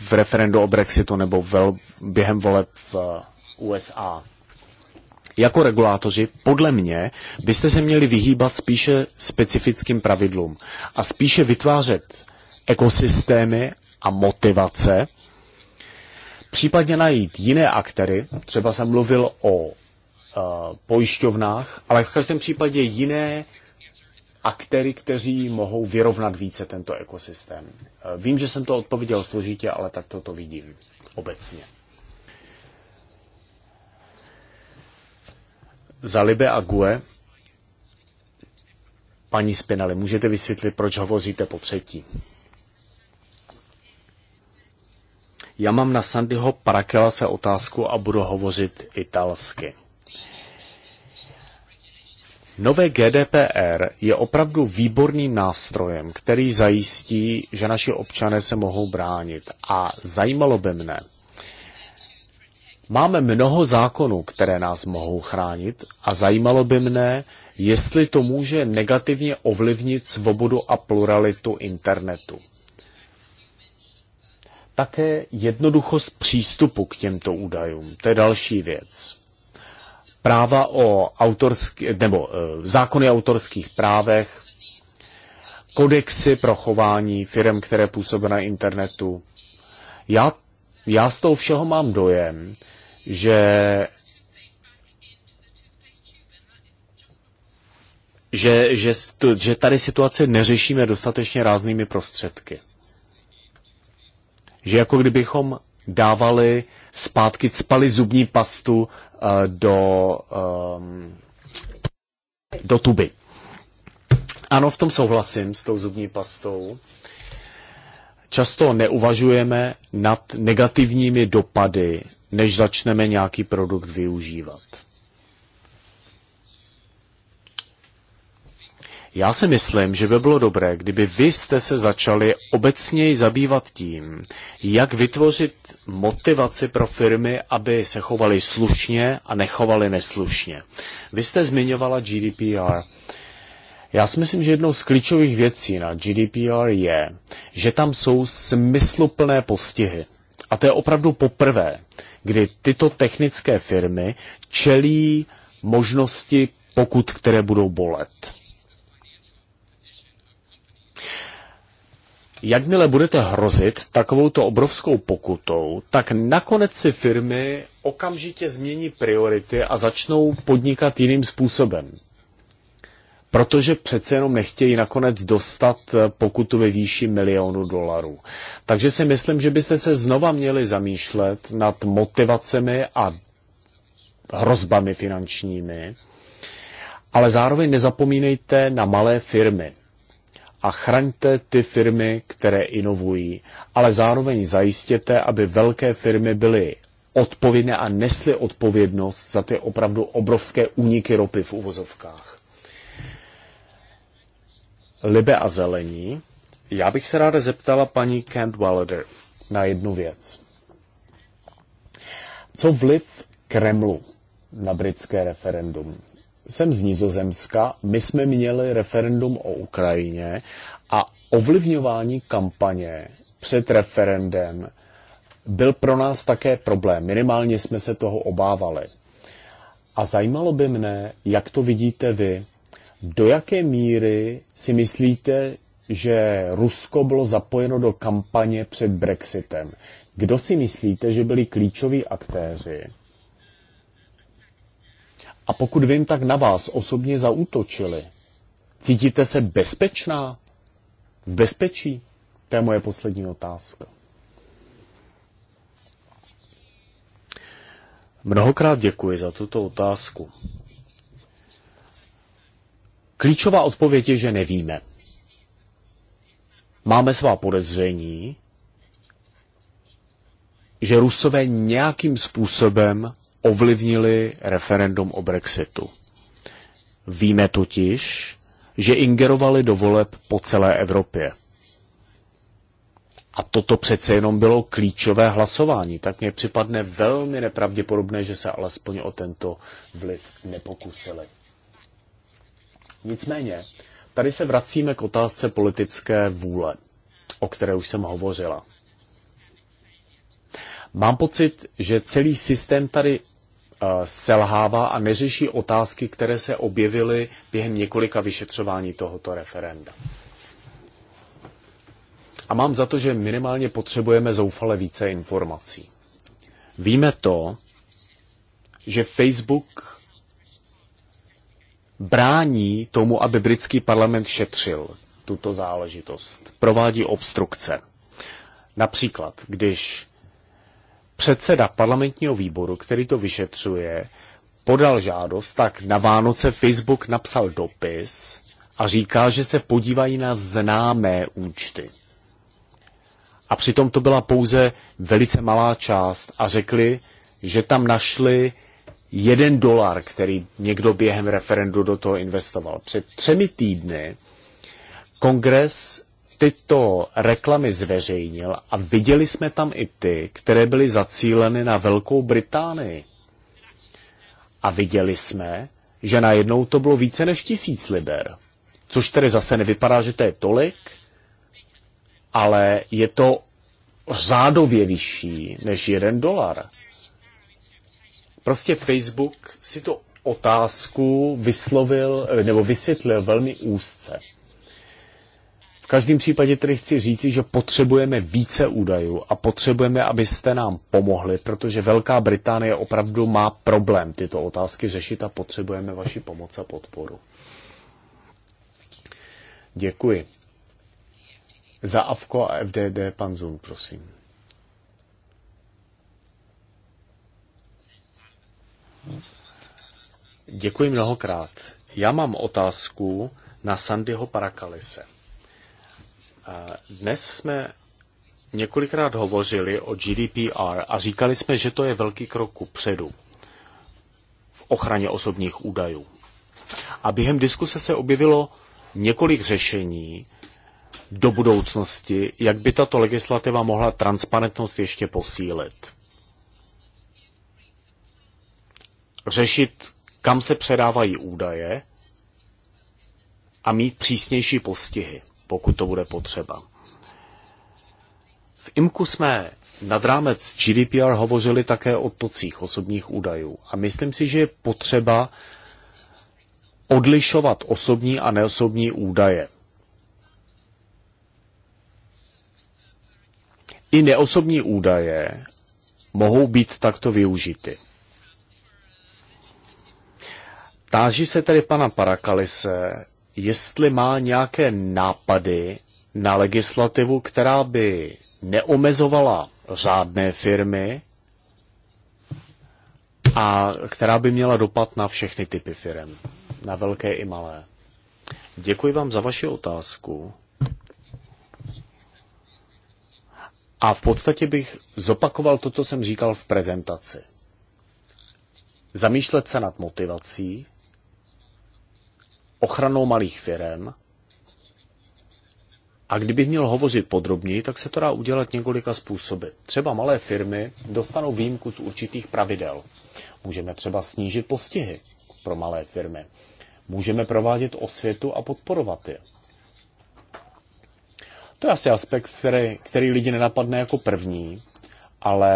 v referendu o Brexitu nebo vel, během voleb v eh, USA. Jako regulátoři, podle mě, byste se měli vyhýbat spíše specifickým pravidlům a spíše vytvářet ekosystémy a motivace, případně najít jiné aktory, třeba jsem mluvil o eh, pojišťovnách, ale v každém případě jiné aktéry, kteří mohou vyrovnat více tento ekosystém. Eh, vím, že jsem to odpověděl složitě, ale tak to vidím obecně. Za Libe a Gue, paní Spinali, můžete vysvětlit, proč hovoříte po třetí? Já mám na Sandyho Parakela se otázku a budu hovořit italsky. Nové GDPR je opravdu výborným nástrojem, který zajistí, že naši občané se mohou bránit. A zajímalo by mne, máme mnoho zákonů, které nás mohou chránit a zajímalo by mne, jestli to může negativně ovlivnit svobodu a pluralitu internetu. Také jednoduchost přístupu k těmto údajům, to je další věc práva o autorský, nebo e, zákony o autorských právech, kodexy pro chování firm, které působí na internetu. Já, já z toho všeho mám dojem, že že, že, že tady situaci neřešíme dostatečně ráznými prostředky. Že jako kdybychom dávali zpátky, cpali zubní pastu Eh, do, ehm, do tuby. Ano, v tom souhlasím s tou zubní pastou. Často neuvažujeme nad negativními dopady, než začneme nějaký produkt využívat. Já si myslím, že by bylo dobré, kdyby vy jste se začali obecněji zabývat tím, jak vytvořit motivaci pro firmy, aby se chovaly slušně a nechovaly neslušně. Vy jste zmiňovala GDPR. Já si myslím, že jednou z klíčových věcí na GDPR je, že tam jsou smysluplné postihy. A to je opravdu poprvé, kdy tyto technické firmy čelí možnosti pokud které budou bolet. jakmile budete hrozit takovouto obrovskou pokutou, tak nakonec si firmy okamžitě změní priority a začnou podnikat jiným způsobem. Protože přece jenom nechtějí nakonec dostat eh, pokutu ve výši milionu dolarů. Takže si myslím, že byste se znova měli zamýšlet nad motivacemi a hrozbami finančními, ale zároveň nezapomínejte na malé firmy a chraňte ty firmy, které inovují, ale zároveň zajistěte, aby velké firmy byly odpovědné a nesly odpovědnost za ty opravdu obrovské úniky ropy v uvozovkách. Libe a zelení. Já bych se ráda zeptala paní Kent Wallader na jednu věc. Co vliv Kremlu na britské referendum? jsem z Nizozemska, my jsme měli referendum o Ukrajině a ovlivňování kampaně před referendem byl pro nás také problém. Minimálně jsme se toho obávali. A zajímalo by mne, jak to vidíte vy, do jaké míry si myslíte, že Rusko bylo zapojeno do kampaně před Brexitem? Kdo si myslíte, že byli klíčoví aktéři? a pokud vím, tak na vás osobně zautočili. Cítíte se bezpečná? V bezpečí? To je moje poslední otázka. Mnohokrát děkuji za tuto otázku. Klíčová odpověď je, že nevíme. Máme svá podezření, že Rusové nějakým způsobem ovlivnili referendum o Brexitu. Víme totiž, že ingerovali do voleb po celé Evropě. A toto přece jenom bylo klíčové hlasování, tak mně připadne velmi nepravděpodobné, že se alespoň o tento vliv nepokusili. Nicméně, tady se vracíme k otázce politické vůle, o které už jsem hovořila. Mám pocit, že celý systém tady E, selhává a neřeší otázky, které se objevily během několika vyšetřování tohoto referenda. A mám za to, že minimálně potřebujeme zoufale více informací. Víme to, že Facebook brání tomu, aby britský parlament šetřil tuto záležitost. Provádí obstrukce. Například, když předseda parlamentního výboru, který to vyšetřuje, podal žádost, tak na Vánoce Facebook napsal dopis a říká, že se podívají na známé účty. A přitom to byla pouze velice malá část a řekli, že tam našli jeden dolar, který někdo během referendu do toho investoval. Před třemi týdny kongres tyto reklamy zveřejnil a viděli jsme tam i ty, které byly zacíleny na Velkou Británii. A viděli jsme, že najednou to bylo více než tisíc liber. Což tedy zase nevypadá, že to je tolik, ale je to řádově vyšší než jeden dolar. Prostě Facebook si to otázku vyslovil eh, nebo vysvětlil velmi úzce. V každém případě tedy chci říci, že potřebujeme více údajů a potřebujeme, abyste nám pomohli, protože Velká Británie opravdu má problém tyto otázky řešit a potřebujeme vaši pomoc a podporu. Děkuji. Za AFKO a FDD pan Zun, prosím. Děkuji mnohokrát. Já mám otázku na Sandyho Parakalise. Dnes jsme několikrát hovořili o GDPR a říkali jsme, že to je velký krok ku předu v ochraně osobních údajů. A během diskuse se objevilo několik řešení do budoucnosti, jak by tato legislativa mohla transparentnost ještě posílit. Řešit, kam se předávají údaje a mít přísnější postihy pokud to bude potřeba. V IMKU jsme nad rámec GDPR hovořili také o tocích osobních údajů a myslím si, že je potřeba odlišovat osobní a neosobní údaje. I neosobní údaje mohou být takto využity. Táží se tedy pana Parakalise, jestli má nějaké nápady na legislativu, která by neomezovala řádné firmy a která by měla dopad na všechny typy firm, na velké i malé. Děkuji vám za vaši otázku. A v podstatě bych zopakoval to, co jsem říkal v prezentaci. Zamýšlet se nad motivací, ochranou malých firm. A kdybych měl hovořit podrobněji, tak se to dá udělat několika způsoby. Třeba malé firmy dostanou výjimku z určitých pravidel. Můžeme třeba snížit postihy pro malé firmy. Můžeme provádět osvětu a podporovat je. To je asi aspekt, který, který lidi nenapadne jako první, ale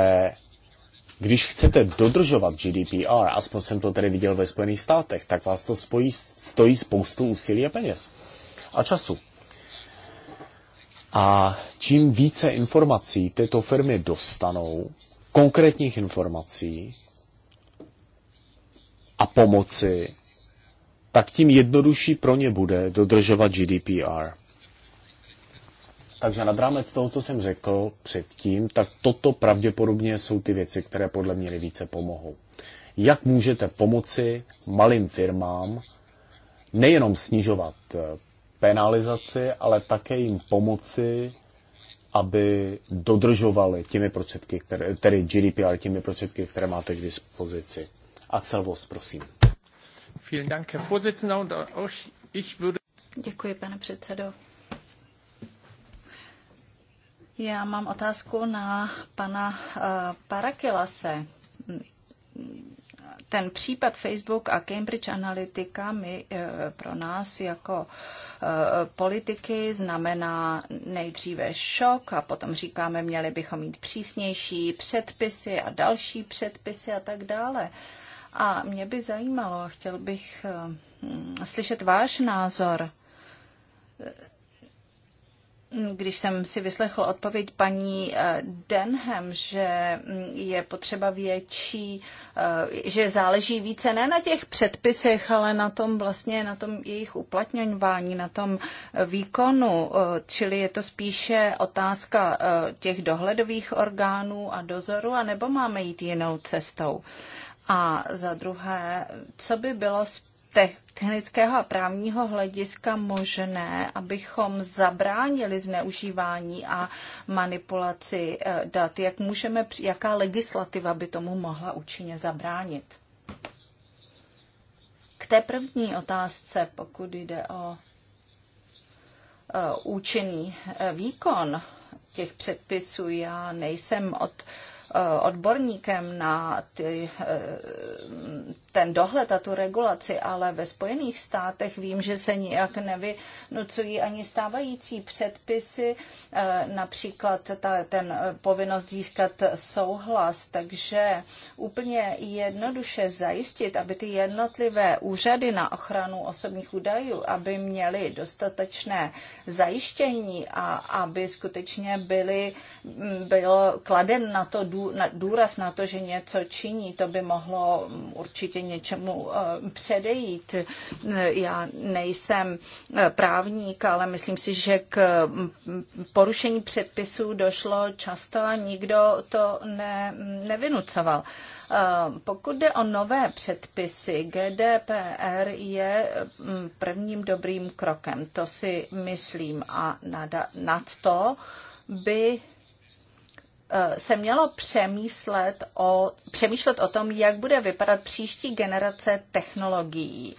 když chcete dodržovat GDPR, aspoň jsem to tady viděl ve Spojených státech, tak vás to spojí, stojí spoustu úsilí a peněz a času. A čím více informací tyto firmy dostanou, konkrétních informací a pomoci, tak tím jednodušší pro ně bude dodržovat GDPR. Takže nad rámec toho, co jsem řekl předtím, tak toto pravděpodobně jsou ty věci, které podle mě nejvíce pomohou. Jak můžete pomoci malým firmám nejenom snižovat eh, penalizaci, ale také jim pomoci, aby dodržovali těmi prostředky, které, tedy GDPR, těmi prostředky, které máte k dispozici. A Voss, prosím. Děkuji, pane předsedo. Já mám otázku na pana eh, Parakilase. Ten případ Facebook a Cambridge Analytica mi eh, pro nás jako eh, politiky znamená nejdříve šok a potom říkáme, měli bychom mít přísnější předpisy a další předpisy a tak dále. A mě by zajímalo, chtěl bych slyšet váš názor když jsem si vyslechl odpověď paní eh, Denham, že mm, je potřeba větší, eh, že záleží více ne na těch předpisech, ale na tom vlastně, na tom jejich uplatňování, na tom eh, výkonu, čili je to spíše otázka těch dohledových orgánů a dozoru, anebo máme jít jinou cestou. A za druhé, co by bylo technického a právního hlediska možné, abychom zabránili zneužívání a manipulaci eh, dat? Jak můžeme, jaká legislativa by tomu mohla účinně zabránit? K té první otázce, pokud jde o eh, účinný eh, výkon těch předpisů, já nejsem od odborníkem na ty ten dohled a tu regulaci, ale ve Spojených státech vím, že se nijak nevynucují ani stávající předpisy, eh, například ta, ten eh, povinnost získat souhlas, takže úplně jednoduše zajistit, aby ty jednotlivé úřady na ochranu osobních údajů, aby měly dostatečné zajištění a aby skutečně byly, mm, byl kladen na to důraz na to, že něco činí, to by mohlo mm, určitě něčemu eh, předejít. Já nejsem eh, právník, ale myslím si, že k mm, porušení předpisů došlo často a nikdo to ne, nevynucoval. Eh, pokud jde o nové předpisy, GDPR je mm, prvním dobrým krokem, to si myslím, a nad to by Eh, se mělo přemýšlet o, přemýšlet o tom, jak bude vypadat příští generace technologií.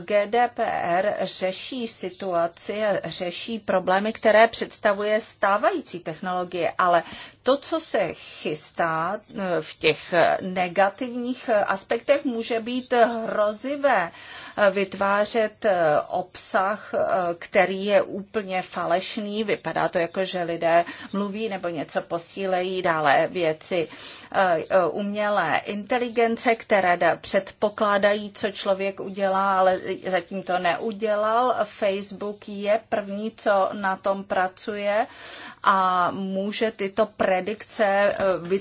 GDPR řeší situaci, řeší problémy, které představuje stávající technologie, ale to, co se chystá eh, v těch negativních aspektech, může být hrozivé. Eh, vytvářet eh, obsah, který je úplně falešný, vypadá to jako, že lidé mluví nebo něco posílejí, dále věci umělé inteligence, které předpokládají, co člověk udělá, ale ale zatím to neudělal. Facebook je první, co na tom pracuje a může tyto predikce eh,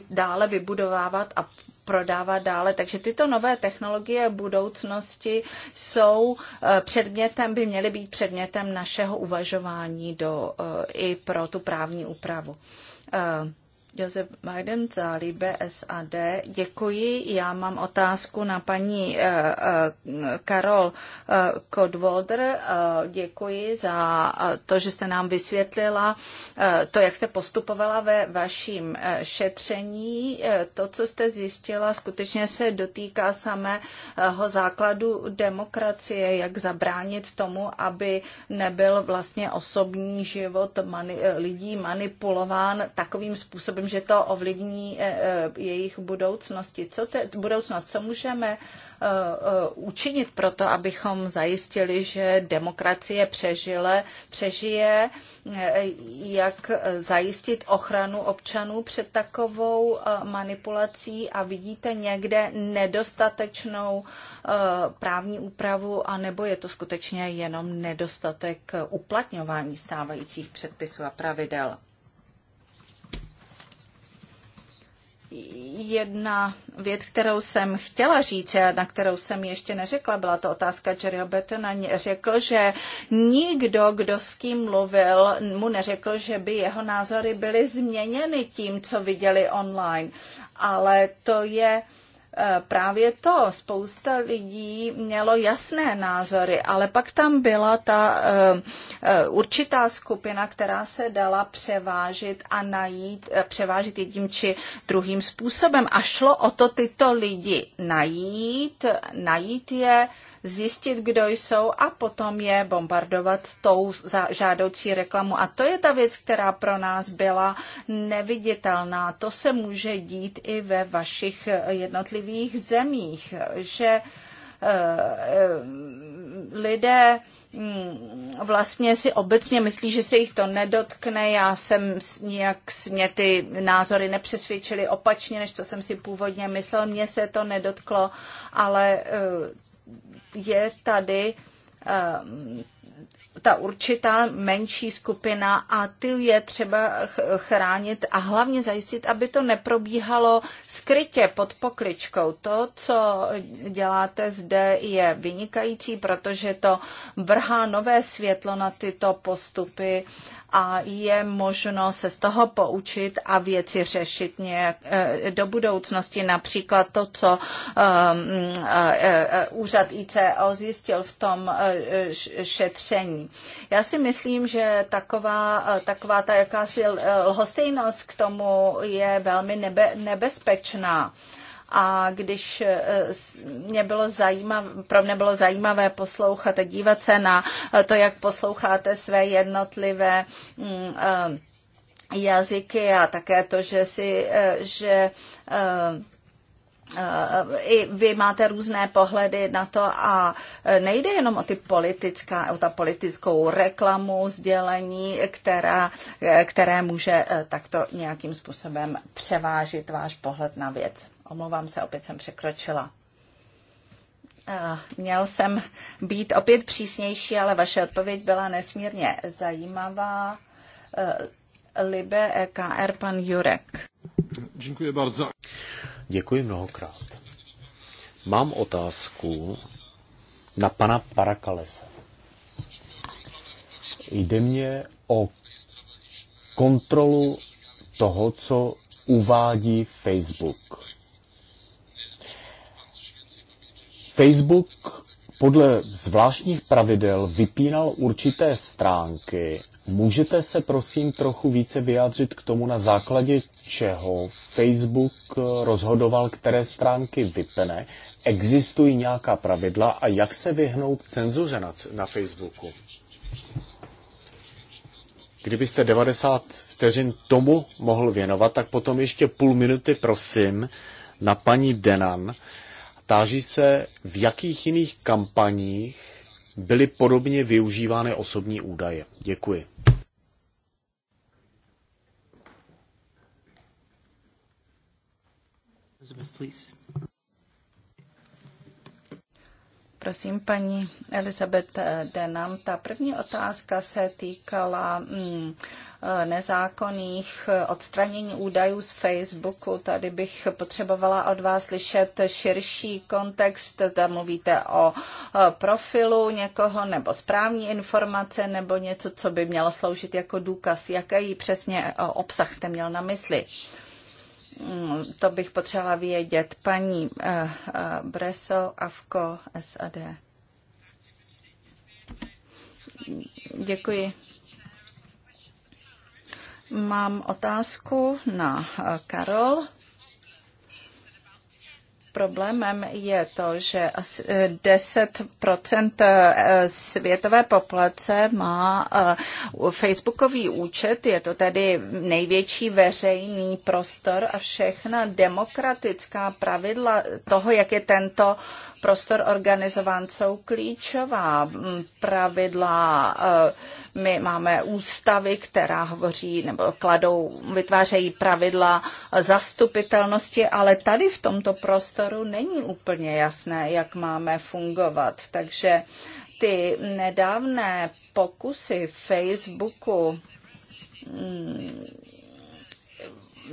dále vybudovávat a prodávat dále. Takže tyto nové technologie budoucnosti jsou eh, předmětem, by měly být předmětem našeho uvažování do, eh, i pro tu právní úpravu. Josef Biden za Libe SAD. Děkuji. Já mám otázku na paní eh, eh, Karol eh, Kodvolder. Děkuji za to, že jste nám vysvětlila to, jak jste postupovala ve vaším šetření. To, co jste zjistila, skutečně se dotýká samého základu demokracie, jak zabránit tomu, aby nebyl vlastně osobní život mani- lidí manipulován takovým způsobem, způsobem, že to ovlivní eh, eh, jejich budoucnosti. Co te, budoucnost, co můžeme eh, učinit pro to, abychom zajistili, že demokracie přežile, přežije, jak zajistit ochranu občanů před takovou manipulací a vidíte někde nedostatečnou právní úpravu, anebo je to skutečně jenom nedostatek uplatňování stávajících předpisů a pravidel? jedna věc, kterou jsem chtěla říct, na kterou jsem ještě neřekla, byla to otázka Jerryho Bettona, řekl, že nikdo, kdo s kým mluvil, mu neřekl, že by jeho názory byly změněny tím, co viděli online. Ale to je E, právě to. Spousta lidí mělo jasné názory, ale pak tam byla ta e, e, určitá skupina, která se dala převážit a najít, převážit jedním či druhým způsobem. A šlo o to tyto lidi najít, najít je, zjistit, kdo jsou a potom je bombardovat tou žádoucí reklamu. A to je ta věc, která pro nás byla neviditelná. To se může dít i ve vašich jednotlivých zemích, že eh, eh, lidé hm, vlastně si obecně myslí, že se jich to nedotkne. Já jsem nějak, mě ty názory nepřesvědčili opačně, než co jsem si původně myslel. Mně se to nedotklo, ale eh, je tady eh, ta určitá menší skupina a ty je třeba chránit a hlavně zajistit, aby to neprobíhalo skrytě pod pokličkou. To, co děláte zde, je vynikající, protože to vrhá nové světlo na tyto postupy a je možno se z toho poučit a věci řešit nějak eh, do budoucnosti. Například to, co eh, eh, úřad ICO zjistil v tom šetření. Já si myslím, že taková, taková ta jakási lhostejnost k tomu je velmi nebe, nebezpečná a když eh, mě bylo zajímavé, pro mě bylo zajímavé poslouchat a dívat se na eh, to, jak posloucháte své jednotlivé mm, eh, jazyky a také to, že si, že i vy máte různé pohledy na to a nejde jenom o ty politická, o ta politickou reklamu, sdělení, která, které může takto nějakým způsobem převážit váš pohled na věc. Omlouvám se, opět jsem překročila. Eh, měl jsem být opět přísnější, ale vaše odpověď byla nesmírně zajímavá. Eh, Libe EKR, pan Jurek. Děkuji bardzo. Děkuji mnohokrát. Mám otázku na pana Parakalese. Jde mě o kontrolu toho, co uvádí Facebook. Facebook podle zvláštních pravidel vypínal určité stránky. Můžete se prosím trochu více vyjádřit k tomu, na základě čeho Facebook rozhodoval, které stránky vypne? Existují nějaká pravidla a jak se vyhnout cenzuře na, na Facebooku? Kdybyste 90 vteřin tomu mohl věnovat, tak potom ještě půl minuty prosím na paní Denan Táží se, v jakých jiných kampaních byly podobně využívány osobní údaje. Děkuji. Elizabeth, please. Prosím, paní Elizabeth Denam, ta první otázka se týkala mm, eh, nezákonných eh, odstranění údajů z Facebooku. Tady bych potřebovala od vás slyšet širší kontext. Zda mluvíte o eh, profilu někoho nebo správní informace nebo něco, co by mělo sloužit jako důkaz. Jaký přesně obsah jste měl na mysli? Uh, Mm, to bych potřebovala vědět. Paní eh, eh, Breso, Avko, SAD. Děkuji. Mám otázku na eh, Karol. Problémem je to, že 10 eh, eh, světové populace má eh, facebookový účet, je to tedy největší veřejný prostor a všechna demokratická pravidla toho, jak je tento prostor organizován, jsou klíčová mm, pravidla my máme ústavy, která hovoří nebo kladou, vytvářejí pravidla zastupitelnosti, ale tady v tomto prostoru není úplně jasné, jak máme fungovat. Takže ty nedávné pokusy Facebooku mm,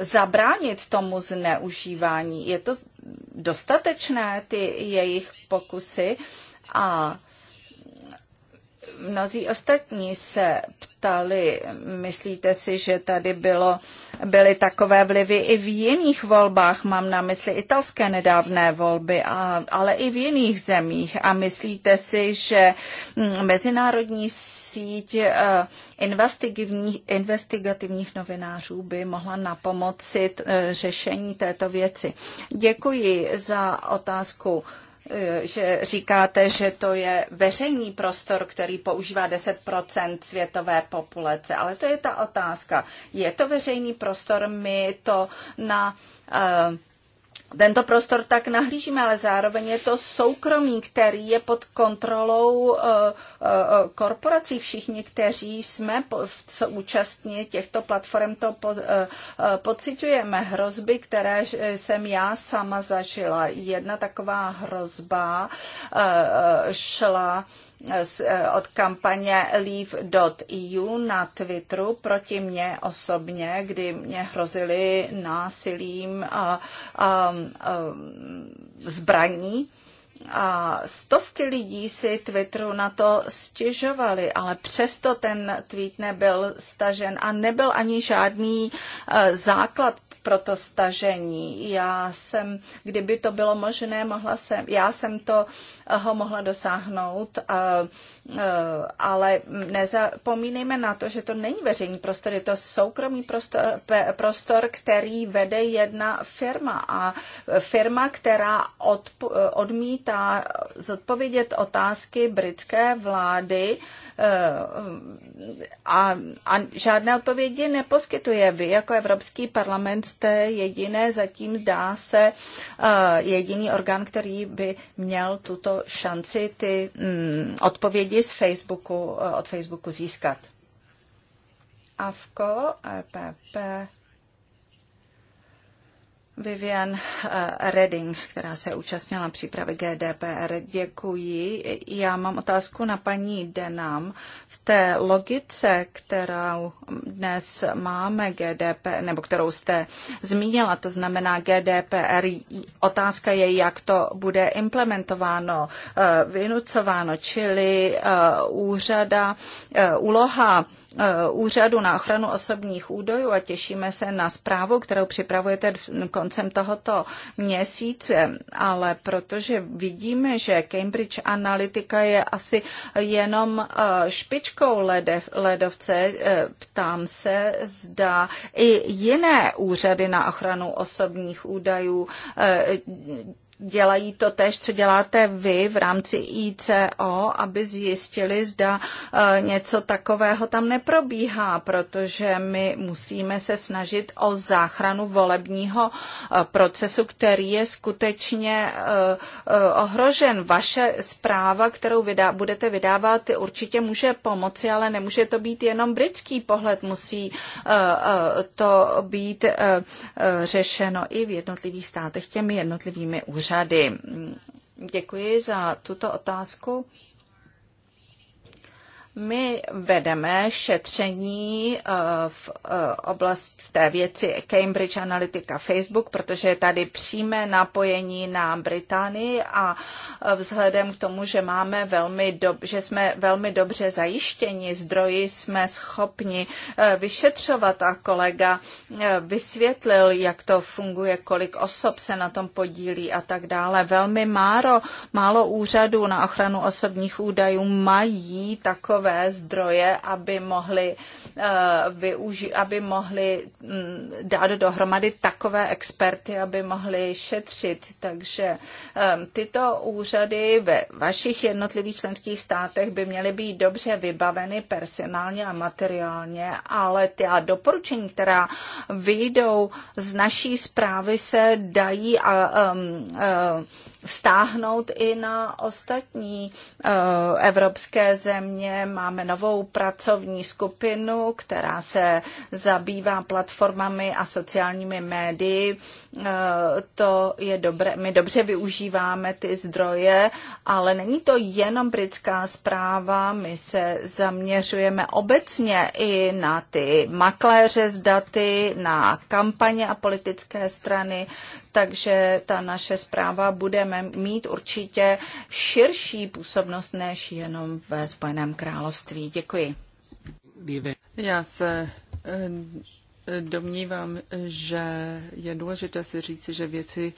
zabránit tomu zneužívání. Je to dostatečné, ty jejich pokusy? A Mnozí ostatní se ptali, myslíte si, že tady bylo, byly takové vlivy i v jiných volbách, mám na mysli italské nedávné volby, a, ale i v jiných zemích. A myslíte si, že mm, mezinárodní síť eh, investigativních, investigativních novinářů by mohla napomoci eh, řešení této věci? Děkuji za otázku Eh, že říkáte, že to je veřejný prostor, který používá 10% světové populace, ale to je ta otázka. Je to veřejný prostor, my to na uh, tento prostor tak nahlížíme, ale zároveň je to soukromí, který je pod kontrolou eh, eh, eh, korporací. Všichni, kteří jsme účastní těchto platform, to pocitujeme. Hrozby, které jsem já sama zažila. Jedna taková hrozba šla Eh, od kampaně Leave.eu na Twitteru proti mně osobně, kdy mě hrozili násilím a, a, a zbraní. A stovky lidí si Twitteru na to stěžovali, ale přesto ten tweet nebyl stažen a nebyl ani žádný eh, základ pro to stažení. Já jsem, kdyby to bylo možné, mohla jsem, já jsem to eh, ho mohla dosáhnout, eh, eh, ale nezapomínejme na to, že to není veřejný prostor, je to soukromý prostor, prostor který vede jedna firma a firma, která od, odmítá zodpovědět otázky britské vlády a, a žádné odpovědi neposkytuje. Vy jako Evropský parlament jste jediné, zatím dá se eh, jediný orgán, který by měl tuto šanci ty mm, odpovědi z Facebooku, eh, od Facebooku získat. AVKO, EPP, Vivian eh, Redding, která se účastnila přípravy GDPR. Děkuji. Já mám otázku na paní Denam. V té logice, kterou dnes máme GDPR, nebo kterou jste zmínila, to znamená GDPR, otázka je, jak to bude implementováno, eh, vynucováno, čili eh, úřada, úloha Eh, úřadu na ochranu osobních údajů a těšíme se na zprávu, kterou připravujete koncem tohoto měsíce, ale protože vidíme, že Cambridge Analytica je asi jenom eh, špičkou ledev, ledovce, eh, ptám se, zda i jiné úřady na ochranu osobních údajů dělají to tež, co děláte vy v rámci ICO, aby zjistili, zda e, něco takového tam neprobíhá, protože my musíme se snažit o záchranu volebního e, procesu, který je skutečně e, ohrožen. Vaše zpráva, kterou vydá, budete vydávat, určitě může pomoci, ale nemůže to být jenom britský pohled, musí to být řešeno i v jednotlivých státech těmi jednotlivými úřady řady. Děkuji za tuto otázku. My vedeme šetření eh, v eh, oblast v té věci Cambridge Analytica Facebook, protože je tady přímé napojení na Británii a eh, vzhledem k tomu, že máme velmi do, že jsme velmi dobře zajištěni, zdroji jsme schopni vyšetřovat a kolega vysvětlil, jak to funguje, kolik osob se na tom podílí a tak dále. Velmi málo, málo úřadů na ochranu osobních údajů mají takové nové zdroje, aby mohli, eh, využi- aby mohli mm, dát dohromady takové experty, aby mohli šetřit. Takže eh, tyto úřady ve vašich jednotlivých členských státech by měly být dobře vybaveny personálně a materiálně, ale ty a doporučení, která vyjdou z naší zprávy, se dají a, um, uh, eh, vstáhnout i na ostatní uh, evropské země máme novou pracovní skupinu, která se zabývá platformami a sociálními médii. E, to je dobré. My dobře využíváme ty zdroje, ale není to jenom britská zpráva. My se zaměřujeme obecně i na ty makléře z daty, na kampaně a politické strany, takže ta naše zpráva budeme mít určitě širší působnost než jenom ve Spojeném království. Děkuji. Já se eh, domnívám, že je důležité si říci, že věci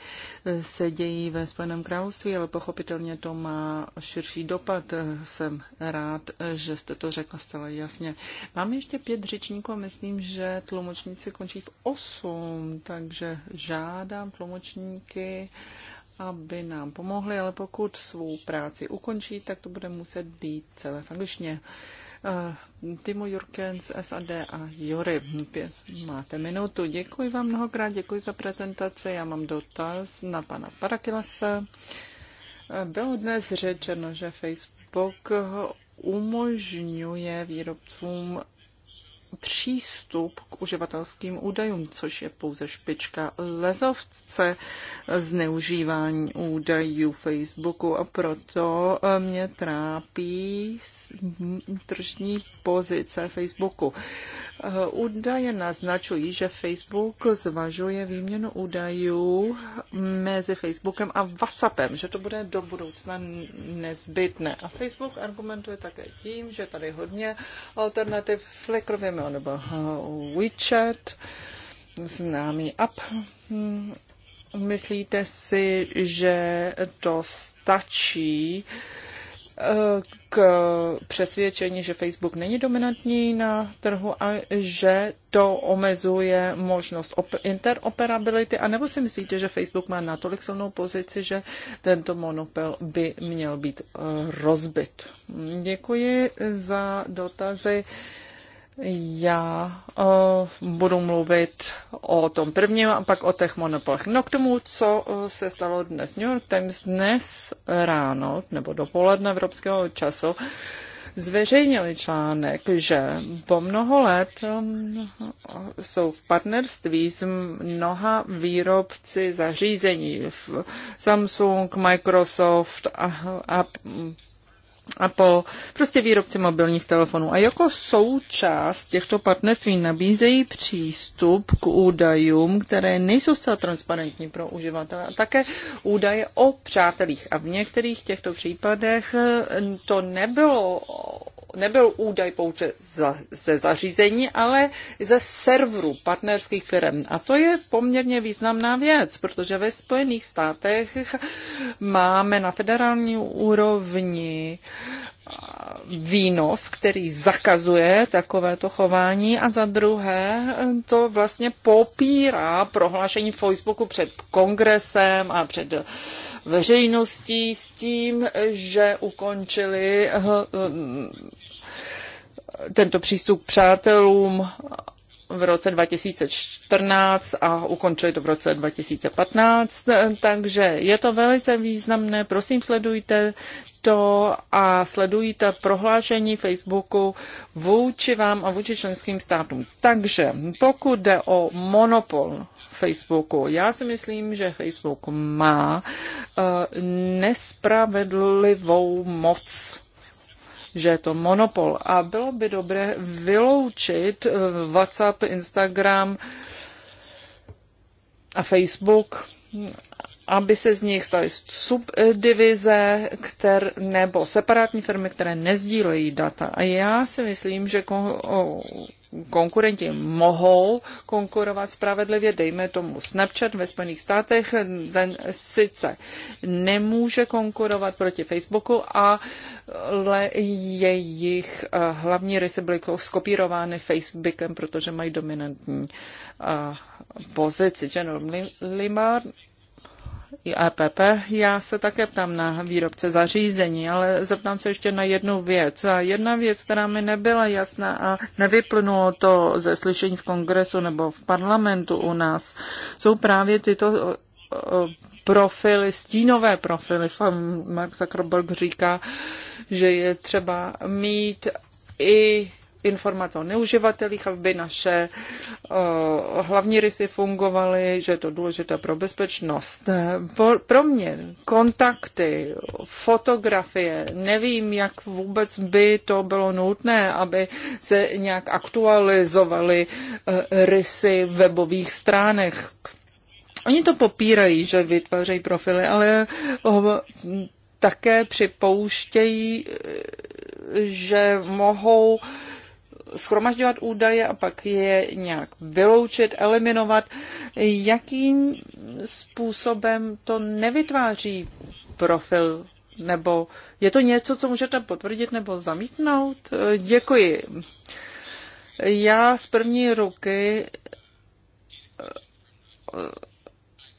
eh, se dějí ve Spojeném království, ale pochopitelně to má širší dopad. Jsem rád, že jste to řekla zcela jasně. Mám ještě pět řečníků a myslím, že tlumočníci končí v 8, takže žádám tlumočníky, aby nám pomohli, ale pokud svou práci ukončí, tak to bude muset být celé v angličtině. Eh, Timo Jurkens, SAD a Jury. Pět, máte minutu. Děkuji vám mnohokrát, děkuji za prezentaci. Já mám dotaz na pana Parakilase. Eh, Bylo dnes řečeno, že Facebook umožňuje výrobcům přístup k uživatelským údajům, což je pouze špička lezovce zneužívání údajů Facebooku a proto eh, mě trápí tržní pozice Facebooku. Eh, údaje naznačují, že Facebook zvažuje výměnu údajů mezi Facebookem a WhatsAppem, že to bude do budoucna nezbytné. A Facebook argumentuje také tím, že tady hodně alternativ flickrovým Amazon nebo WeChat, známý app. Hm, myslíte si, že to stačí eh, k přesvědčení, že Facebook není dominantní na trhu a že to omezuje možnost interoperability, anebo si myslíte, že Facebook má natolik silnou pozici, že tento monopol by měl být eh, rozbit? Děkuji za dotazy. Já uh, budu mluvit o tom prvním a pak o těch monopolech. No k tomu, co eh, se stalo dnes. New York Times dnes ráno nebo dopoledne evropského času zveřejnili článek, že po mnoho let eh, jsou v partnerství s mnoha výrobci zařízení. Samsung, Microsoft, a a po prostě výrobci mobilních telefonů. A jako součást těchto partnerství nabízejí přístup k údajům, které nejsou zcela transparentní pro uživatele a také údaje o přátelích. A v některých těchto případech to nebylo nebyl údaj pouze za, ze zařízení, ale ze serveru partnerských firm. A to je poměrně významná věc, protože ve Spojených státech máme na federální úrovni výnos, který zakazuje takovéto chování a za druhé to vlastně popírá prohlášení Facebooku před kongresem a před veřejností s tím, že ukončili eh, eh, tento přístup k přátelům v roce 2014 a ukončili to v roce 2015, takže je to velice významné. Prosím, sledujte to a sledují ta prohlášení Facebooku vůči vám a vůči členským státům. Takže pokud jde o monopol Facebooku, já si myslím, že Facebook má uh, nespravedlivou moc že je to monopol. A bylo by dobré vyloučit eh, WhatsApp, Instagram a Facebook aby se z nich staly subdivize kter, nebo separátní firmy, které nezdílejí data. A já si myslím, že kon, o, konkurenti mohou konkurovat spravedlivě, dejme tomu Snapchat ve Spojených státech, ten sice nemůže konkurovat proti Facebooku, ale jejich eh, hlavní rysy byly skopírovány Facebookem, protože mají dominantní eh, pozici. General Limar i EPP. Já se také ptám na výrobce zařízení, ale zeptám se ještě na jednu věc. A jedna věc, která mi nebyla jasná a nevyplnulo to ze slyšení v kongresu nebo v parlamentu u nás, jsou právě tyto profily, stínové profily. Mark Zuckerberg říká, že je třeba mít i informace o neuživatelích, aby naše eh, hlavní rysy fungovaly, že je to důležité pro bezpečnost. Pro mě kontakty, fotografie, nevím, jak vůbec by to bylo nutné, aby se nějak aktualizovaly eh, rysy webových stránek. Oni to popírají, že vytvářejí profily, ale eh, také připouštějí, že mohou schromažďovat údaje a pak je nějak vyloučit, eliminovat. Jakým způsobem to nevytváří profil nebo je to něco, co můžete potvrdit nebo zamítnout? Děkuji. Já z první ruky eh,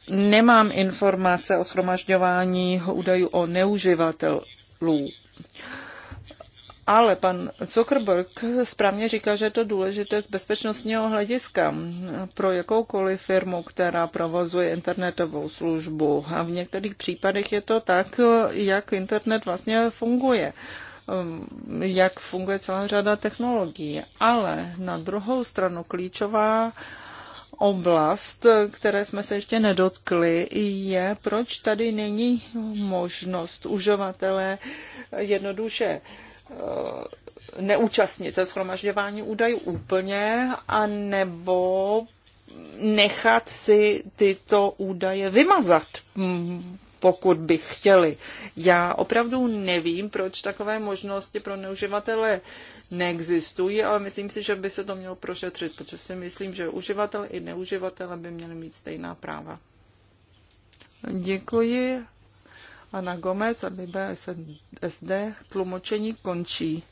nemám informace o schromažďování údajů o neuživatelů. Ale pan Zuckerberg správně říkal, že je to důležité z bezpečnostního hlediska pro jakoukoliv firmu, která provozuje internetovou službu. A v některých případech je to tak, jak internet vlastně funguje jak funguje celá řada technologií. Ale na druhou stranu klíčová oblast, které jsme se ještě nedotkli, je, proč tady není možnost uživatele jednoduše Eh, neúčastnit se schromažďování údajů úplně, a nebo nechat si tyto údaje vymazat, mm, pokud by chtěli. Já opravdu nevím, proč takové možnosti pro neuživatele neexistují, ale myslím si, že by se to mělo prošetřit, protože si myslím, že uživatel i neuživatel by měli mít stejná práva. Děkuji. Ana Gomez a BBSD SD. Tlumočení končí.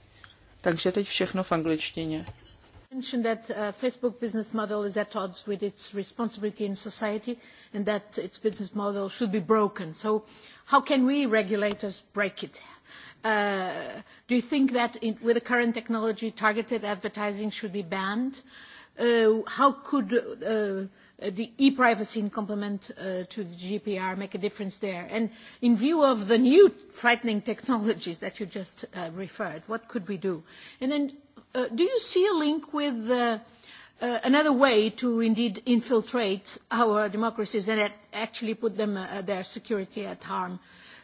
Takže teď všechno v angličtině. mentioned that uh, Facebook business model is at odds with its responsibility in society and that its business model should be broken. So how can we regulators break it? Uh, do you think that in, with the current technology, targeted advertising should be banned? Uh, how could uh, Uh, the e-privacy in complement uh, to the GDPR make a difference there? And in view of the new frightening technologies that you just uh, referred, what could we do? And then uh, do you see a link with uh, Uh, another way to indeed infiltrate our democracies and actually put them, uh, their security at harm uh,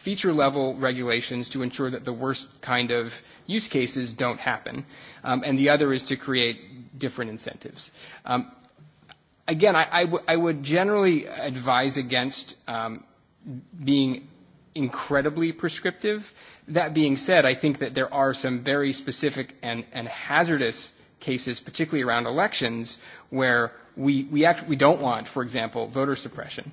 feature level regulations to ensure that the worst kind of use cases don't happen. Um, and the other is to create different incentives. Um, again, I, I, w- I would generally advise against um, being incredibly prescriptive. That being said, I think that there are some very specific and, and hazardous cases, particularly around elections, where we, we, act, we don't want, for example, voter suppression.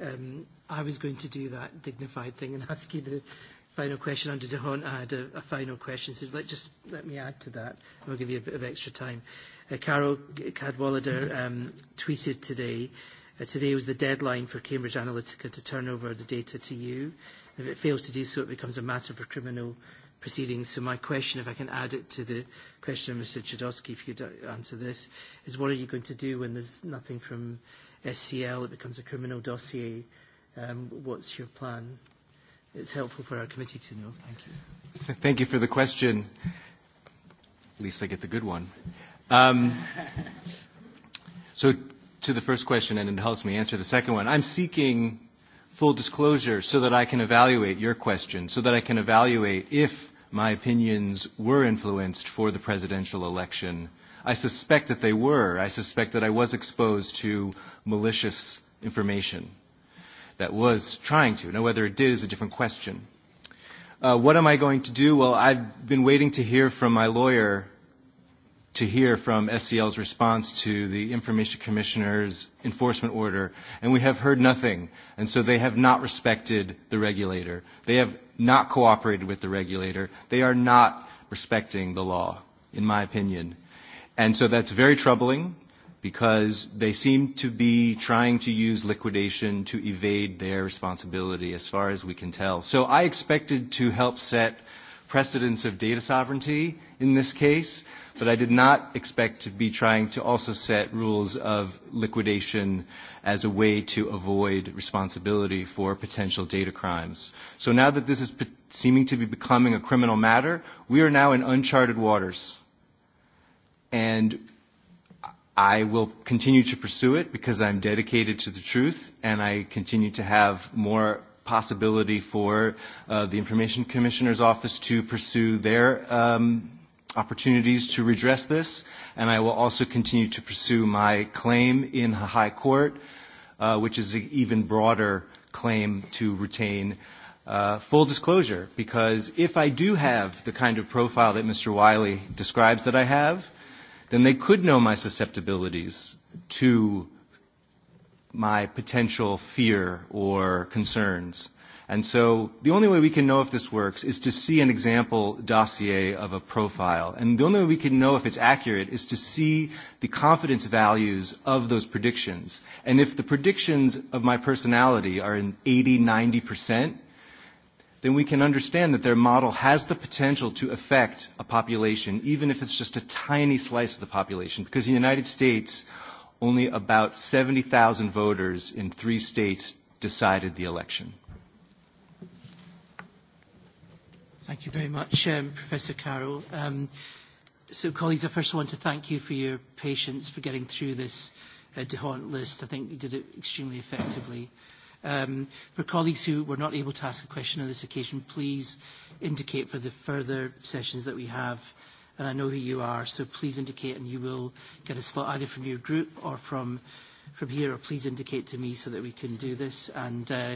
Um, I was going to do that dignified thing and ask you the final question under Dehont. I had a, a final question, so let, just let me add to that, and we'll give you a bit of extra time. Uh, Carol Cadwallader um, tweeted today, uh, today was the deadline for Cambridge Analytica to turn over the data to you. If it fails to do so, it becomes a matter for criminal proceedings. So my question, if I can add it to the question of Mr. Chodowski, if you could uh, answer this, is what are you going to do when there's nothing from SCL, it becomes a criminal dossier? Um, what's your plan? It's helpful for our committee to know. Thank you. Thank you for the question. At least I get the good one. Um, so to the first question, and it helps me answer the second one. I'm seeking full disclosure so that I can evaluate your question, so that I can evaluate if my opinions were influenced for the presidential election. I suspect that they were. I suspect that I was exposed to malicious information that was trying to. Now, whether it did is a different question. Uh, what am I going to do? Well, I've been waiting to hear from my lawyer to hear from SEL's response to the Information Commissioner's enforcement order, and we have heard nothing. And so they have not respected the regulator. They have not cooperated with the regulator. They are not respecting the law, in my opinion. And so that's very troubling because they seem to be trying to use liquidation to evade their responsibility, as far as we can tell. So I expected to help set precedence of data sovereignty in this case but I did not expect to be trying to also set rules of liquidation as a way to avoid responsibility for potential data crimes. So now that this is seeming to be becoming a criminal matter, we are now in uncharted waters. And I will continue to pursue it because I'm dedicated to the truth and I continue to have more possibility for uh, the Information Commissioner's Office to pursue their um, opportunities to redress this, and I will also continue to pursue my claim in the High Court, uh, which is an even broader claim to retain uh, full disclosure, because if I do have the kind of profile that Mr. Wiley describes that I have, then they could know my susceptibilities to my potential fear or concerns And so the only way we can know if this works is to see an example dossier of a profile. And the only way we can know if it's accurate is to see the confidence values of those predictions. And if the predictions of my personality are in 80, 90%, then we can understand that their model has the potential to affect a population, even if it's just a tiny slice of the population. Because in the United States, only about 70,000 voters in three states decided the election. Thank you very much, um, Professor Carroll. Um, so, colleagues, I first want to thank you for your patience for getting through this uh, DeHaunt list. I think you did it extremely effectively. Um, for colleagues who were not able to ask a question on this occasion, please indicate for the further sessions that we have. And I know who you are, so please indicate and you will get a slot either from your group or from, from here, or please indicate to me so that we can do this. And uh,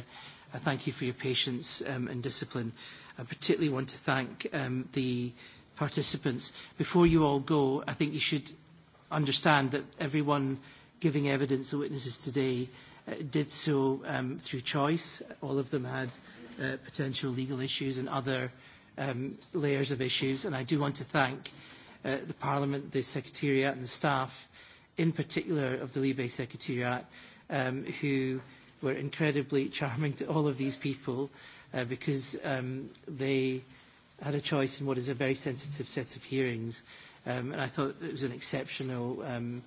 I thank you for your patience um, and discipline. I particularly want to thank um, the participants. Before you all go, I think you should understand that everyone giving evidence, the witnesses today, uh, did so um, through choice. All of them had uh, potential legal issues and other um, layers of issues. And I do want to thank uh, the Parliament, the Secretariat and the staff, in particular of the Libe Secretariat, um, who were incredibly charming to all of these people Uh, because um, they had a choice in what is a very sensitive set of hearings. Um, and I thought it was an exceptional um,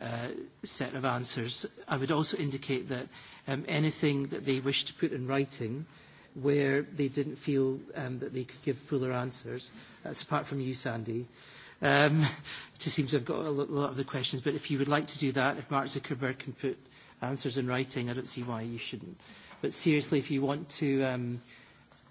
uh, set of answers. I would also indicate that um, anything that they wish to put in writing where they didn't feel um, that they could give fuller answers, that's apart from you, Sandy, um, it just seems I've got a lot of the questions, but if you would like to do that, if Mark Zuckerberg can put answers in writing, I don't see why you shouldn't. But seriously, if you want to um,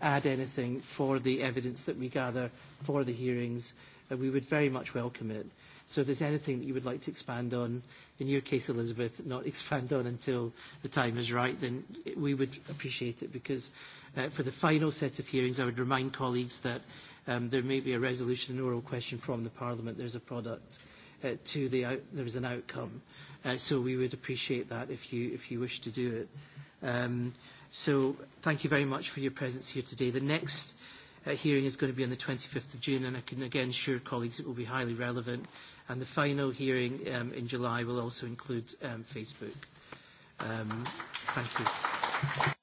add anything for the evidence that we gather for the hearings, uh, we would very much welcome it. So if there's anything that you would like to expand on, in your case, Elizabeth, not expand on until the time is right, then we would appreciate it because uh, for the final set of hearings, I would remind colleagues that um, there may be a resolution, an oral question from the Parliament. There's a product uh, to the out, there is an outcome. Uh, so we would appreciate that if you, if you wish to do it. Um, so thank you very much for your presence here today. The next uh, hearing is going to be on the 25th of June, and I can again assure colleagues it will be highly relevant. And the final hearing um, in July will also include um, Facebook. Um, thank you.